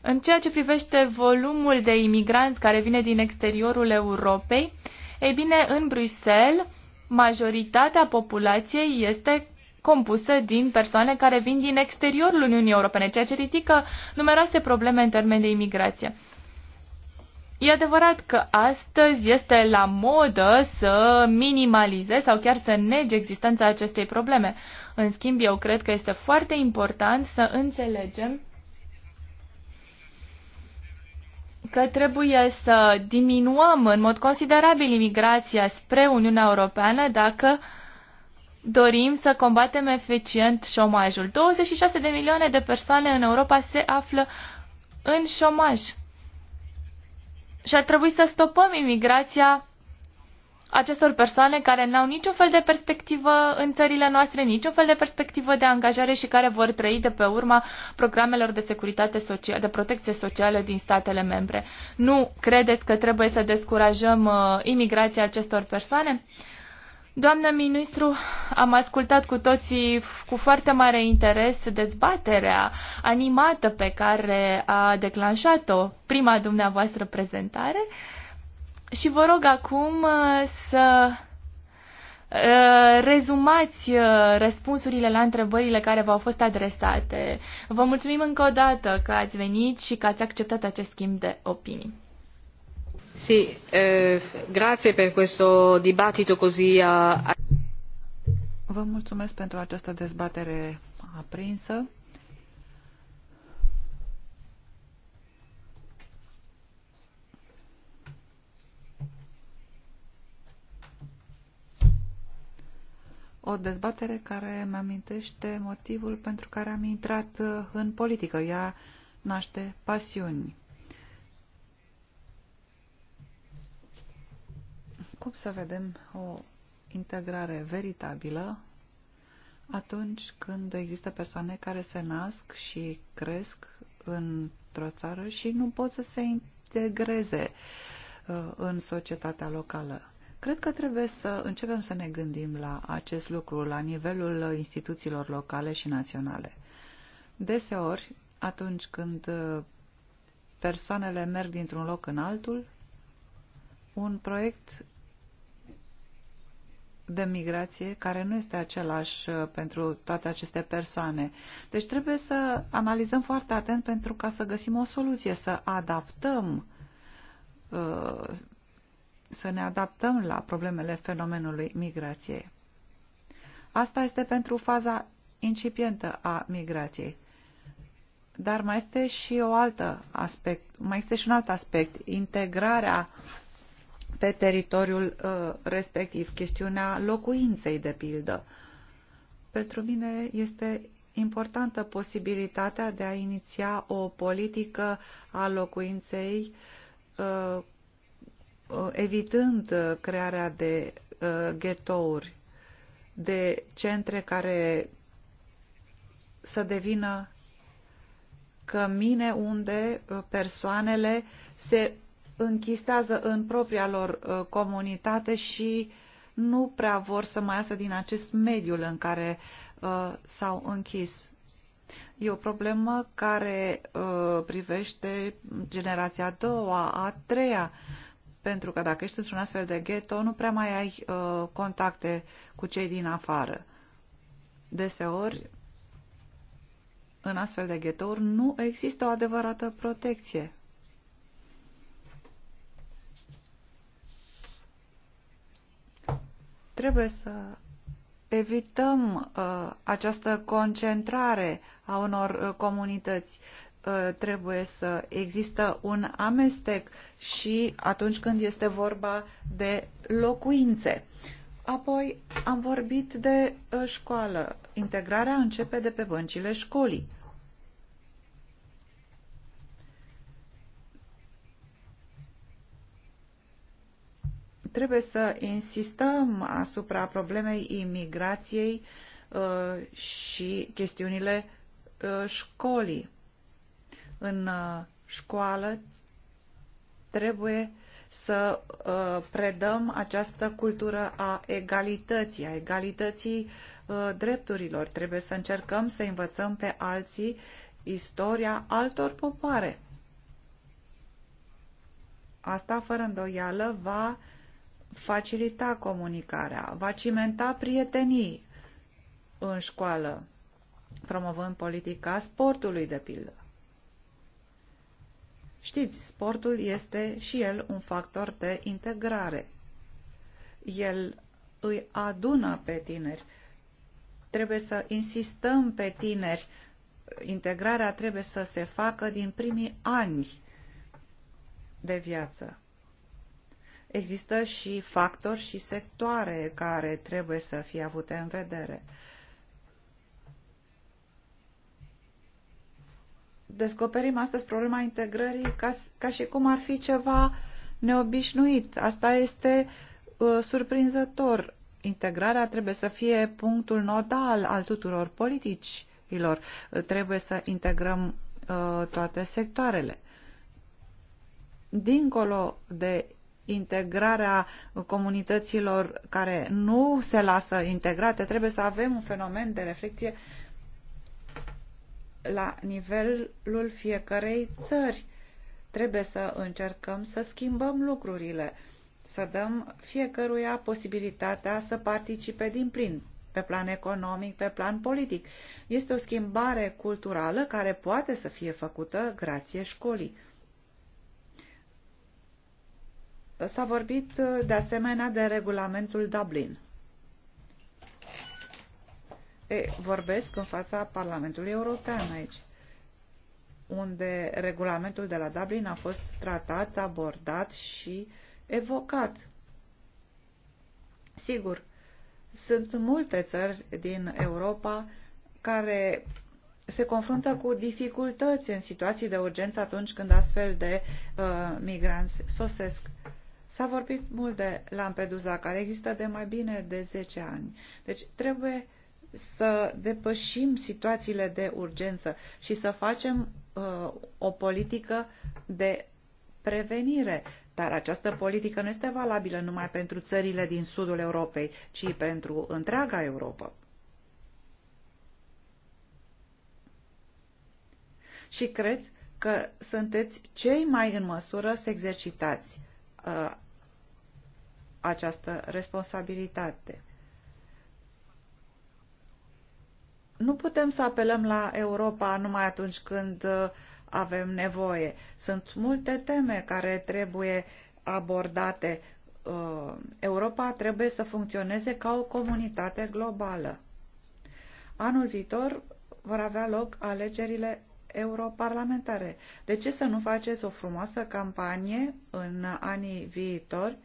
În ceea ce privește volumul de imigranți care vine din exteriorul Europei, ei bine, în Bruxelles, majoritatea populației este compusă din persoane care vin din exteriorul Uniunii Europene, ceea ce ridică numeroase probleme în termen de imigrație. E adevărat că astăzi este la modă să minimalizezi sau chiar să negi existența acestei probleme. În schimb, eu cred că este foarte important să înțelegem că trebuie să diminuăm în mod considerabil imigrația spre Uniunea Europeană dacă dorim să combatem eficient șomajul. 26 de milioane de persoane în Europa se află în șomaj și ar trebui să stopăm imigrația acestor persoane care n-au niciun fel de perspectivă în țările noastre, niciun fel de perspectivă de angajare și care vor trăi de pe urma programelor de securitate socială, de protecție socială din statele membre. Nu credeți că trebuie să descurajăm uh, imigrația acestor persoane? Doamnă ministru, am ascultat cu toții cu foarte mare interes dezbaterea animată pe care a declanșat-o prima dumneavoastră prezentare și vă rog acum uh, să uh, rezumați uh, răspunsurile la întrebările care v-au fost adresate. Vă mulțumim încă o dată că ați venit și că ați acceptat acest schimb de opinii. Sì, eh, grazie per questo eh, Vă mulțumesc pentru această dezbatere aprinsă. o dezbatere care îmi amintește motivul pentru care am intrat eh, în politică. Ea naște pasiuni. încep să vedem o integrare veritabilă atunci când există persoane care se nasc și cresc într-o țară și nu pot să se integreze uh, în societatea locală. Cred că trebuie să începem să ne gândim la acest lucru la nivelul instituțiilor locale și naționale. Deseori, atunci când uh, persoanele merg dintr-un loc în altul, un proiect de migrație care nu este același uh, pentru toate aceste persoane. Deci trebuie să analizăm foarte atent pentru ca să găsim o soluție, să adaptăm uh, să ne adaptăm la problemele fenomenului migrației. Asta este pentru faza incipientă a migrației. Dar mai este și o altă aspect, mai este și un alt aspect, integrarea pe teritoriul uh, respectiv, chestiunea locuinței, de pildă. Pentru mine este importantă posibilitatea de a iniția o politică a locuinței, uh, uh, evitând crearea de ghetouri, de centre care să devină cămine unde persoanele se închistează în propria lor uh, comunitate și nu prea vor să mai iasă din acest mediul în care uh, s-au închis. E o problemă care uh, privește generația a doua, a treia, pentru că dacă ești într-un astfel de ghetto, nu prea mai ai uh, contacte cu cei din afară. Deseori, în astfel de ghetouri, nu există o adevărată protecție. Trebuie să evităm uh, această concentrare a unor uh, comunități. Uh, trebuie să există un amestec și atunci când este vorba de locuințe. Apoi am vorbit de uh, școală. Integrarea începe de pe băncile școlii. Trebuie să insistăm asupra problemei imigrației uh, și chestiunile uh, școlii. În uh, școală trebuie să predăm această cultură a egalității, a egalității drepturilor. Trebuie să încercăm să învățăm pe alții istoria altor popoare. Asta, fără îndoială, va facilita comunicarea, va cimenta prietenii în școală, promovând politica sportului, de pildă. Știți, sportul este și el un factor de integrare. El îi adună pe tineri. Trebuie să insistăm pe tineri. Integrarea trebuie să se facă din primii ani de viață există și factori și sectoare care trebuie să fie avute în vedere. Descoperim astăzi problema integrării ca, ca și cum ar fi ceva neobișnuit. Asta este uh, surprinzător. Integrarea trebuie să fie punctul nodal al tuturor politicilor. Uh, trebuie să integrăm uh, toate sectoarele. Dincolo de integrarea comunităților care nu se lasă integrate, trebuie să avem un fenomen de reflexie la nivelul fiecarei țări. Trebuie să încercăm să schimbăm lucrurile, să dăm fiecăruia posibilitatea să participe din plin, pe plan economic, pe plan politic. Este o schimbare culturală care poate să fie făcută grație școlii. S-a vorbit uh, de asemenea de regulamentul Dublin. E, vorbesc în fața Parlamentului European aici, unde regulamentul de la Dublin a fost tratat, abordat și evocat. Sigur, sunt multe țări din Europa care se confruntă cu dificultăți în situații de urgență atunci când astfel de uh, migranți sosesc. Uh, S-a vorbit mult de Lampedusa, care există de mai bine de 10 ani. Deci trebuie să depășim situațiile de urgență și să facem uh, o politică de prevenire. Dar această politică nu este valabilă numai pentru țările din sudul Europei, ci pentru întreaga Europa. Și cred că sunteți cei mai în măsură să exercitați această responsabilitate. Nu putem să apelăm la Europa numai atunci când avem nevoie. Sunt multe teme care trebuie abordate. Europa trebuie să funcționeze ca o comunitate globală. Anul viitor vor avea loc alegerile europarlamentare. De ce să nu faceți o frumoasă campanie în anii viitori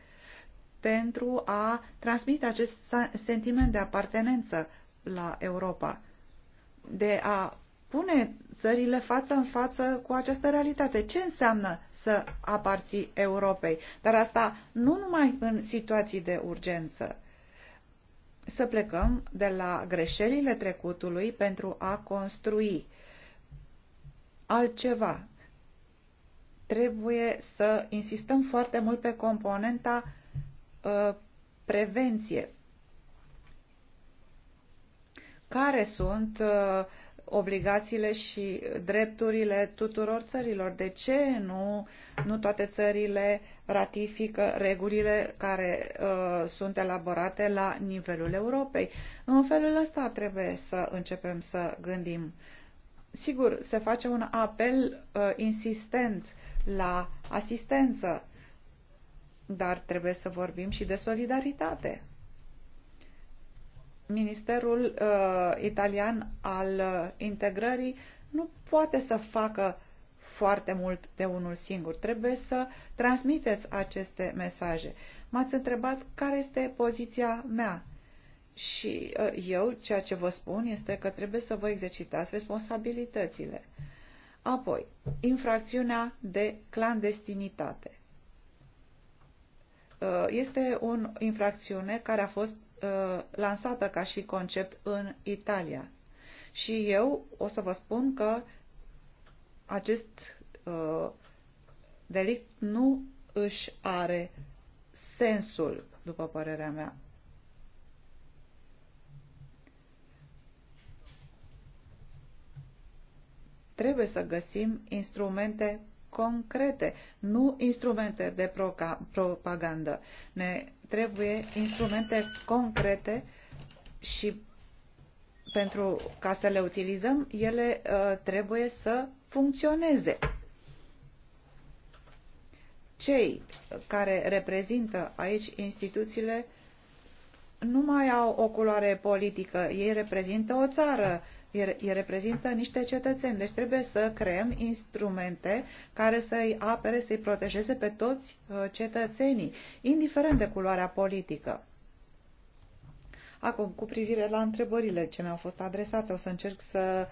pentru a transmite acest sentiment de apartenență la Europa, de a pune țările față în față cu această realitate. Ce înseamnă să aparții Europei? Dar asta nu numai în situații de urgență. Să plecăm de la greșelile trecutului pentru a construi altceva. Trebuie să insistăm foarte mult pe componenta uh, prevenție. Care sunt uh, obligațiile și drepturile tuturor țărilor. De ce nu, nu toate țările ratifică regulile care uh, sunt elaborate la nivelul Europei? În felul ăsta trebuie să începem să gândim. Sigur, se face un apel uh, insistent la asistență, dar trebuie să vorbim și de solidaritate. Ministerul uh, italian al uh, integrării nu poate să facă foarte mult de unul singur. Trebuie să transmiteți aceste mesaje. M-ați întrebat care este poziția mea. Și uh, eu ceea ce vă spun este că trebuie să vă exercitați responsabilitățile. Apoi, infracțiunea de clandestinitate. Uh, este o infracțiune care a fost uh, lansată ca și concept în Italia. Și eu o să vă spun că acest delict nu își are sensul, după părerea mea. Trebuie să găsim instrumente concrete, nu instrumente de propagandă. Ne trebuie instrumente concrete și pentru ca să le utilizăm, ele uh, trebuie să funcționeze. Cei care reprezintă aici instituțiile nu mai au o culoare politică, ei reprezintă o țară, îi reprezintă niște cetățeni. Deci trebuie să creăm instrumente care să-i apere, să-i protejeze pe toți uh, cetățenii, indiferent de culoarea politică. Acum, cu privire la întrebările ce mi-au fost adresate, o să încerc să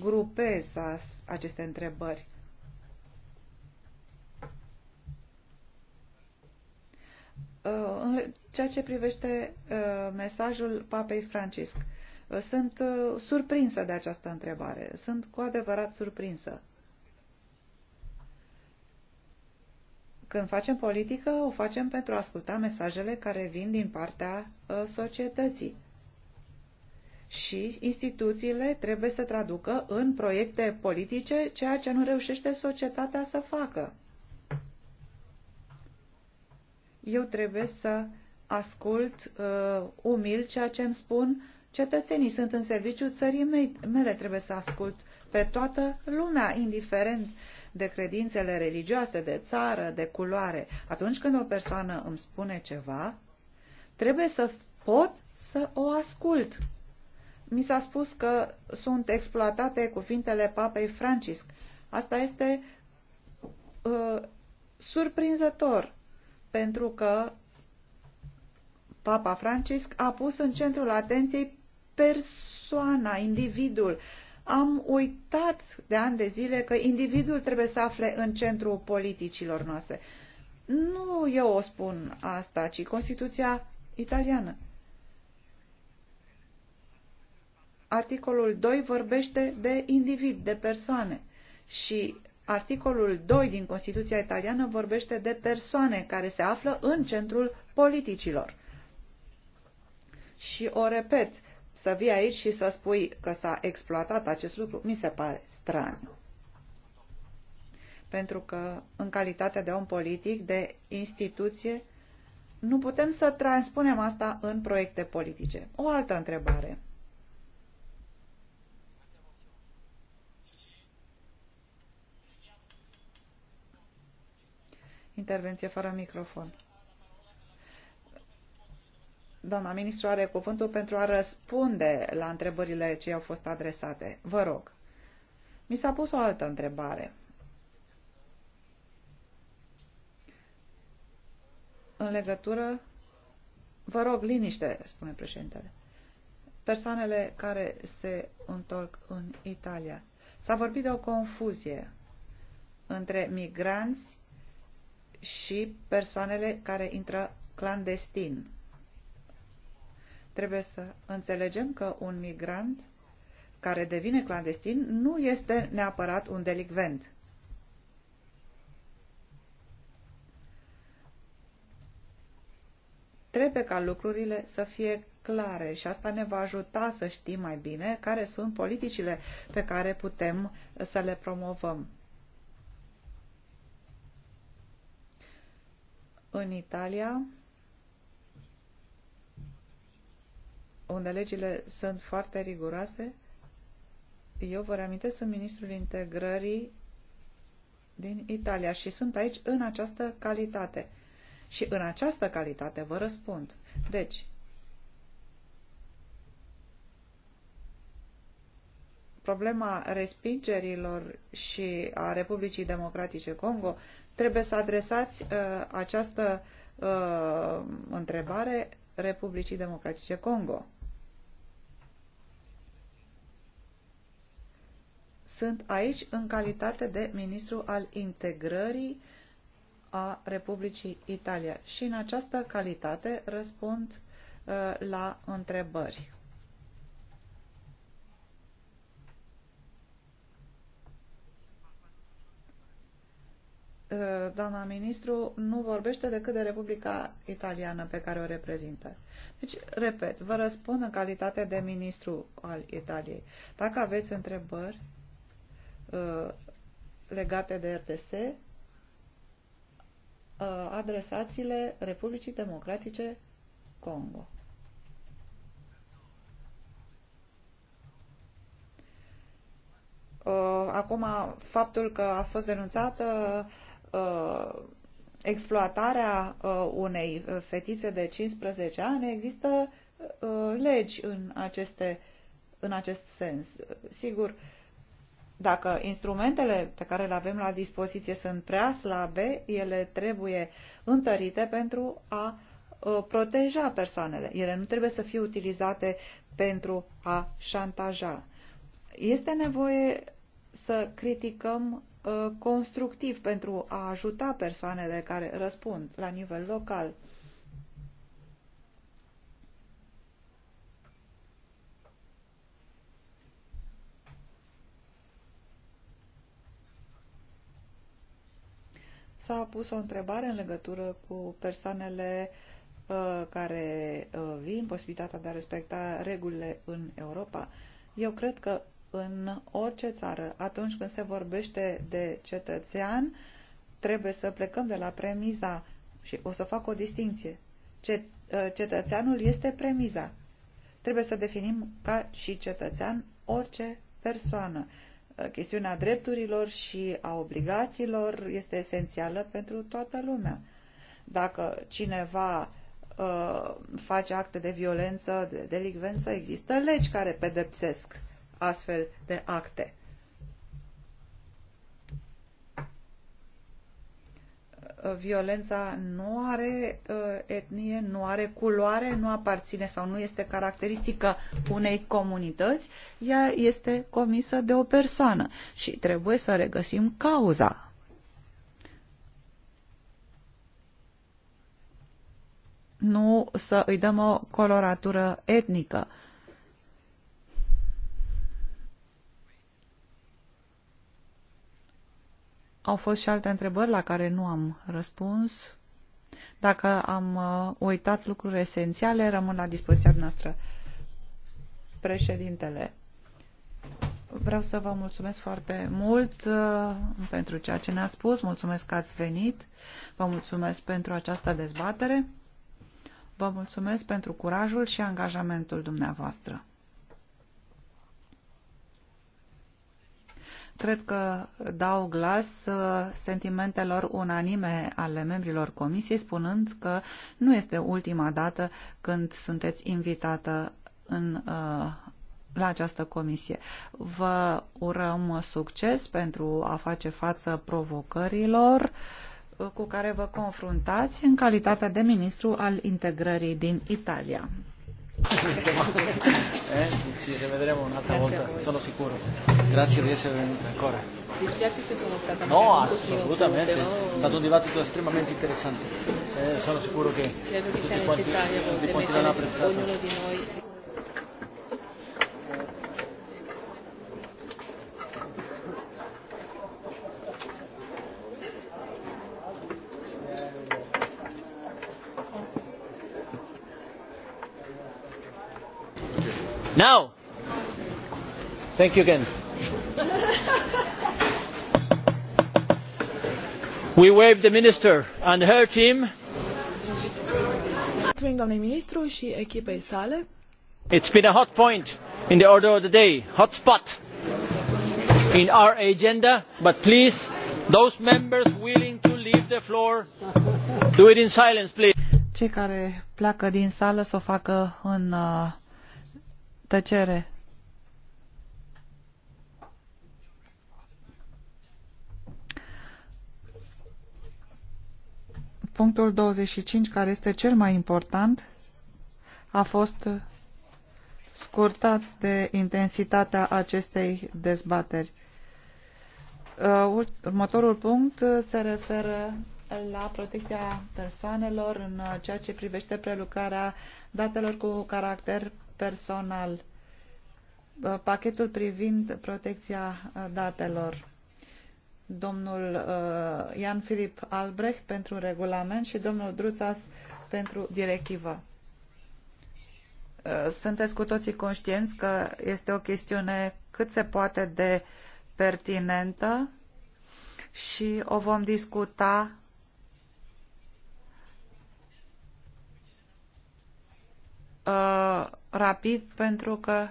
grupez aceste întrebări. Uh, în ceea ce privește uh, mesajul Papei Francisc, sunt uh, surprinsă de această întrebare. Sunt cu adevărat surprinsă. Când facem politică, o facem pentru a asculta mesajele care vin din partea uh, societății. Și instituțiile trebuie să traducă în proiecte politice ceea ce nu reușește societatea să facă. Eu trebuie să ascult uh, umil ceea ce îmi spun Cetățenii sunt în serviciu, țării mele, trebuie să ascult pe toată lumea, indiferent de credințele religioase, de țară, de culoare. Atunci când o persoană îmi spune ceva, trebuie să pot să o ascult. Mi s-a spus că sunt exploatate cuvintele papei Francisc. Asta este uh, surprinzător, pentru că Papa Francisc a pus în centrul atenției persoana, individul. Am uitat de ani de zile că individul trebuie să afle în centrul politicilor noastre. Nu eu o spun asta, ci Constituția italiană. Articolul 2 vorbește de individ, de persoane. Și articolul 2 din Constituția italiană vorbește de persoane care se află în centrul politicilor. Și o repet, să vii aici și să spui că s-a exploatat acest lucru, mi se pare straniu. Pentru că, în calitate de om politic, de instituție, nu putem să transpunem asta în proiecte politice. O altă întrebare. Intervenție fără microfon. Doamna ministru are cuvântul pentru a răspunde la întrebările ce i au fost adresate. Vă rog. Mi s-a pus o altă întrebare. În legătură... Vă rog, liniște, spune președintele. Persoanele care se întorc în Italia. S-a vorbit de o confuzie între migranți și persoanele care intră clandestin Trebuie să înțelegem că un migrant care devine clandestin nu este neapărat un delicvent. Trebuie ca lucrurile să fie clare și asta ne va ajuta să știm mai bine care sunt politicile pe care putem să le promovăm. În Italia, unde legile sunt foarte riguroase. Eu vă reamintesc, sunt ministrul integrării din Italia și sunt aici în această calitate. Și în această calitate vă răspund. Deci, problema respingerilor și a Republicii Democratice Congo, trebuie să adresați uh, această uh, întrebare Republicii Democratice Congo. Sunt aici în calitate de ministru al integrării a Republicii Italia și în această calitate răspund uh, la întrebări. Uh, doamna ministru nu vorbește decât de Republica Italiană pe care o reprezintă. Deci, repet, vă răspund în calitate de ministru al Italiei. Dacă aveți întrebări, Uh, legate de RTS uh, adresațiile Republicii Democratice Congo. Uh, acum, faptul că a fost denunțată exploatarea unei fetițe de 15 ani, există legi în, aceste, în acest sens. Sigur, dacă instrumentele pe care le avem la dispoziție sunt prea slabe, ele trebuie întărite pentru a uh, proteja persoanele. Ele nu trebuie să fie utilizate pentru a șantaja. Este nevoie să criticăm uh, constructiv pentru a ajuta persoanele care răspund la nivel local. s-a pus o întrebare în legătură cu persoanele uh, care uh, vin, posibilitatea de a respecta regulile în Europa. Eu cred că în orice țară, atunci când se vorbește de cetățean, trebuie să plecăm de la premiza și o să fac o distinție. Cet uh, cetățeanul este premiza. Trebuie să definim ca și cetățean orice persoană. Uh, chestiunea drepturilor și a obligațiilor este esențială pentru toată lumea. Dacă cineva uh, face acte de violență, de delicvență, există legi care pedepsesc astfel de acte. Uh, violența nu are uh, etnie, nu are culoare, nu aparține sau nu este caracteristică unei comunități, ea este comisă de o persoană și trebuie să regăsim cauza. Nu să îi dăm o coloratură etnică. Au fost și alte întrebări la care nu am răspuns. Dacă am uh, uitat lucruri esențiale, rămân la dispoziția noastră. Președintele, vreau să vă mulțumesc foarte mult uh, pentru ceea ce ne-ați spus. Mulțumesc că ați venit. Vă mulțumesc pentru această dezbatere. Vă mulțumesc pentru curajul și angajamentul dumneavoastră. cred că dau glas uh, sentimentelor unanime ale membrilor comisiei, spunând că nu este ultima dată când sunteți invitată în, uh, la această comisie. Vă urăm succes pentru a face față provocărilor uh, cu care vă confruntați în calitatea de ministru al integrării din Italia eh, ci, ci rivedremo un'altra volta, sono sicuro. Grazie di essere venuta ancora. Dispiace se sono stata No, assolutamente. Però... È stato un dibattito estremamente interessante. Sì. Eh, sono sicuro che Credo che tutti sia quanti, necessario tutti quanti l'hanno apprezzato. Ognuno di noi Now. Thank you again. We wave the minister and her team. Mulțumim doamnei ministru și echipei sale. It's been a hot point in the order of the day, hot spot in our agenda, but please, those members willing to leave the floor, do it in silence, please. Cei care pleacă din sală să o facă în uh, Tăcere. Punctul 25, care este cel mai important, a fost scurtat de intensitatea acestei dezbateri. Uh, următorul punct se referă la protecția persoanelor în uh, ceea ce privește prelucrarea datelor cu caracter personal, uh, pachetul privind protecția uh, datelor, domnul uh, Ian Filip Albrecht pentru regulament și domnul Druțas pentru directivă. Sunteți cu toții conștienți că este o chestiune cât se poate de pertinentă și o vom discuta Uh, rapid pentru că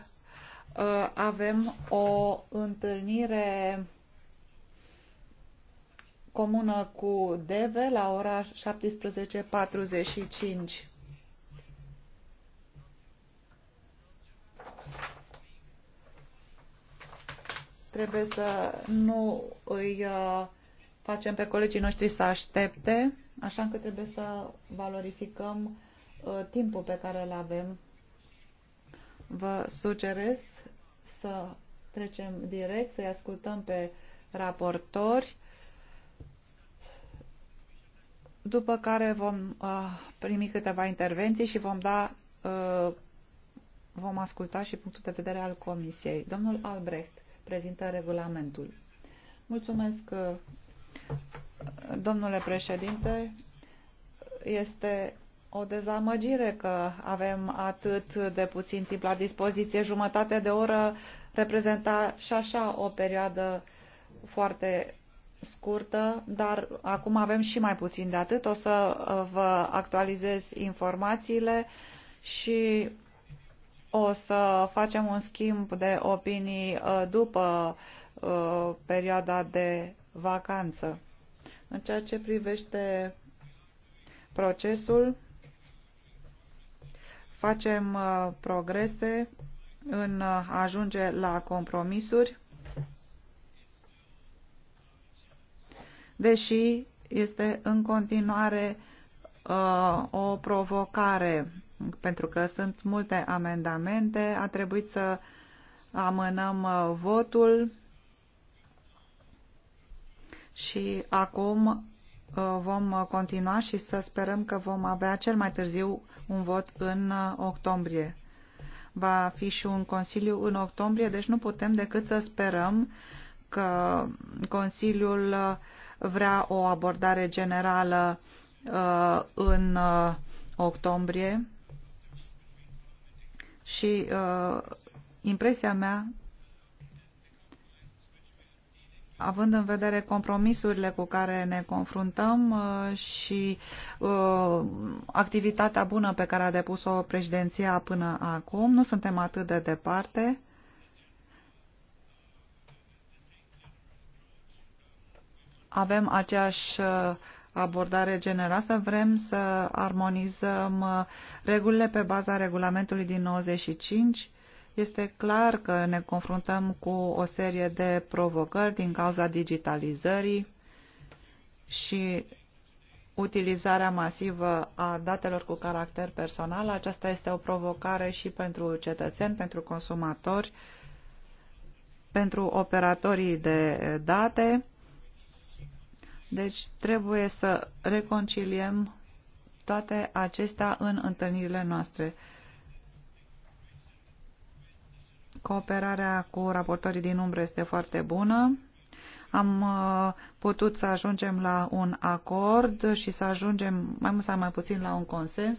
uh, avem o întâlnire comună cu Deve la ora 17.45. Trebuie să nu îi uh, facem pe colegii noștri să aștepte, așa că trebuie să valorificăm Uh, timpul pe care îl avem, vă sugerez să trecem direct, să-i ascultăm pe raportori, după care vom uh, primi câteva intervenții și vom da uh, vom asculta și punctul de vedere al Comisiei. Domnul Albrecht prezintă regulamentul. Mulțumesc, uh, domnule președinte. Este o dezamăgire că avem atât de puțin timp la dispoziție. Jumătate de oră reprezenta și așa o perioadă foarte scurtă, dar acum avem și mai puțin de atât. O să uh, vă actualizez informațiile și o să facem un schimb de opinii uh, după uh, perioada de vacanță. În ceea ce privește procesul, facem uh, progrese în uh, a ajunge la compromisuri, deși este în continuare uh, o provocare, pentru că sunt multe amendamente, a trebuit să amânăm uh, votul și acum Uh, vom uh, continua și să sperăm că vom avea cel mai târziu un vot în uh, octombrie. Va fi și un consiliu în octombrie, deci nu putem decât să sperăm că Consiliul vrea o abordare generală în octombrie și impresia mea având în vedere compromisurile cu care ne confruntăm uh, și uh, activitatea bună pe care a depus-o președinția până acum, nu suntem atât de departe. Avem aceeași uh, abordare generoasă, vrem să armonizăm regulile pe baza regulamentului din 95 este clar că ne confruntăm cu o serie de provocări din cauza digitalizării și utilizarea masivă a datelor cu caracter personal. Aceasta este o provocare și pentru cetățeni, pentru consumatori, pentru operatorii de date. Deci trebuie să reconciliem toate acestea în întâlnirile noastre. Cooperarea cu raportorii din umbră este foarte bună. Am uh, putut să ajungem la un acord și să ajungem mai mult sau mai puțin la un consens.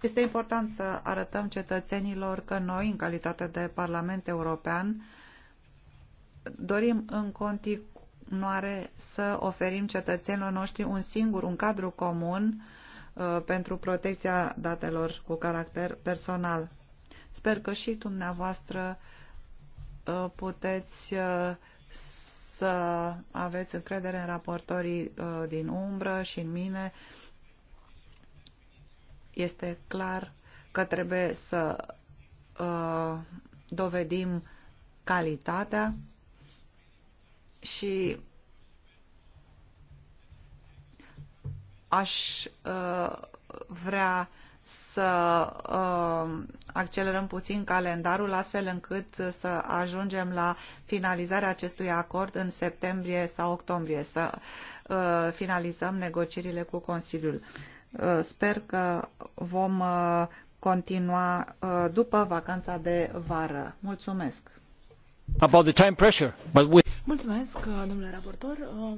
Este important să arătăm cetățenilor că noi, în calitate de Parlament European, dorim în continuare să oferim cetățenilor noștri un singur, un cadru comun uh, pentru protecția datelor cu caracter personal. Sper că și dumneavoastră Uh, puteți uh, să aveți încredere în raportorii uh, din umbră și în mine. Este clar că trebuie să dovedim calitatea și aș vrea să uh, accelerăm puțin calendarul astfel încât să ajungem la finalizarea acestui acord în septembrie sau octombrie, să uh, finalizăm negocierile cu Consiliul. Uh, sper că vom uh, continua uh, după vacanța de vară. Mulțumesc! About the time pressure, but we... Mulțumesc, uh, domnule raportor. Uh...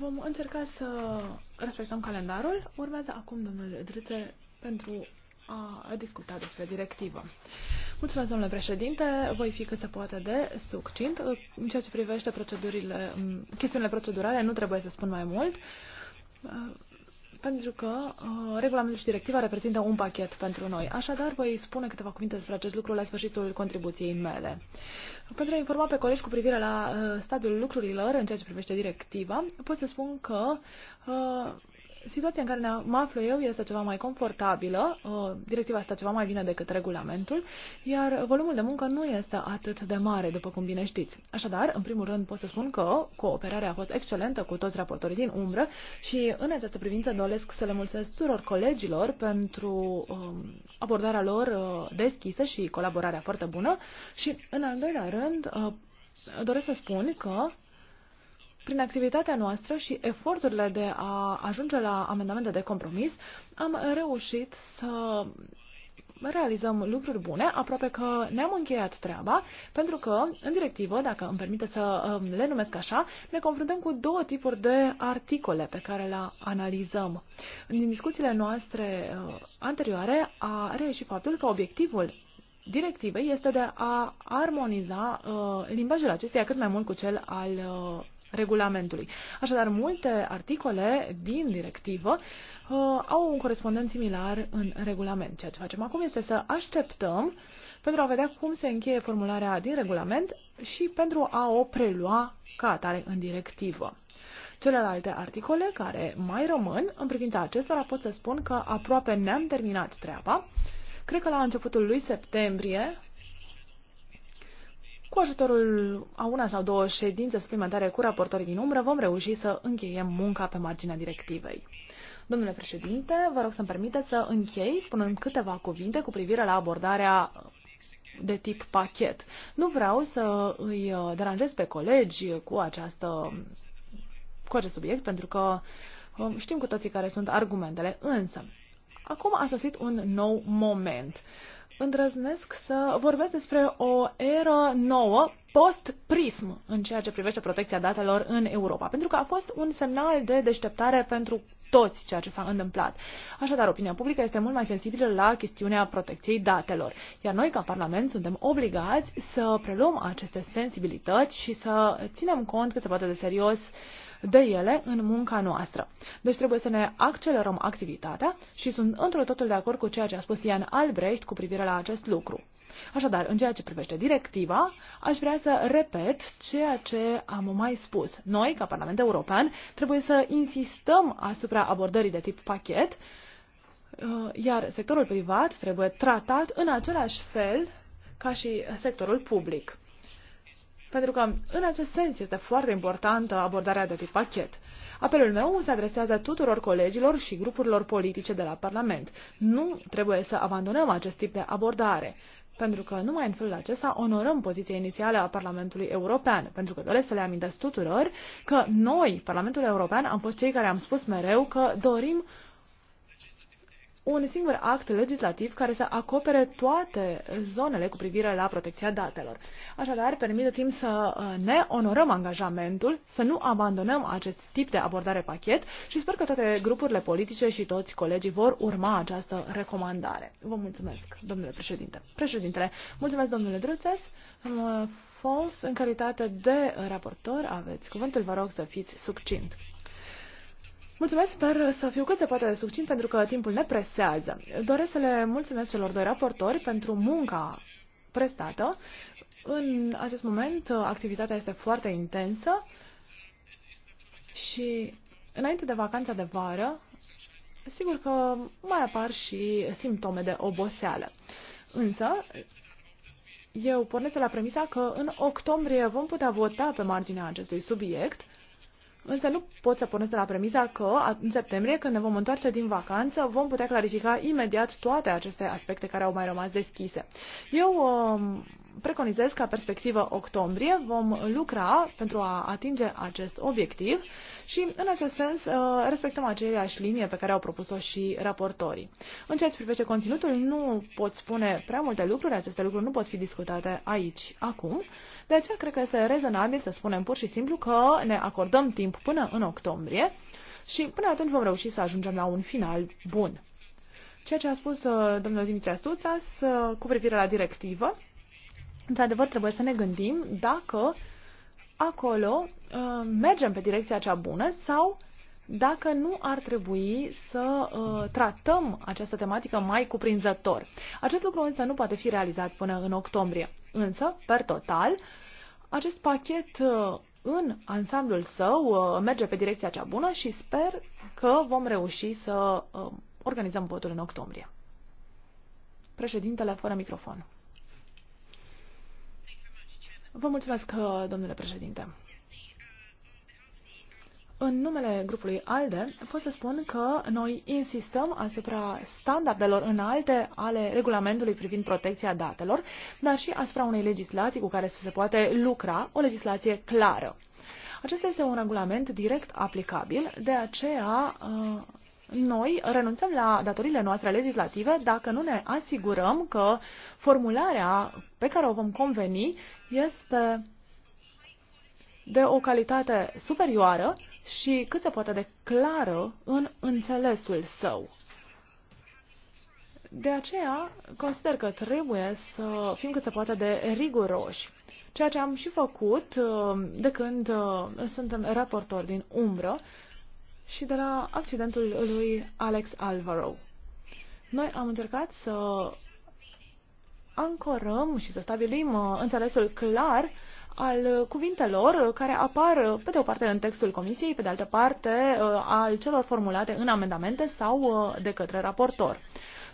Vom încerca să respectăm calendarul. Urmează acum domnul Drițe pentru a discuta despre directivă. Mulțumesc, domnule președinte. Voi fi cât se poate de succint. În ceea ce privește procedurile, mm, chestiunile procedurale, nu trebuie să spun mai mult pentru că uh, regulamentul și directiva reprezintă un pachet pentru noi. Așadar, voi spune câteva cuvinte despre acest lucru la sfârșitul contribuției mele. Pentru a informa pe colegi cu privire la uh, stadiul lucrurilor în ceea ce privește directiva, pot să spun că uh, Situația în care mă aflu eu este ceva mai confortabilă, uh, directiva asta ceva mai bine decât regulamentul, iar volumul de muncă nu este atât de mare, după cum bine știți. Așadar, în primul rând pot să spun că cooperarea a fost excelentă cu toți raportorii din umbră și în această privință doresc să le mulțumesc tuturor colegilor pentru um, abordarea lor uh, deschisă și colaborarea foarte bună și, în al doilea rând, uh, doresc să spun că prin activitatea noastră și eforturile de a ajunge la amendamente de compromis, am reușit să realizăm lucruri bune, aproape că ne-am încheiat treaba, pentru că în directivă, dacă îmi permite să um, le numesc așa, ne confruntăm cu două tipuri de articole pe care le analizăm. În discuțiile noastre uh, anterioare a reieșit faptul că obiectivul directivei este de a armoniza uh, limbajul acesteia cât mai mult cu cel al uh, regulamentului. Așadar, multe articole din directivă uh, au un corespondent similar în regulament. Ceea ce facem acum este să așteptăm pentru a vedea cum se încheie formularea din regulament și pentru a o prelua ca atare în directivă. Celelalte articole care mai rămân, în privința acestora pot să spun că aproape ne-am terminat treaba. Cred că la începutul lui septembrie cu ajutorul a una sau două ședințe suplimentare cu raportorii din umbră vom reuși să încheiem munca pe marginea directivei. Domnule președinte, vă rog să-mi permiteți să închei spunând câteva cuvinte cu privire la abordarea de tip pachet. Nu vreau să îi uh, deranjez pe colegi cu, această, cu acest subiect, pentru că um, știm cu toții care sunt argumentele, însă acum a sosit un nou moment îndrăznesc să vorbesc despre o eră nouă post-prism în ceea ce privește protecția datelor în Europa, pentru că a fost un semnal de deșteptare pentru toți ceea ce s-a întâmplat. Așadar, opinia publică este mult mai sensibilă la chestiunea protecției datelor, iar noi, ca Parlament, suntem obligați să preluăm aceste sensibilități și să ținem cont cât se poate de serios uh, de ele în munca noastră. Deci trebuie să ne accelerăm activitatea și sunt într-o totul de acord cu ceea ce a spus Ian Albrecht cu privire la acest lucru. Așadar, în ceea ce privește directiva, aș vrea să repet ceea ce am mai spus. Noi, ca Parlament European, trebuie să insistăm asupra abordării de tip pachet, uh, iar sectorul privat trebuie tratat în același fel ca și sectorul public. Pentru că, în acest sens, este foarte importantă abordarea de tip pachet. Apelul meu se adresează tuturor colegilor și grupurilor politice de la Parlament. Nu trebuie să abandonăm acest tip de abordare, pentru că numai în felul acesta onorăm poziția inițială a Parlamentului European, pentru că doresc să le amintesc tuturor că noi, Parlamentul European, am fost cei care am spus mereu că dorim un singur act legislativ care să acopere toate zonele cu privire la protecția datelor. Așadar, permite timp să uh, ne onorăm angajamentul, să nu abandonăm acest tip de abordare pachet și sper că toate grupurile politice și toți colegii vor urma această recomandare. Vă mulțumesc, domnule președinte. Președintele, mulțumesc, domnule Druțes. Uh, Fals, în calitate de raportor, aveți cuvântul, vă rog să fiți succint. Mulțumesc, sper să fiu cât se poate de succint pentru că timpul ne presează. Doresc să le mulțumesc celor doi raportori pentru munca prestată. În acest moment activitatea este foarte intensă și înainte de vacanța de vară, sigur că mai apar și simptome de oboseală. Însă, eu pornesc la premisa că în octombrie vom putea vota pe marginea acestui subiect Însă nu pot să pornesc de la premisa că în septembrie, când ne vom întoarce din vacanță, vom putea clarifica imediat toate aceste aspecte care au mai rămas deschise. Eu um, preconizez ca perspectivă octombrie. Vom lucra pentru a atinge acest obiectiv și, în acest sens, uh, respectăm aceeași linie pe care au propus-o și raportorii. În ceea ce privește conținutul, nu pot spune prea multe lucruri, aceste lucruri nu pot fi discutate aici, acum, de aceea cred că este rezonabil să spunem pur și simplu că ne acordăm timp până în octombrie și până atunci vom reuși să ajungem la un final bun. Ceea ce a spus uh, domnul Dimitrescu uh, cu privire la directivă, într-adevăr trebuie să ne gândim dacă acolo uh, mergem pe direcția cea bună sau dacă nu ar trebui să uh, tratăm această tematică mai cuprinzător. Acest lucru însă nu poate fi realizat până în octombrie. Însă, per total, acest pachet uh, în ansamblul său uh, merge pe direcția cea bună și sper că vom reuși să uh, organizăm votul în octombrie. Președintele fără microfon. Vă mulțumesc, uh, domnule președinte. În numele grupului ALDE pot să spun că noi insistăm asupra standardelor înalte ale regulamentului privind protecția datelor, dar și asupra unei legislații cu care să se poate lucra, o legislație clară. Acesta este un regulament direct aplicabil, de aceea uh, noi renunțăm la datorile noastre legislative dacă nu ne asigurăm că formularea pe care o vom conveni este de o calitate superioară și cât se poate de clară în înțelesul său. De aceea, consider că trebuie să fim cât se poate de riguroși. Ceea ce am și făcut uh, de când uh, suntem raportori din umbră și de la accidentul lui Alex Alvaro. Noi am încercat să ancorăm și să stabilim uh, înțelesul clar al cuvintelor care apar, uh, pe de o parte, în textul Comisiei, pe de altă parte, uh, al celor formulate în amendamente sau de către raportor.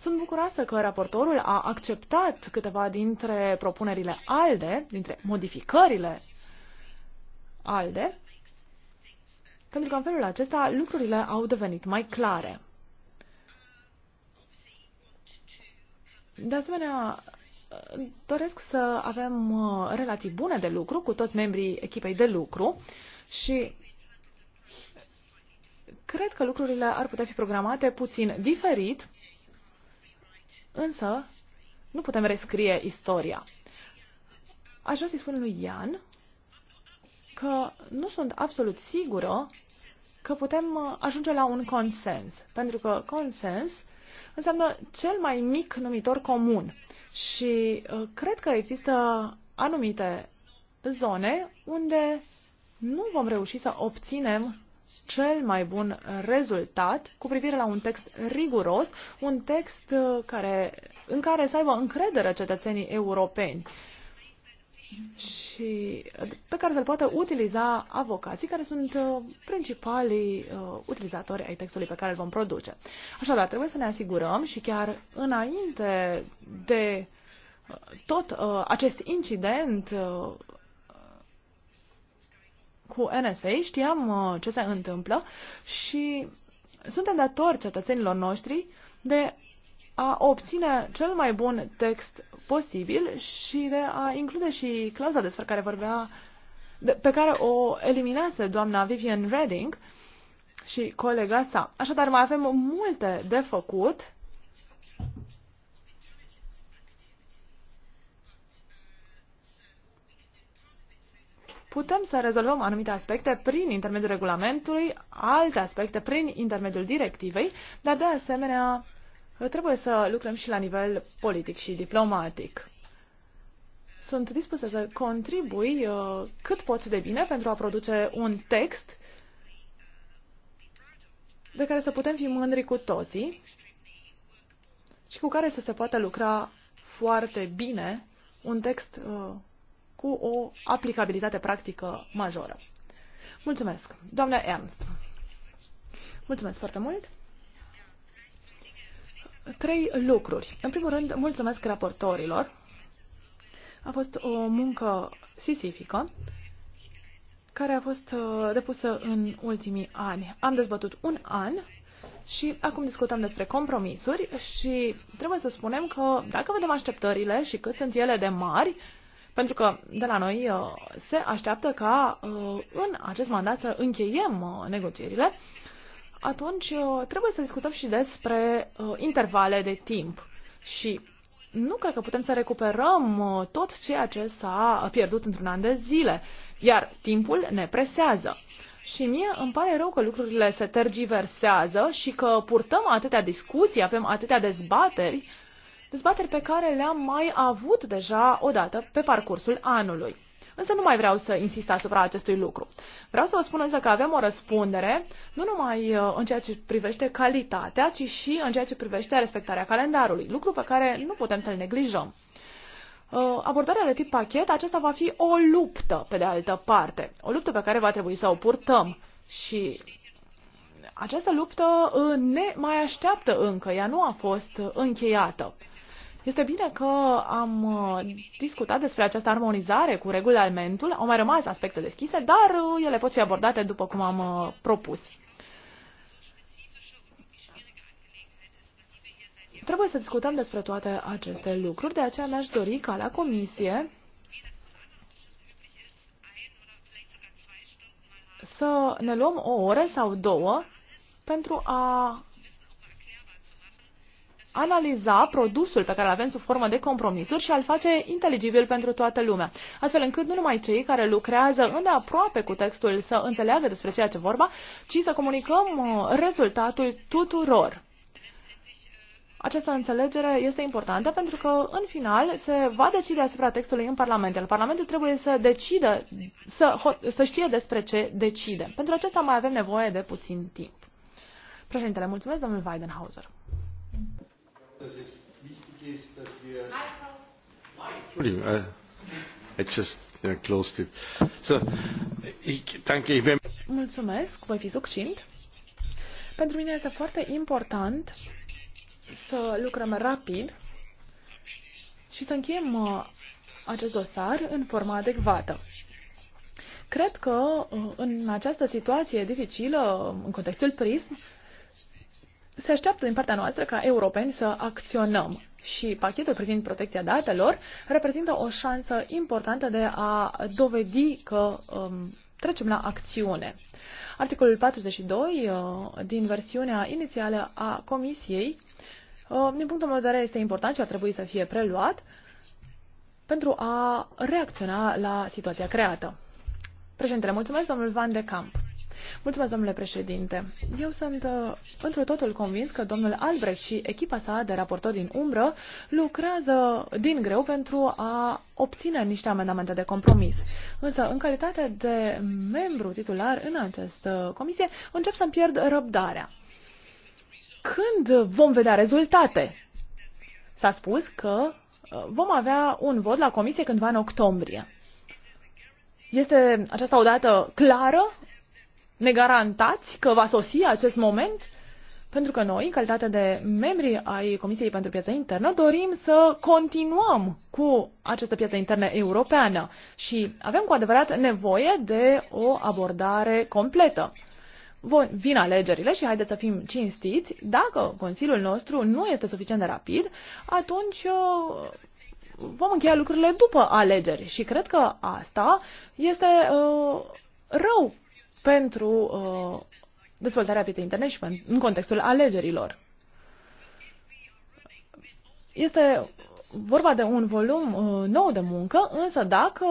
Sunt bucuroasă că raportorul a acceptat câteva dintre propunerile ALDE, dintre modificările ALDE, pentru că în felul acesta lucrurile au devenit mai clare. De asemenea, doresc să avem uh, relații bune de lucru cu toți membrii echipei de lucru și cred că lucrurile ar putea fi programate puțin diferit, însă nu putem rescrie istoria. Aș vrea să-i spun lui Ian că nu sunt absolut sigură că putem uh, ajunge la un consens, pentru că consens înseamnă cel mai mic numitor comun și uh, cred că există anumite zone unde nu vom reuși să obținem cel mai bun rezultat cu privire la un text riguros, un text uh, care, în care să aibă încredere cetățenii europeni și uh, pe care să-l poată utiliza avocații care sunt uh, principalii uh, utilizatori ai textului pe care îl vom produce. Așadar, trebuie să ne asigurăm și chiar înainte de tot acest incident cu NSA, știam ce se întâmplă și suntem datori cetățenilor noștri de a obține cel mai bun text posibil și de a include și clauza despre care vorbea, de, pe care o eliminase doamna Vivian Redding și colega sa. Așadar, mai avem multe de făcut. putem să rezolvăm anumite aspecte prin intermediul regulamentului, alte aspecte prin intermediul directivei, dar de asemenea Trebuie să lucrăm și la nivel politic și diplomatic. Sunt dispusă să contribui uh, cât pot de bine pentru a produce un text de care să putem fi mândri cu toții și cu care să se poată lucra foarte bine un text uh, cu o aplicabilitate practică majoră. Mulțumesc, doamna Ernst. Mulțumesc foarte mult trei lucruri. În primul rând, mulțumesc raportorilor. A fost o muncă sisifică care a fost uh, depusă în ultimii ani. Am dezbătut un an și acum discutăm despre compromisuri și trebuie să spunem că dacă vedem așteptările și cât sunt ele de mari, pentru că de la noi uh, se așteaptă ca uh, în acest mandat să încheiem negocierile, atunci uh, trebuie să discutăm și despre uh, intervale de timp. Și nu cred că putem să recuperăm uh, tot ceea ce s-a pierdut într-un an de zile, iar timpul ne presează. Și mie îmi pare rău că lucrurile se tergiversează și că purtăm atâtea discuții, avem atâtea dezbateri, dezbateri pe care le-am mai avut deja odată pe parcursul anului. Însă nu mai vreau să insist asupra acestui lucru. Vreau să vă spun însă că avem o răspundere nu numai uh, în ceea ce privește calitatea, ci și în ceea ce privește respectarea calendarului, lucru pe care nu putem să-l neglijăm. Uh, abordarea de tip pachet, aceasta va fi o luptă, pe de altă parte, o luptă pe care va trebui să o purtăm și această luptă uh, ne mai așteaptă încă, ea nu a fost încheiată. Este bine că am uh, discutat despre această armonizare cu regulamentul. Au mai rămas aspecte deschise, dar uh, ele pot fi abordate după cum am uh, propus. Trebuie să discutăm despre toate aceste lucruri, de aceea mi-aș dori ca la comisie să ne luăm o oră sau două pentru a analiza produsul pe care îl avem sub formă de compromisuri și a-l face inteligibil pentru toată lumea, astfel încât nu numai cei care lucrează îndeaproape cu textul să înțeleagă despre ceea ce vorba, ci să comunicăm uh, rezultatul tuturor. Această înțelegere este importantă pentru că, în final, se va decide asupra textului în Parlament. Parlamentul trebuie să decidă, să, să știe despre ce decide. Pentru acesta mai avem nevoie de puțin timp. Președintele, mulțumesc, domnul Weidenhauser dass es wichtig ist, dass wir. Entschuldigung, I just closed it. So, ich, danke, ich Mulțumesc, voi fi succint. Pentru mine este foarte important să lucrăm rapid și să încheiem uh, acest dosar în forma adecvată. Cred că uh, în această situație dificilă, în contextul prism, se așteaptă din partea noastră ca europeni să acționăm și pachetul privind protecția datelor reprezintă o șansă importantă de a dovedi că um, trecem la acțiune. Articolul 42 uh, din versiunea inițială a Comisiei, uh, din punctul meu de vedere, este important și ar trebui să fie preluat pentru a reacționa la situația creată. Președintele, mulțumesc, domnul Van de Camp. Mulțumesc, domnule președinte. Eu sunt uh, într totul convins că domnul Albrecht și echipa sa de raportor din umbră lucrează din greu pentru a obține niște amendamente de compromis. Însă, în calitate de membru titular în această comisie, încep să-mi pierd răbdarea. Când vom vedea rezultate? S-a spus că uh, vom avea un vot la comisie cândva în octombrie. Este aceasta o dată clară ne garantați că va sosi acest moment? Pentru că noi, în calitate de membri ai Comisiei pentru Piața Internă, dorim să continuăm cu această piață internă europeană și avem cu adevărat nevoie de o abordare completă. vin alegerile și haideți să fim cinstiți. Dacă Consiliul nostru nu este suficient de rapid, atunci uh, vom încheia lucrurile după alegeri și cred că asta este uh, rău pentru uh, dezvoltarea pieței interne și în contextul alegerilor. Este vorba de un volum uh, nou de muncă, însă dacă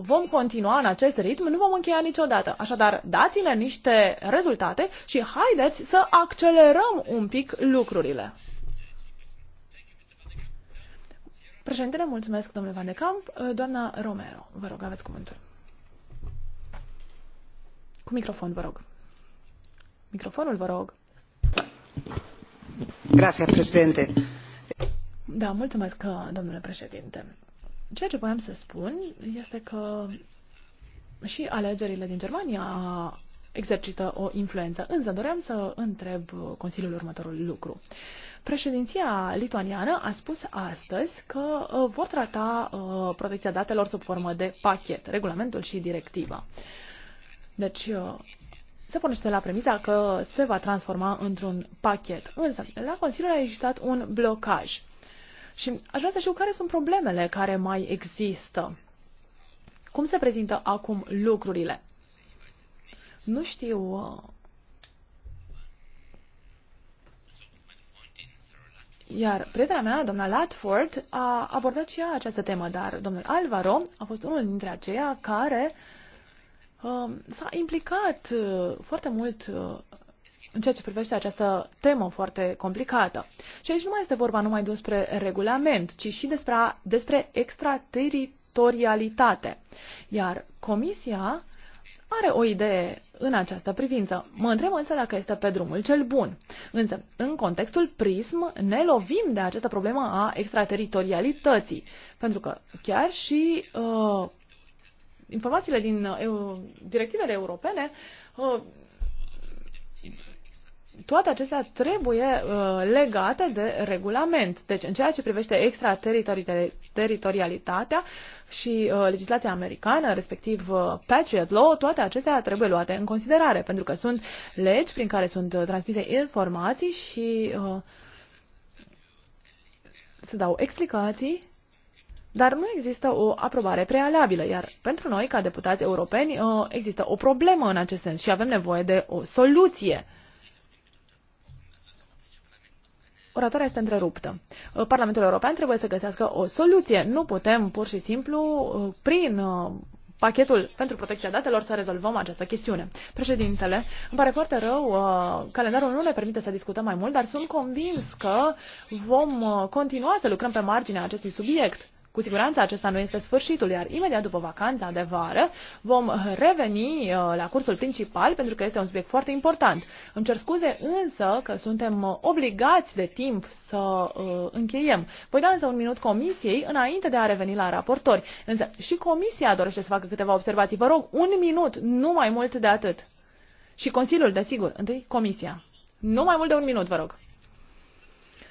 vom continua în acest ritm, nu vom încheia niciodată. Așadar, dați-ne niște rezultate și haideți să accelerăm un pic lucrurile. Președintele, mulțumesc, domnule Van de Camp. Uh, doamna Romero, vă rog, aveți cuvântul. Cu microfon, vă rog. Microfonul, vă rog. Grazie, președinte. Da, mulțumesc, domnule președinte. Ceea ce voiam să spun este că și alegerile din Germania exercită o influență. Însă doream să întreb Consiliul următorul lucru. Președinția lituaniană a spus astăzi că uh, vor trata uh, protecția datelor sub formă de pachet, regulamentul și directiva. Deci uh, se pornește la premisa că se va transforma într-un pachet. Însă, la Consiliu a existat un blocaj. Și aș vrea să știu care sunt problemele care mai există. Cum se prezintă acum lucrurile? Nu știu. Uh, iar prietena mea, doamna Latford, a abordat și ea această temă, dar domnul Alvaro a fost unul dintre aceia care uh, Um, s-a implicat uh, foarte mult uh, în ceea ce privește această temă foarte complicată. Și aici nu mai este vorba numai despre regulament, ci și despre, despre extrateritorialitate. Iar Comisia are o idee în această privință. Mă întreb însă dacă este pe drumul cel bun. Însă, în contextul prism, ne lovim de această problemă a extrateritorialității, pentru că chiar și uh, informațiile din uh, eu, directivele europene, uh, toate acestea trebuie uh, legate de regulament. Deci, în ceea ce privește extrateritorialitatea și legislația americană, respectiv Patriot Law, toate acestea trebuie luate în considerare, pentru că sunt legi prin care sunt transmise informații și să se dau explicații dar nu există o aprobare prealabilă, iar pentru noi, ca deputați europeni, uh, există o problemă în acest sens și avem nevoie de o soluție. Oratoarea este întreruptă. Uh, Parlamentul European trebuie să găsească o soluție. Nu putem pur și simplu, uh, prin pachetul pentru protecția datelor să rezolvăm această chestiune. Președintele, îmi pare foarte rău, calendarul nu ne permite să discutăm mai mult, dar sunt convins că vom continua să lucrăm pe marginea acestui subiect. Cu siguranță acesta nu este sfârșitul, iar imediat după vacanța de vară vom reveni uh, la cursul principal pentru că este un subiect foarte important. Îmi cer scuze însă că suntem uh, obligați de timp să uh, încheiem. Voi da însă un minut comisiei înainte de a reveni la raportori. Însă și comisia dorește să facă câteva observații. Vă rog, un minut, nu mai mult de atât. Și Consiliul, desigur. Întâi, Comisia. Nu mai mult de un minut, vă rog.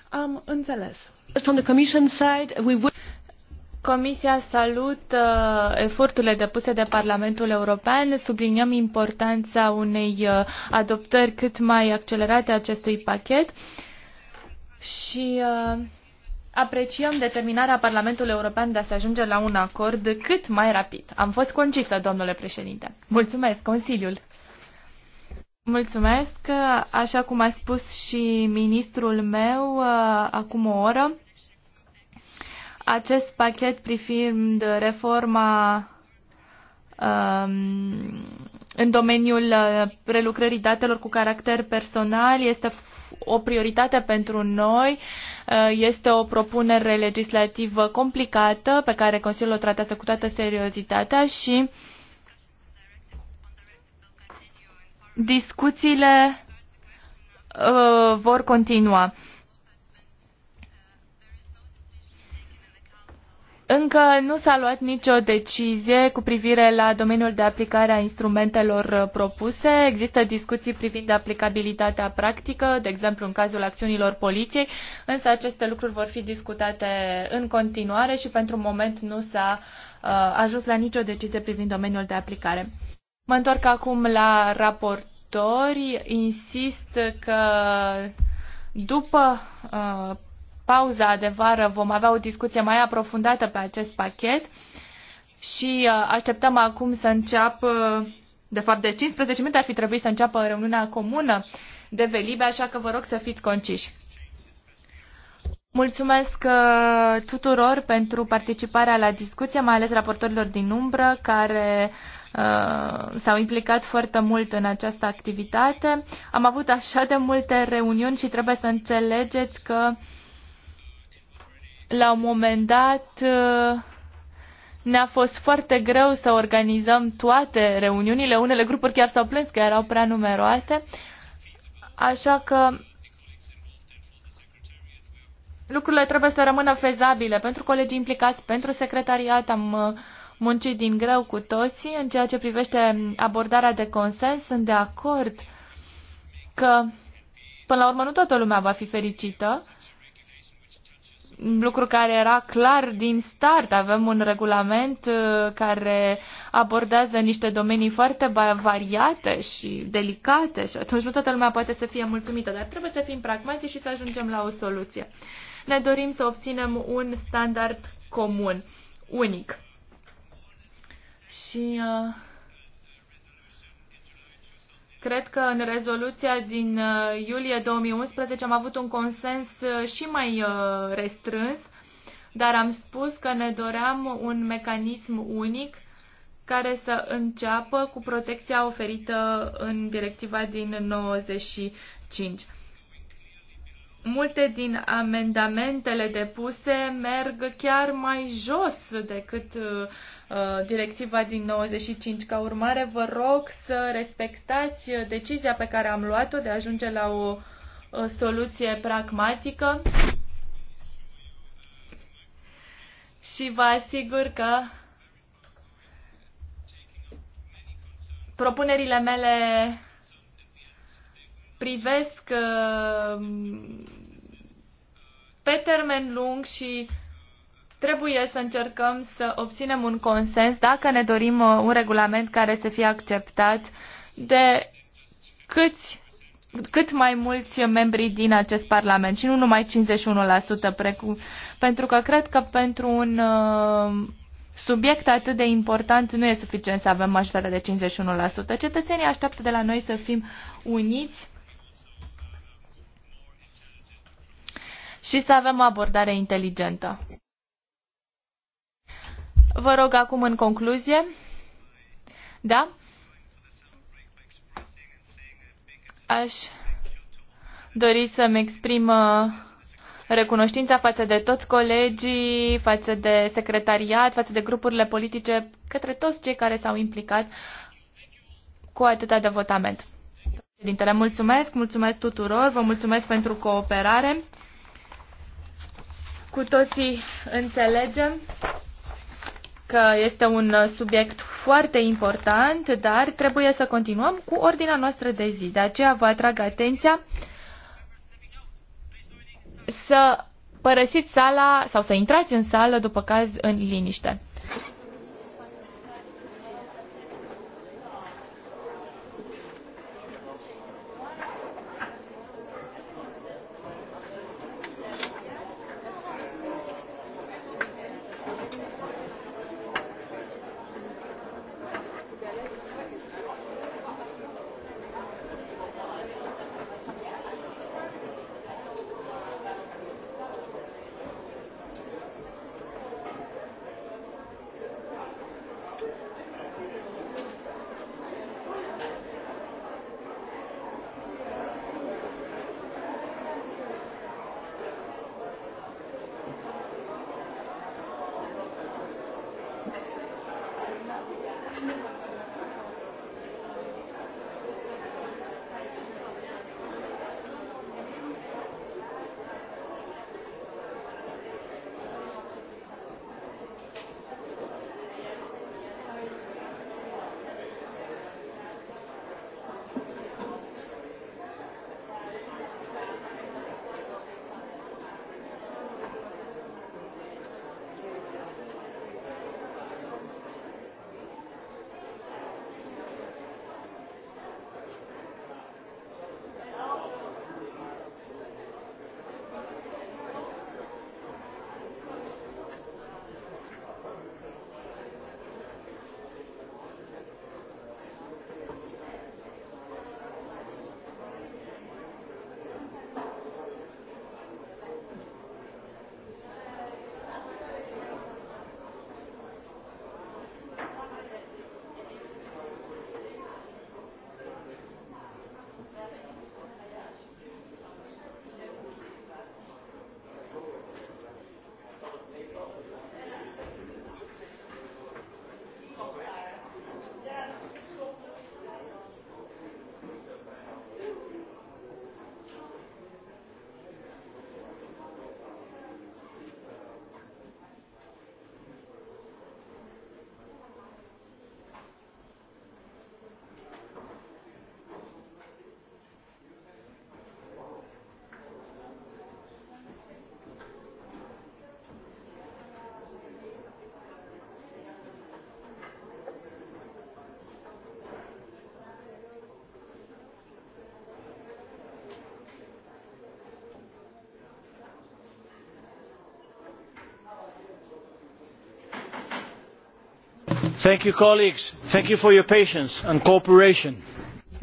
Am înțeles. From the commission side, we Comisia salută eforturile depuse de Parlamentul European. Subliniem importanța unei uh, adoptări cât mai accelerate a acestui pachet și uh, apreciem determinarea Parlamentului European de a se ajunge la un acord cât mai rapid. Am fost concisă, domnule președinte. Mulțumesc, Consiliul. Mulțumesc. Așa cum a spus și ministrul meu uh, acum o oră, acest pachet privind reforma um, în domeniul uh, prelucrării datelor cu caracter personal este o prioritate pentru noi. Uh, este o propunere legislativă complicată pe care Consiliul o tratează cu toată seriozitatea și discuțiile uh, vor continua. Încă nu s-a luat nicio decizie cu privire la domeniul de aplicare a instrumentelor uh, propuse. Există discuții privind aplicabilitatea practică, de exemplu în cazul acțiunilor poliției, însă aceste lucruri vor fi discutate în continuare și pentru moment nu s-a uh, ajuns la nicio decizie privind domeniul de aplicare. Mă întorc acum la raportori. Insist că după uh, pauza de vară vom avea o discuție mai aprofundată pe acest pachet și uh, așteptăm acum să înceapă, uh, de fapt de 15 minute ar fi trebuit să înceapă reuniunea comună de Velibe, așa că vă rog să fiți conciși. Mulțumesc uh, tuturor pentru participarea la discuție, mai ales raportorilor din umbră care uh, s-au implicat foarte mult în această activitate. Am avut așa de multe reuniuni și trebuie să înțelegeți că uh, la un moment dat uh, ne-a fost foarte greu să organizăm toate reuniunile. Unele grupuri chiar s-au plâns că erau prea numeroase. Așa că lucrurile trebuie să rămână fezabile pentru colegii implicați, pentru secretariat. Am uh, muncit din greu cu toții. În ceea ce privește abordarea de consens, sunt de acord că până la urmă nu toată lumea va fi fericită lucru care era clar din start. Avem un regulament uh, care abordează niște domenii foarte variate și delicate și atunci nu toată lumea poate să fie mulțumită, dar trebuie să fim pragmatici și să ajungem la o soluție. Ne dorim să obținem un standard comun, unic. Și uh, Cred că în rezoluția din uh, iulie 2011 am avut un consens uh, și mai uh, restrâns, dar am spus că ne doream un mecanism unic care să înceapă cu protecția oferită în directiva din 95. Multe din amendamentele depuse merg chiar mai jos decât uh, Uh, directiva din 95. Ca urmare, vă rog să respectați decizia pe care am luat-o de a ajunge la o uh, soluție pragmatică și vă asigur că propunerile mele privesc uh, pe termen lung și Trebuie să încercăm să obținem un consens dacă ne dorim uh, un regulament care să fie acceptat de câți cât mai mulți membri din acest Parlament și nu numai 51%, precum, pentru că cred că pentru un uh, subiect atât de important nu e suficient să avem majoritatea de 51%. Cetățenii așteaptă de la noi să fim uniți și să avem o abordare inteligentă. Vă rog acum în concluzie. Da? Aș dori să-mi exprim uh, recunoștința față de toți colegii, față de secretariat, față de grupurile politice, către toți cei care s-au implicat cu atâta votament. Președintele, mulțumesc, mulțumesc tuturor, vă mulțumesc pentru cooperare. Cu toții înțelegem că este un uh, subiect foarte important, dar trebuie să continuăm cu ordinea noastră de zi. De aceea vă atrag atenția să părăsiți sala sau să intrați în sală, după caz, în liniște.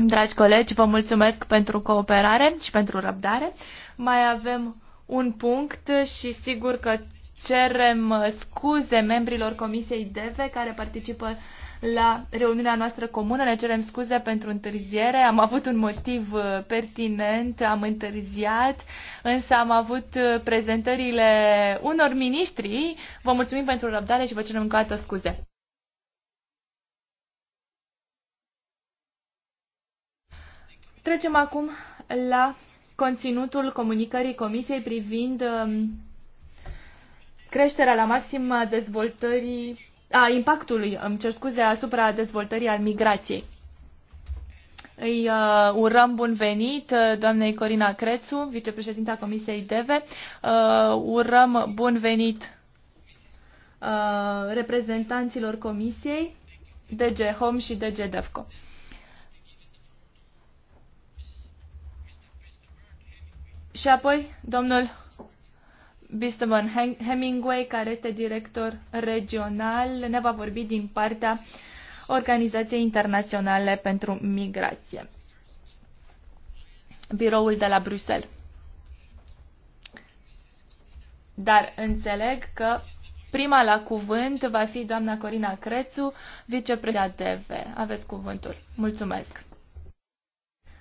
Dragi colegi, vă mulțumesc pentru cooperare și pentru răbdare. Mai avem un punct și sigur că cerem scuze membrilor Comisiei DEVE care participă la reuniunea noastră comună. Ne cerem scuze pentru întârziere. Am avut un motiv uh, pertinent, am întârziat, însă am avut uh, prezentările unor miniștri. Vă mulțumim pentru răbdare și vă cerem încă o dată scuze. Trecem acum la conținutul comunicării Comisiei privind um, creșterea la maxim a dezvoltării, a impactului, îmi cer scuze, asupra dezvoltării al migrației. Îi uh, urăm bun venit uh, doamnei Corina Crețu, vicepreședinta Comisiei DEVE. Uh, urăm bun venit uh, reprezentanților Comisiei, DG Home și DG DEVCO. Și apoi domnul Bisteman Hemingway, care este director regional, ne va vorbi din partea Organizației Internaționale pentru Migrație, biroul de la Bruxelles. Dar înțeleg că prima la cuvânt va fi doamna Corina Crețu, vicepreședintea TV. Aveți cuvântul. Mulțumesc!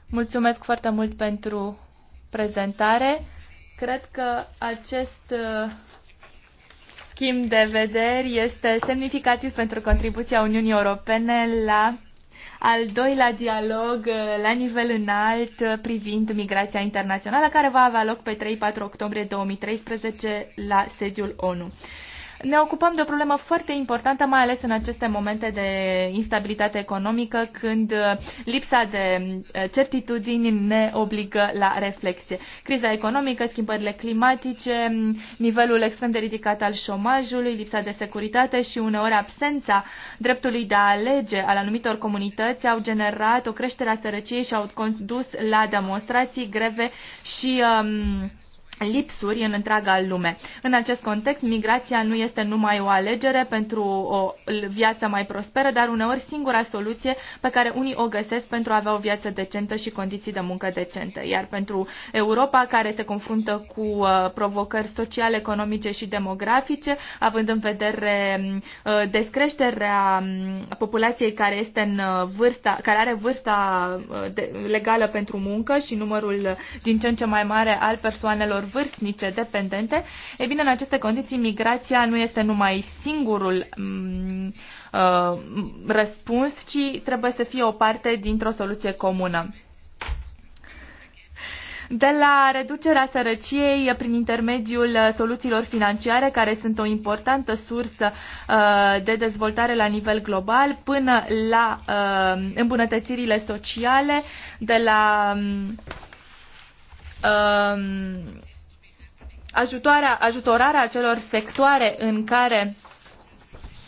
Mulțumesc foarte mult pentru prezentare. Cred că acest uh, schimb de vederi este semnificativ pentru contribuția Uniunii Europene la al doilea dialog uh, la nivel înalt uh, privind migrația internațională, care va avea loc pe 3-4 octombrie 2013 la sediul ONU ne ocupăm de o problemă foarte importantă, mai ales în aceste momente de instabilitate economică, când uh, lipsa de uh, certitudini ne obligă la reflexie. Criza economică, schimbările climatice, nivelul extrem de ridicat al șomajului, lipsa de securitate și uneori absența dreptului de a alege al anumitor comunități au generat o creștere a sărăciei și au condus la demonstrații, greve și um, lipsuri în întreaga lume. În acest context, migrația nu este numai o alegere pentru o viață mai prosperă, dar uneori singura soluție pe care unii o găsesc pentru a avea o viață decentă și condiții de muncă decente. Iar pentru Europa, care se confruntă cu uh, provocări sociale, economice și demografice, având în vedere uh, descreșterea um, populației care, este în uh, vârsta, care are vârsta legală pentru muncă și numărul din ce în ce mai mare al persoanelor vârstnice dependente, e bine, în aceste condiții, migrația nu este numai singurul mm, uh, răspuns, ci trebuie să fie o parte dintr-o soluție comună de la reducerea sărăciei prin intermediul soluțiilor financiare, care sunt o importantă sursă uh, de dezvoltare la nivel global, până la uh, îmbunătățirile sociale, de la mm, ajutorarea acelor sectoare în care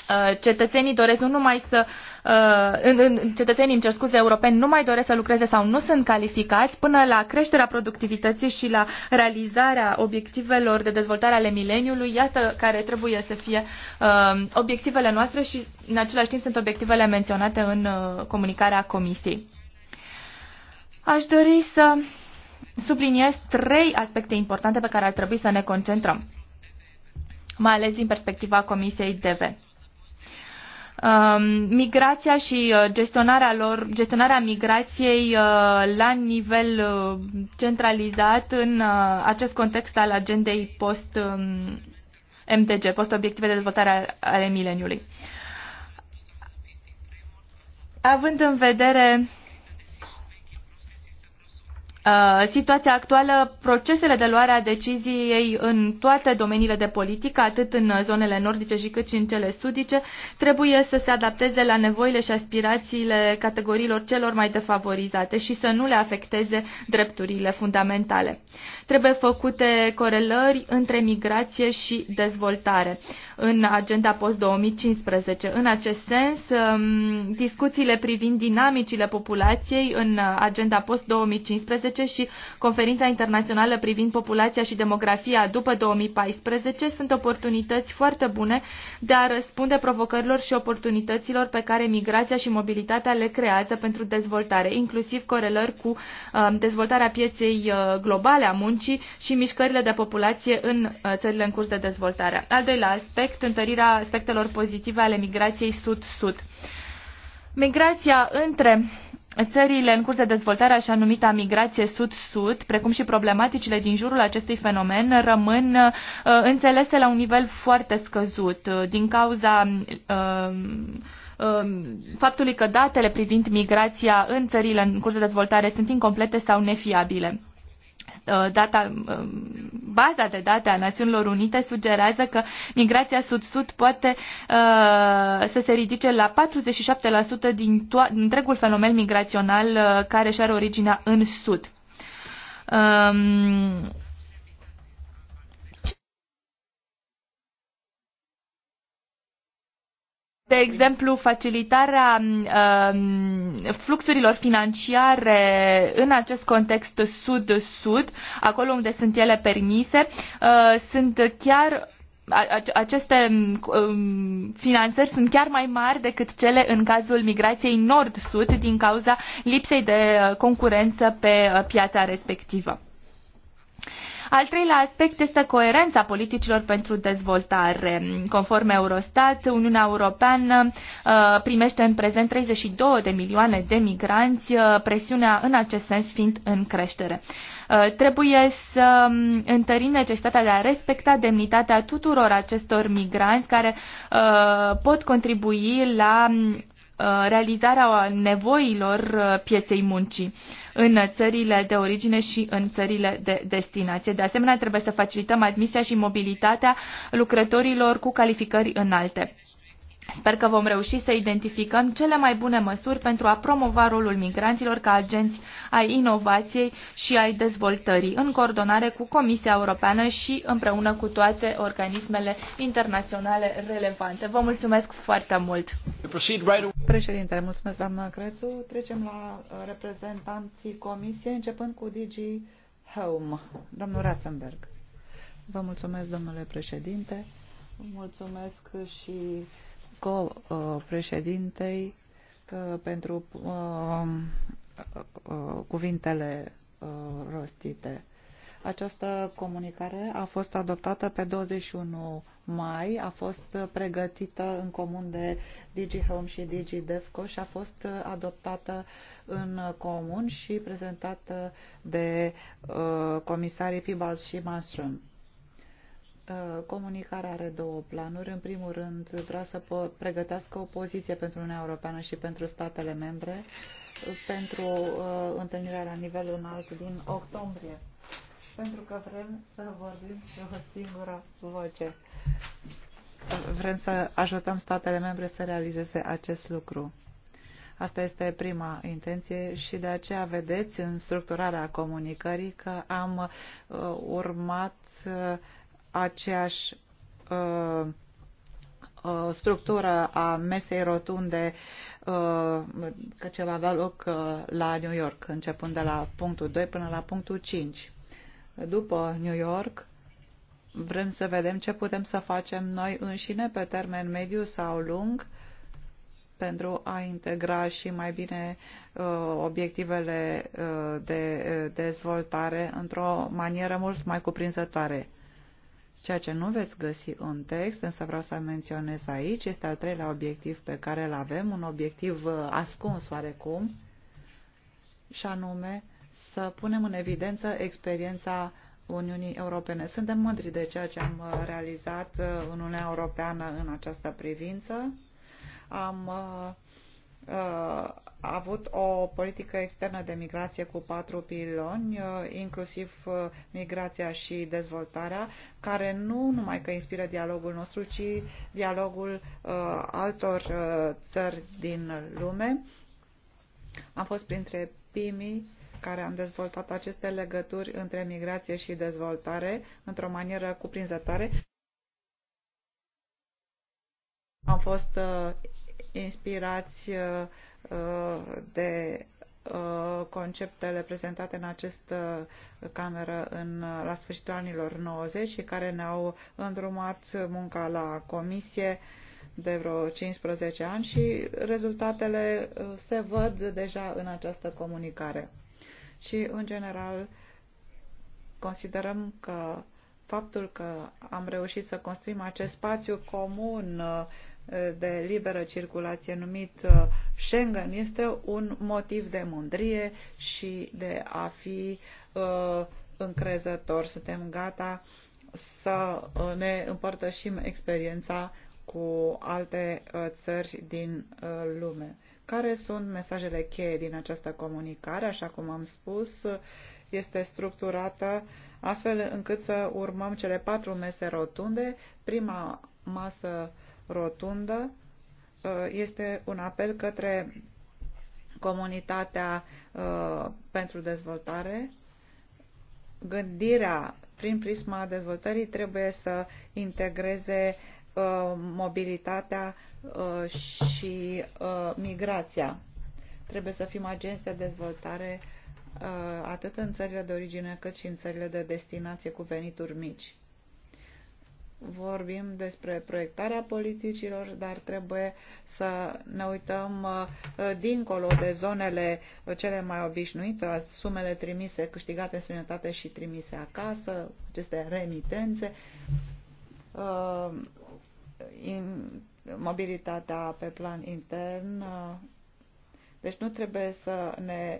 uh, cetățenii doresc nu numai să uh, în, în, cetățenii, îmi cer scuze, europeni nu mai doresc să lucreze sau nu sunt calificați până la creșterea productivității și la realizarea obiectivelor de dezvoltare ale mileniului, iată care trebuie să fie uh, obiectivele noastre și în același timp sunt obiectivele menționate în uh, comunicarea Comisiei. Aș dori să subliniez trei aspecte importante pe care ar trebui să ne concentrăm, mai ales din perspectiva Comisiei DV. Um, migrația și uh, gestionarea lor, gestionarea migrației uh, la nivel uh, centralizat în acest context al agendei post MDG, um, post obiective de dezvoltare ale mileniului. Având în vedere Uh, situația actuală, procesele de luare a deciziei în toate domeniile de politică, atât în zonele nordice și cât și în cele sudice, trebuie să se adapteze la nevoile și aspirațiile categoriilor celor mai defavorizate și să nu le afecteze drepturile fundamentale. Trebuie făcute corelări între migrație și dezvoltare în agenda post-2015. În acest sens, um, discuțiile privind dinamicile populației în agenda post-2015 2014 și Conferința Internațională privind populația și demografia după 2014 sunt oportunități foarte bune de a răspunde provocărilor și oportunităților pe care migrația și mobilitatea le creează pentru dezvoltare, inclusiv corelări cu um, dezvoltarea pieței uh, globale a muncii și mișcările de populație în uh, țările în curs de dezvoltare. Al doilea aspect, întărirea aspectelor pozitive ale migrației sud-sud. Migrația între țările în curs de dezvoltare, așa numită migrație sud-sud, precum și problematicile din jurul acestui fenomen, rămân uh, înțelese la un nivel foarte scăzut uh, din cauza uh, faptului că datele privind migrația în țările în curs de dezvoltare sunt incomplete sau nefiabile. Uh, data, um, baza de date a Națiunilor Unite sugerează că migrația sud-sud poate uh, să se ridice la 47% din întregul fenomen migrațional uh, care și are originea în sud. Um, de exemplu, facilitarea um, fluxurilor financiare în acest context sud-sud, acolo unde sunt ele permise, uh, sunt chiar aceste um, finanțări sunt chiar mai mari decât cele în cazul migrației nord-sud din cauza lipsei de uh, concurență pe uh, piața respectivă. Al treilea aspect este coerența politicilor pentru dezvoltare. Conform Eurostat, Uniunea Europeană uh, primește în prezent 32 de milioane de migranți, uh, presiunea în acest sens fiind în creștere uh, trebuie să um, întărim necesitatea de a respecta demnitatea tuturor acestor migranți care pot contribui la realizarea nevoilor pieței muncii în țările de origine și în țările de destinație. De asemenea, trebuie să facilităm admisia și mobilitatea lucrătorilor cu calificări înalte. Sper că vom reuși să identificăm cele mai bune măsuri pentru a promova rolul migranților ca agenți ai inovației și ai dezvoltării, în coordonare cu Comisia Europeană și împreună cu toate organismele internaționale relevante. Vă mulțumesc foarte mult! Președinte, mulțumesc, doamna Crețu. Trecem la reprezentanții Comisiei, începând cu DG Home. Domnul Ratzenberg. Vă mulțumesc, domnule președinte. Mulțumesc și co-președintei uh, pentru uh, uh, cuvintele rostite. Această comunicare a fost adoptată pe 21 mai, a fost pregătită în comun de DigiHome și DigiDevco și a fost adoptată în comun și prezentată de uh, comisarii Pibal și Manstrum. Uh, comunicarea are două planuri. În primul rând, vrea să pregătească o poziție pentru Uniunea Europeană și pentru statele membre pentru uh, întâlnirea la nivel înalt din octombrie. Pentru că vrem să vorbim pe o singură voce. Vrem să ajutăm statele membre să realizeze acest lucru. Asta este prima intenție și de aceea vedeți în structurarea comunicării că am uh, urmat uh, aceeași uh, uh, structură a mesei rotunde uh, că ce va avea loc uh, la New York, începând de la punctul 2 până la punctul 5. După New York, vrem să vedem ce putem să facem noi înșine pe termen mediu sau lung pentru a integra și mai bine uh, obiectivele uh, de uh, dezvoltare într-o manieră mult mai cuprinzătoare. Ceea ce nu veți găsi în text, însă vreau să menționez aici, este al treilea obiectiv pe care îl avem, un obiectiv uh, ascuns oarecum, și anume să punem în evidență experiența Uniunii Europene. Suntem mândri de ceea ce am uh, realizat uh, în Uniunea Europeană în această privință. Am a avut o politică externă de migrație cu patru piloni, uh, inclusiv uh, migrația și dezvoltarea, care nu numai că inspiră dialogul nostru, ci dialogul uh, altor țări din lume. Am fost printre primii care am dezvoltat aceste legături între migrație și dezvoltare într-o manieră cuprinzătoare. Am fost inspirați uh, de uh, conceptele prezentate în această cameră în, la sfârșitul anilor 90 și care ne-au îndrumat munca la comisie de vreo 15 ani și rezultatele uh, se văd deja în această comunicare. Și, în general, considerăm că faptul că am reușit să construim acest spațiu comun de liberă circulație numit uh, Schengen este un motiv de mândrie și de a fi uh, încrezător. Suntem gata să uh, ne împărtășim experiența cu alte țări din lume. Care sunt mesajele cheie din această comunicare? Așa cum am spus, este structurată astfel încât să urmăm cele patru mese rotunde. Prima masă uh, rotundă uh, este un apel către comunitatea uh, pentru dezvoltare. Gândirea prin prisma dezvoltării trebuie să integreze uh, mobilitatea și migrația. Trebuie să fim agenți de dezvoltare atât în țările de origine cât și în țările de destinație cu venituri mici vorbim despre proiectarea politicilor, dar trebuie să ne uităm uh, dincolo de zonele cele mai obișnuite, sumele trimise, câștigate în sănătate și trimise acasă, aceste remitențe, uh, mobilitatea pe plan intern, uh. deci nu trebuie să ne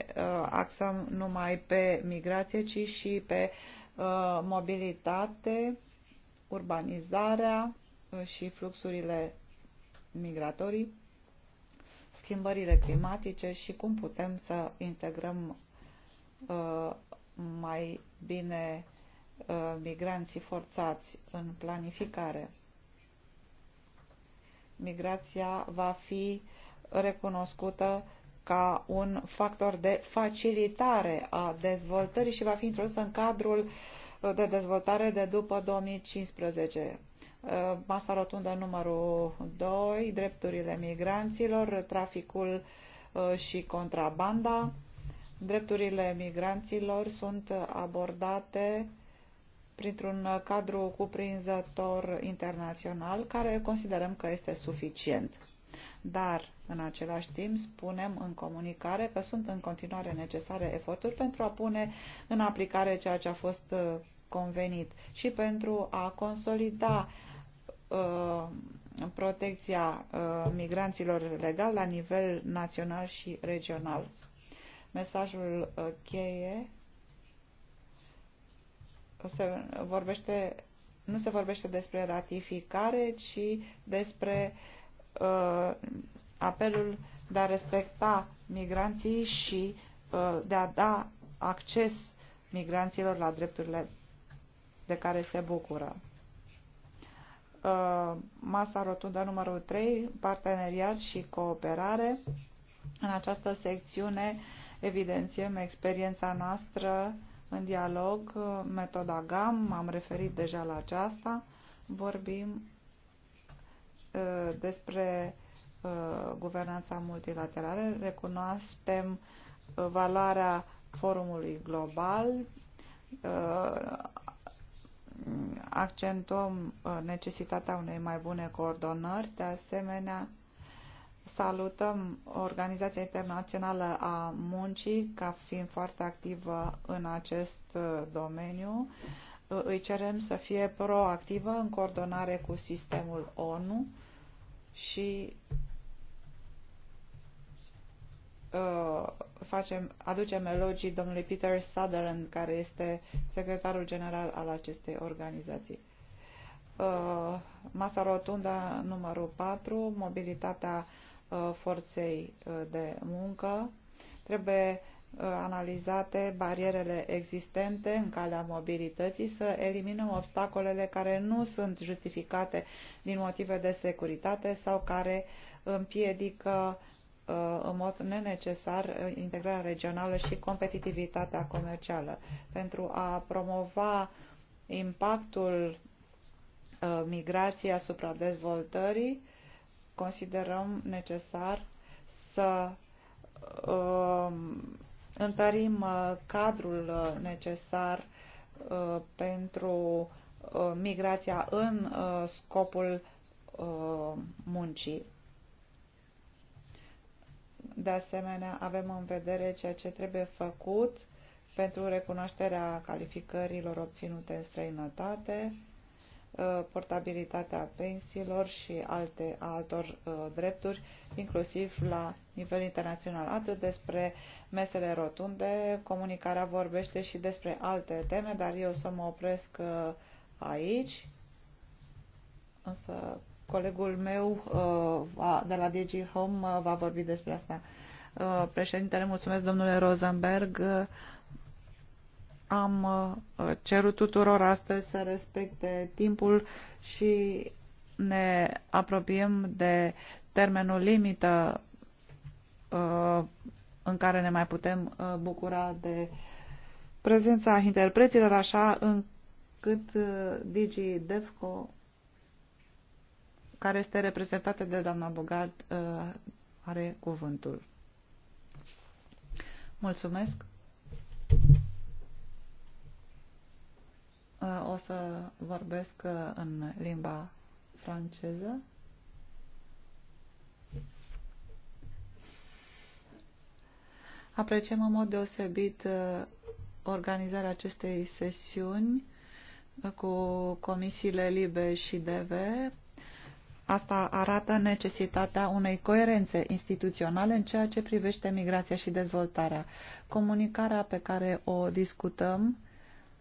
axăm numai pe migrație, ci și pe mobilitate, urbanizarea uh, și fluxurile migratorii, schimbările climatice și cum putem să integrăm uh, mai bine uh, migranții forțați în planificare. Migrația va fi recunoscută ca un factor de facilitare a dezvoltării și va fi introdusă în cadrul uh, de dezvoltare de după 2015. Uh, masa rotundă numărul 2, drepturile migranților, traficul uh, și contrabanda. Drepturile migranților sunt abordate printr-un cadru cuprinzător internațional care considerăm că este suficient. Dar, în același timp, spunem în comunicare că sunt în continuare necesare eforturi pentru a pune în aplicare ceea ce a fost uh, convenit și pentru a consolida uh, protecția uh, migranților legal la nivel național și regional. Mesajul uh, cheie se vorbește, nu se vorbește despre ratificare, ci despre uh, uh, apelul de a respecta migranții și uh, de a da acces migranților la drepturile de care se bucură. Uh, masa rotundă numărul 3, parteneriat și cooperare. În această secțiune evidențiem experiența noastră în dialog, uh, metoda GAM, am referit deja la aceasta, vorbim Uh, despre uh, guvernanța multilaterală, recunoaștem uh, valoarea forumului global, accentuăm necesitatea unei mai bune coordonări, de asemenea salutăm Organizația Internațională a Muncii ca fiind foarte activă în acest domeniu. Îi cerem să fie proactivă în coordonare cu sistemul ONU și uh, facem, aducem elogii domnului Peter Sutherland, care este secretarul general al acestei organizații. Uh, masa rotundă numărul 4, mobilitatea uh, forței uh, de muncă. Trebuie analizate barierele existente în calea mobilității, să eliminăm obstacolele care nu sunt justificate din motive de securitate sau care împiedică uh, în mod nenecesar integrarea regională și competitivitatea comercială. Pentru a promova impactul uh, migrației asupra dezvoltării, considerăm necesar să uh, întărim uh, cadrul uh, necesar uh, pentru migrația în scopul muncii. De asemenea, avem în vedere ceea ce trebuie făcut pentru recunoașterea calificărilor obținute în străinătate, Uh, portabilitatea pensiilor și alte, altor uh, drepturi, inclusiv la nivel internațional. Atât despre mesele rotunde, comunicarea vorbește și despre alte teme, dar eu să mă opresc uh, aici. Însă colegul meu uh, de la DG Home uh, va vorbi despre asta. Uh, președintele, mulțumesc domnule Rosenberg. Am uh, cerut tuturor astăzi să respecte timpul și ne apropiem de termenul limită uh, în care ne mai putem uh, bucura de prezența interpreților, așa încât Digi Devco, care este reprezentată de doamna Bogat, are cuvântul. Mulțumesc! Uh, o să vorbesc uh, în limba franceză. Apreciem în mod deosebit uh, organizarea acestei sesiuni cu comisiile LIBE și DV. Asta arată necesitatea unei coerențe instituționale în ceea ce privește migrația și dezvoltarea. Comunicarea pe care o discutăm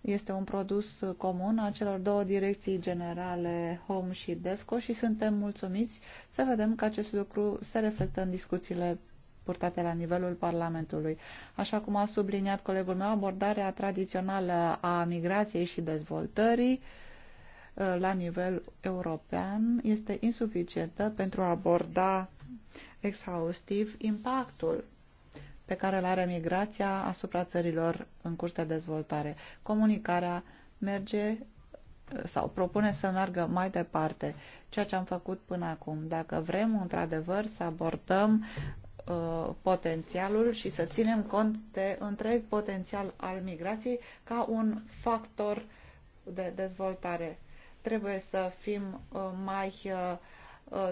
este un produs comun a celor două direcții generale, Home și DEFCO, și suntem mulțumiți să vedem că acest lucru se reflectă în discuțiile purtate la nivelul Parlamentului. Așa cum a subliniat colegul meu, abordarea tradițională a migrației și dezvoltării uh, la nivel european este insuficientă pentru a aborda exhaustiv impactul pe care îl are migrația asupra țărilor în curs de dezvoltare. Comunicarea merge sau propune să meargă mai departe, ceea ce am făcut până acum. Dacă vrem, într-adevăr, să abordăm uh, potențialul și să ținem cont de întreg potențial al migrației ca un factor de dezvoltare. Trebuie să fim uh, mai uh, uh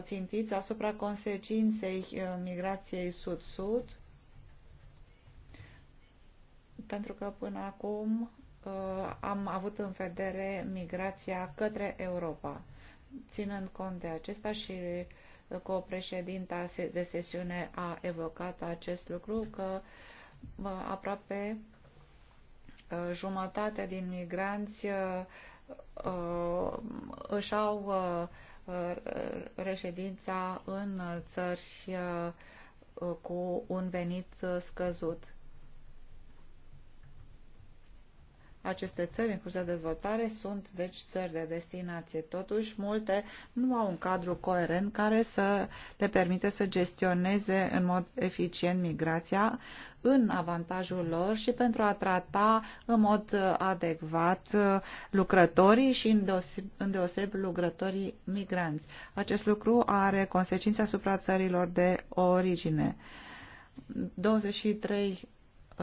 țintiți asupra consecinței uh, migrației sud-sud, pentru că până acum uh, am avut în vedere migrația către Europa. Ținând cont de acesta și copreședinta de sesiune a evocat acest lucru, că aproape uh, jumătate din migranți uh, își au reședința în țări cu un venit scăzut. Aceste țări în curs de dezvoltare sunt, deci, țări de destinație. Totuși, multe nu au un cadru coerent care să le permite să gestioneze în mod eficient migrația în avantajul lor și pentru a trata în mod adecvat lucrătorii și îndeoseb lucrătorii migranți. Acest lucru are consecințe asupra țărilor de origine. 23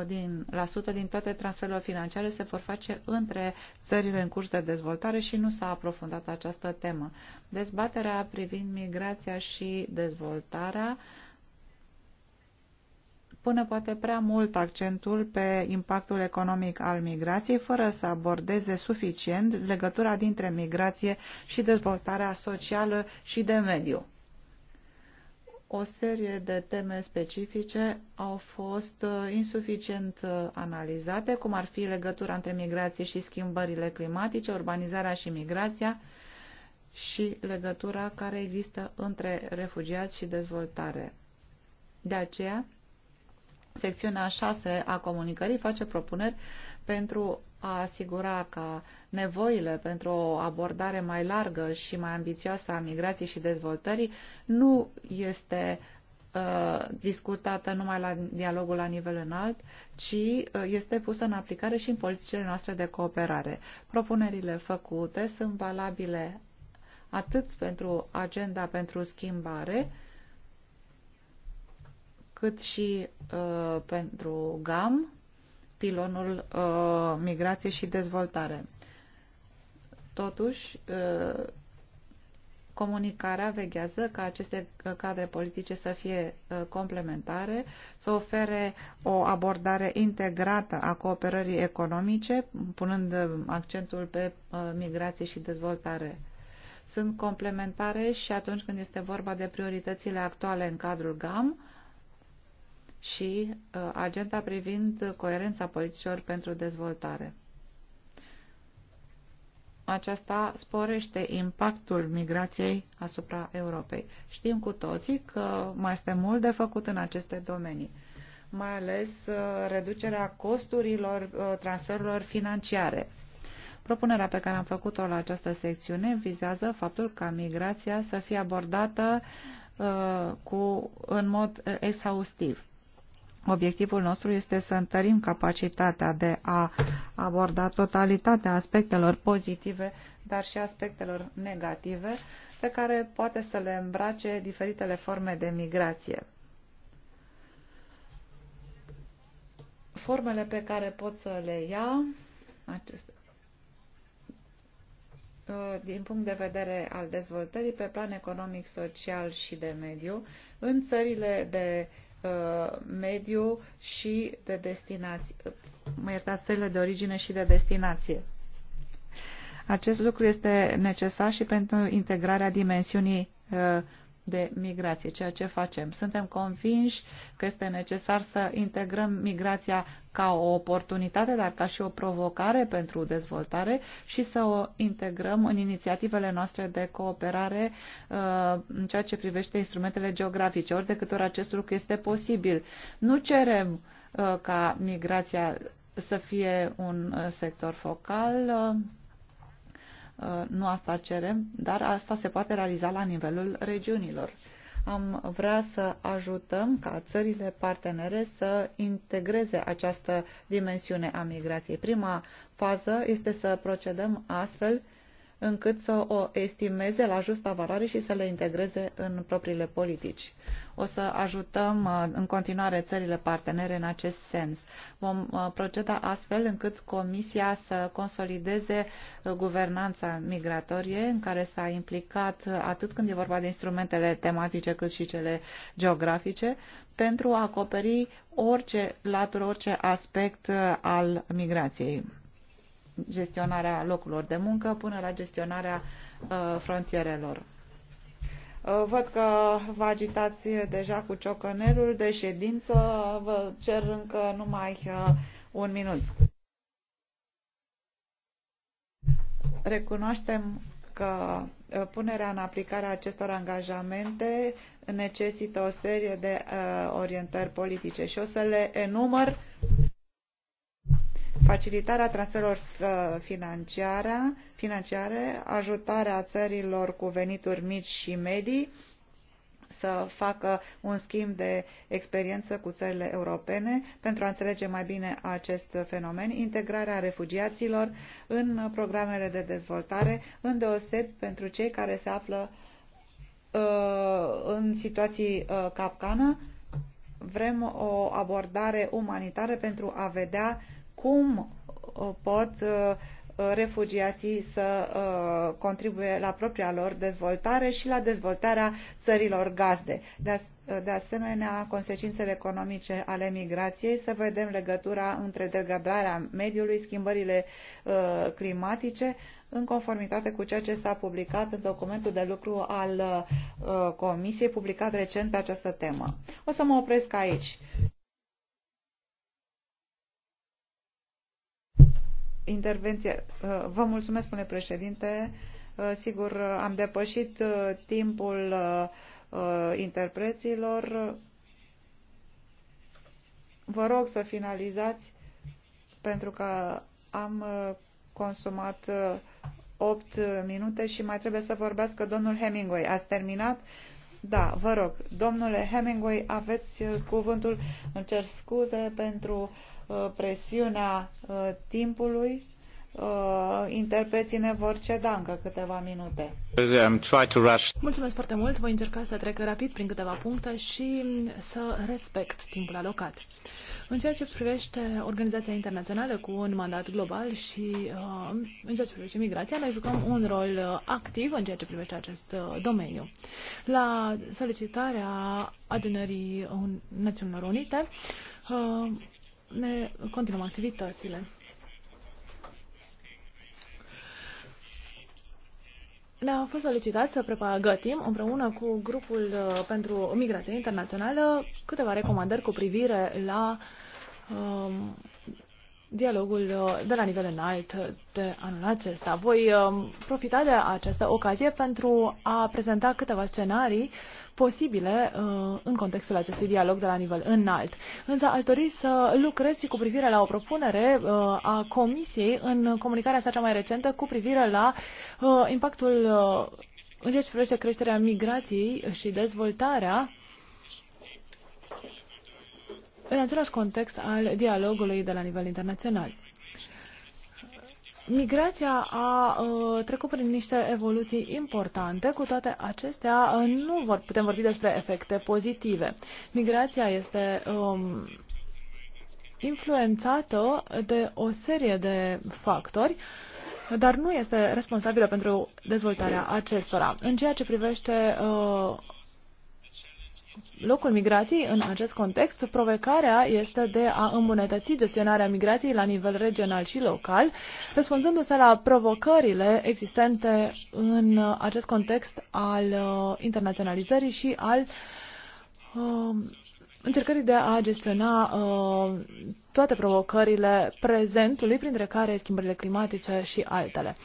din, la sută din toate transferurile financiare se vor face între țările în curs de dezvoltare și nu s-a aprofundat această temă. Dezbaterea privind migrația și dezvoltarea pune poate prea mult accentul pe impactul economic al migrației, fără să abordeze suficient legătura dintre migrație și dezvoltarea socială și de mediu o serie de teme specifice au fost uh, insuficient uh, analizate, cum ar fi legătura între migrație și schimbările climatice, urbanizarea și migrația și legătura care există între refugiați și dezvoltare. De aceea, secțiunea 6 a comunicării face propuneri pentru a asigura ca nevoile pentru o abordare mai largă și mai ambițioasă a migrației și dezvoltării nu este uh, discutată numai la dialogul la nivel înalt, ci uh, este pusă în aplicare și în politicile noastre de cooperare. Propunerile făcute sunt valabile atât pentru agenda pentru schimbare, cât și uh, pentru GAM, pilonul uh, migrație și dezvoltare. Totuși, ă, comunicarea veghează ca aceste cadre politice să fie ă, complementare, să ofere o abordare integrată a cooperării economice, punând accentul pe ă, migrație și dezvoltare. Sunt complementare și atunci când este vorba de prioritățile actuale în cadrul GAM și agenda privind coerența politicilor pentru dezvoltare aceasta sporește impactul migrației asupra Europei. Știm cu toții că mai este mult de făcut în aceste domenii, mai ales uh, reducerea costurilor uh, transferurilor financiare. Propunerea pe care am făcut-o la această secțiune vizează faptul ca migrația să fie abordată uh, cu, în mod exhaustiv. Obiectivul nostru este să întărim capacitatea de a aborda totalitatea aspectelor pozitive, dar și aspectelor negative, pe care poate să le îmbrace diferitele forme de migrație. Formele pe care pot să le ia, acestea, din punct de vedere al dezvoltării pe plan economic, social și de mediu, în țările de Uh, mediu și de destinație. Mă iertați, țările de origine și de destinație. Acest lucru este necesar și pentru integrarea dimensiunii uh, de migrație, ceea ce facem. Suntem convinși că este necesar să integrăm migrația ca o oportunitate, dar ca și o provocare pentru dezvoltare și să o integrăm în inițiativele noastre de cooperare uh, în ceea ce privește instrumentele geografice. Ori de câte ori acest lucru este posibil. Nu cerem uh, ca migrația să fie un uh, sector focal, Uh, nu asta cerem, dar asta se poate realiza la nivelul regiunilor. Am vrea să ajutăm ca țările partenere să integreze această dimensiune a migrației. Prima fază este să procedăm astfel încât să o estimeze la justa valoare și să le integreze în propriile politici. O să ajutăm uh, în continuare țările partenere în acest sens. Vom uh, proceda astfel încât Comisia să consolideze uh, guvernanța migratorie în care s-a implicat atât când e vorba de instrumentele tematice cât și cele geografice pentru a acoperi orice latură, orice aspect al migrației gestionarea locurilor de muncă până la gestionarea uh, frontierelor. Uh, văd că vă agitați deja cu ciocănelul de ședință. Vă cer încă numai uh, un minut. Recunoaștem că punerea în aplicare a acestor angajamente necesită o serie de orientări politice și o să le enumăr facilitarea transferurilor uh, financiare, financiare, ajutarea țărilor cu venituri mici și medii să facă un schimb de experiență cu țările europene pentru a înțelege mai bine acest fenomen, integrarea refugiaților în programele de dezvoltare, îndeoseb pentru cei care se află uh, în situații uh, capcană. Vrem o abordare umanitară pentru a vedea cum uh, pot uh, refugiații să uh, contribuie la propria lor dezvoltare și la dezvoltarea țărilor gazde. De asemenea, consecințele economice ale migrației, să vedem legătura între degradarea mediului, schimbările climatice, în conformitate cu ceea ce s-a publicat în documentul de lucru al Comisiei, publicat recent pe această temă. O să mă opresc aici. intervenție. Uh, vă mulțumesc, spune președinte. Uh, sigur, uh, am depășit timpul interpreților. Vă rog să finalizați pentru că am consumat 8 minute și mai trebuie să vorbească domnul Hemingway. Ați terminat? Da, vă rog, domnule Hemingway, aveți cuvântul. Îmi cer scuze pentru uh, Uh, presiunea uh, timpului, uh, interpreții ne vor ceda încă câteva minute. Um, Mulțumesc foarte mult. Voi încerca să trec rapid prin câteva puncte și să respect timpul alocat. În ceea ce privește Organizația Internațională cu un mandat global și uh, în ceea ce privește migrația, noi jucăm un rol activ în ceea ce privește acest domeniu. La solicitarea adunării Națiunilor Unite, uh, ne continuăm activitățile. Ne-a fost solicitat să pregătim împreună cu grupul uh, pentru migrație internațională câteva recomandări cu privire la um, dialogul uh, de la nivel înalt de anul acesta. Voi uh, profita de această ocazie pentru a prezenta câteva scenarii posibile uh, în contextul acestui dialog de la nivel înalt. Însă aș dori să lucrez și cu privire la o propunere a Comisiei în comunicarea sa cea mai recentă cu privire la impactul în ceea ce privește creșterea migrației și dezvoltarea în același context al dialogului de la nivel internațional. Migrația a uh, trecut prin niște evoluții importante, cu toate acestea uh, nu vor, putem vorbi despre efecte pozitive. Migrația este um, influențată de o serie de factori, dar nu este responsabilă pentru dezvoltarea acestora. În ceea ce privește uh, locul migrației în acest context, provocarea este de a îmbunătăți gestionarea migrației la nivel regional și local, răspunzându-se la provocările existente în acest context al uh, internaționalizării și al uh, încercării de a gestiona uh, toate provocările prezentului, printre care schimbările climatice și altele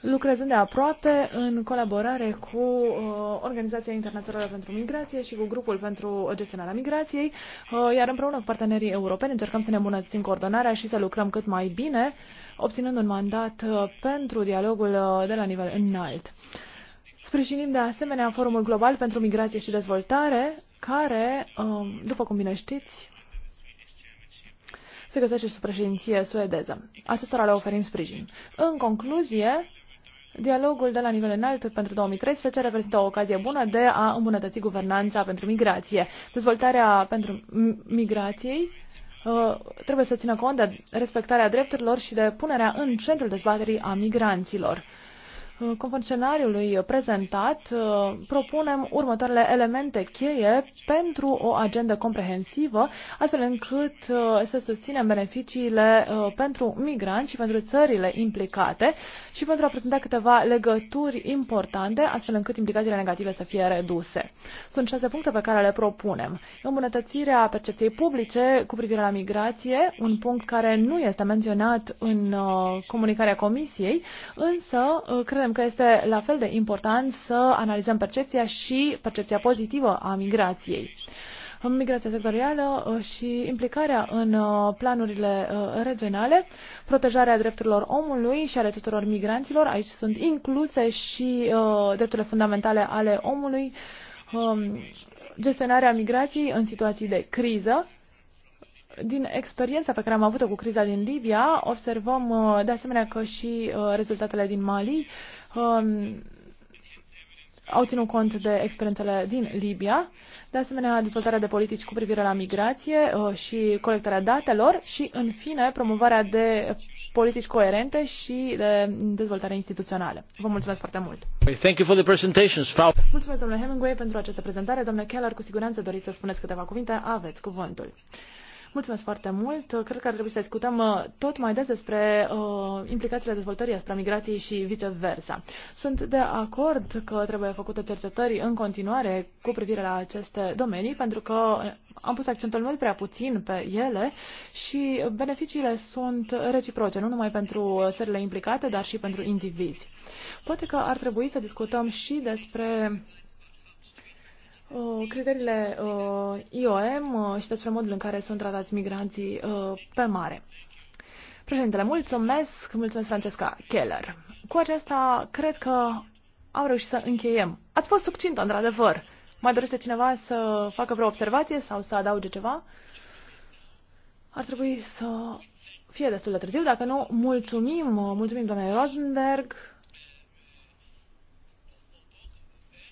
lucrez aproape în colaborare cu uh, Organizația Internațională pentru Migrație și cu Grupul pentru Gestionarea Migrației, uh, iar împreună cu partenerii europeni încercăm să ne îmbunătățim coordonarea și să lucrăm cât mai bine, obținând un mandat uh, pentru dialogul uh, de la nivel înalt. Sprijinim de asemenea Forumul Global pentru Migrație și Dezvoltare, care, uh, după cum bine știți, se găsește sub președinție suedeză. Acestora le oferim sprijin. În concluzie, Dialogul de la nivel înalt pentru 2013 reprezintă o ocazie bună de a îmbunătăți guvernanța pentru migrație. Dezvoltarea pentru migrației uh, trebuie să țină cont de respectarea drepturilor și de punerea în centrul dezbaterii a migranților. Conform scenariului prezentat, uh, propunem următoarele elemente cheie pentru o agendă comprehensivă, astfel încât uh, să susținem beneficiile uh, pentru migranți și pentru țările implicate și pentru a prezenta câteva legături importante, astfel încât implicațiile negative să fie reduse. Sunt șase puncte pe care le propunem. Îmbunătățirea percepției publice cu privire la migrație, un punct care nu este menționat în comunicarea Comisiei, însă credem credem că este la fel de important să analizăm percepția și percepția pozitivă a migrației migrația sectorială uh, și implicarea în uh, planurile uh, regionale, protejarea drepturilor omului și ale tuturor migranților. Aici sunt incluse și drepturile fundamentale ale omului, um, gestionarea migrației în situații de criză. Din experiența pe care am avut-o cu criza din Libia, observăm de asemenea că și rezultatele din Mali uh, Um, au ținut cont de experiențele din Libia, de asemenea dezvoltarea de politici cu privire la migrație uh, și colectarea datelor și, în fine, promovarea de politici coerente și de dezvoltare instituțională. Vă mulțumesc foarte mult! Thank you for the Mulțumesc, domnule Hemingway, pentru această prezentare. Domnule Keller, cu siguranță doriți să spuneți câteva cuvinte. Aveți cuvântul. Mulțumesc foarte mult. Cred că ar trebui să discutăm uh, tot mai des despre uh, implicațiile dezvoltării asupra migrației și viceversa. Sunt de acord că trebuie făcute cercetări în continuare cu privire la aceste domenii, pentru că uh, am pus accentul mult prea puțin pe ele și beneficiile sunt reciproce, nu numai pentru țările implicate, dar și pentru indivizi. Poate că ar trebui să discutăm și despre Uh, criteriile uh, IOM uh, și despre modul în care sunt tratați migranții pe mare. Președintele, mulțumesc, mulțumesc Francesca Keller. Cu aceasta cred că am reușit să încheiem. Ați fost succintă, într-adevăr. Mai dorește cineva să facă vreo observație sau să adauge ceva? Ar trebui să fie destul de târziu. Dacă nu, mulțumim, mulțumim doamnei Rosenberg,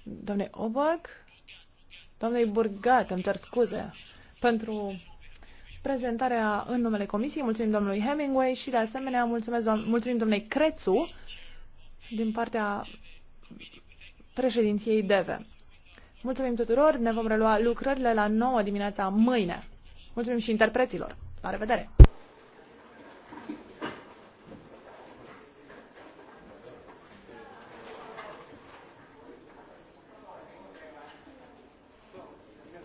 doamnei Oberg doamnei Burgat, îmi cer scuze, pentru prezentarea în numele Comisiei. Mulțumim domnului Hemingway și, de asemenea, mulțumesc, doam- mulțumim domnului Crețu din partea președinției DEVE. Mulțumim tuturor, ne vom relua lucrările la 9 dimineața mâine. Mulțumim și interpreților. La revedere!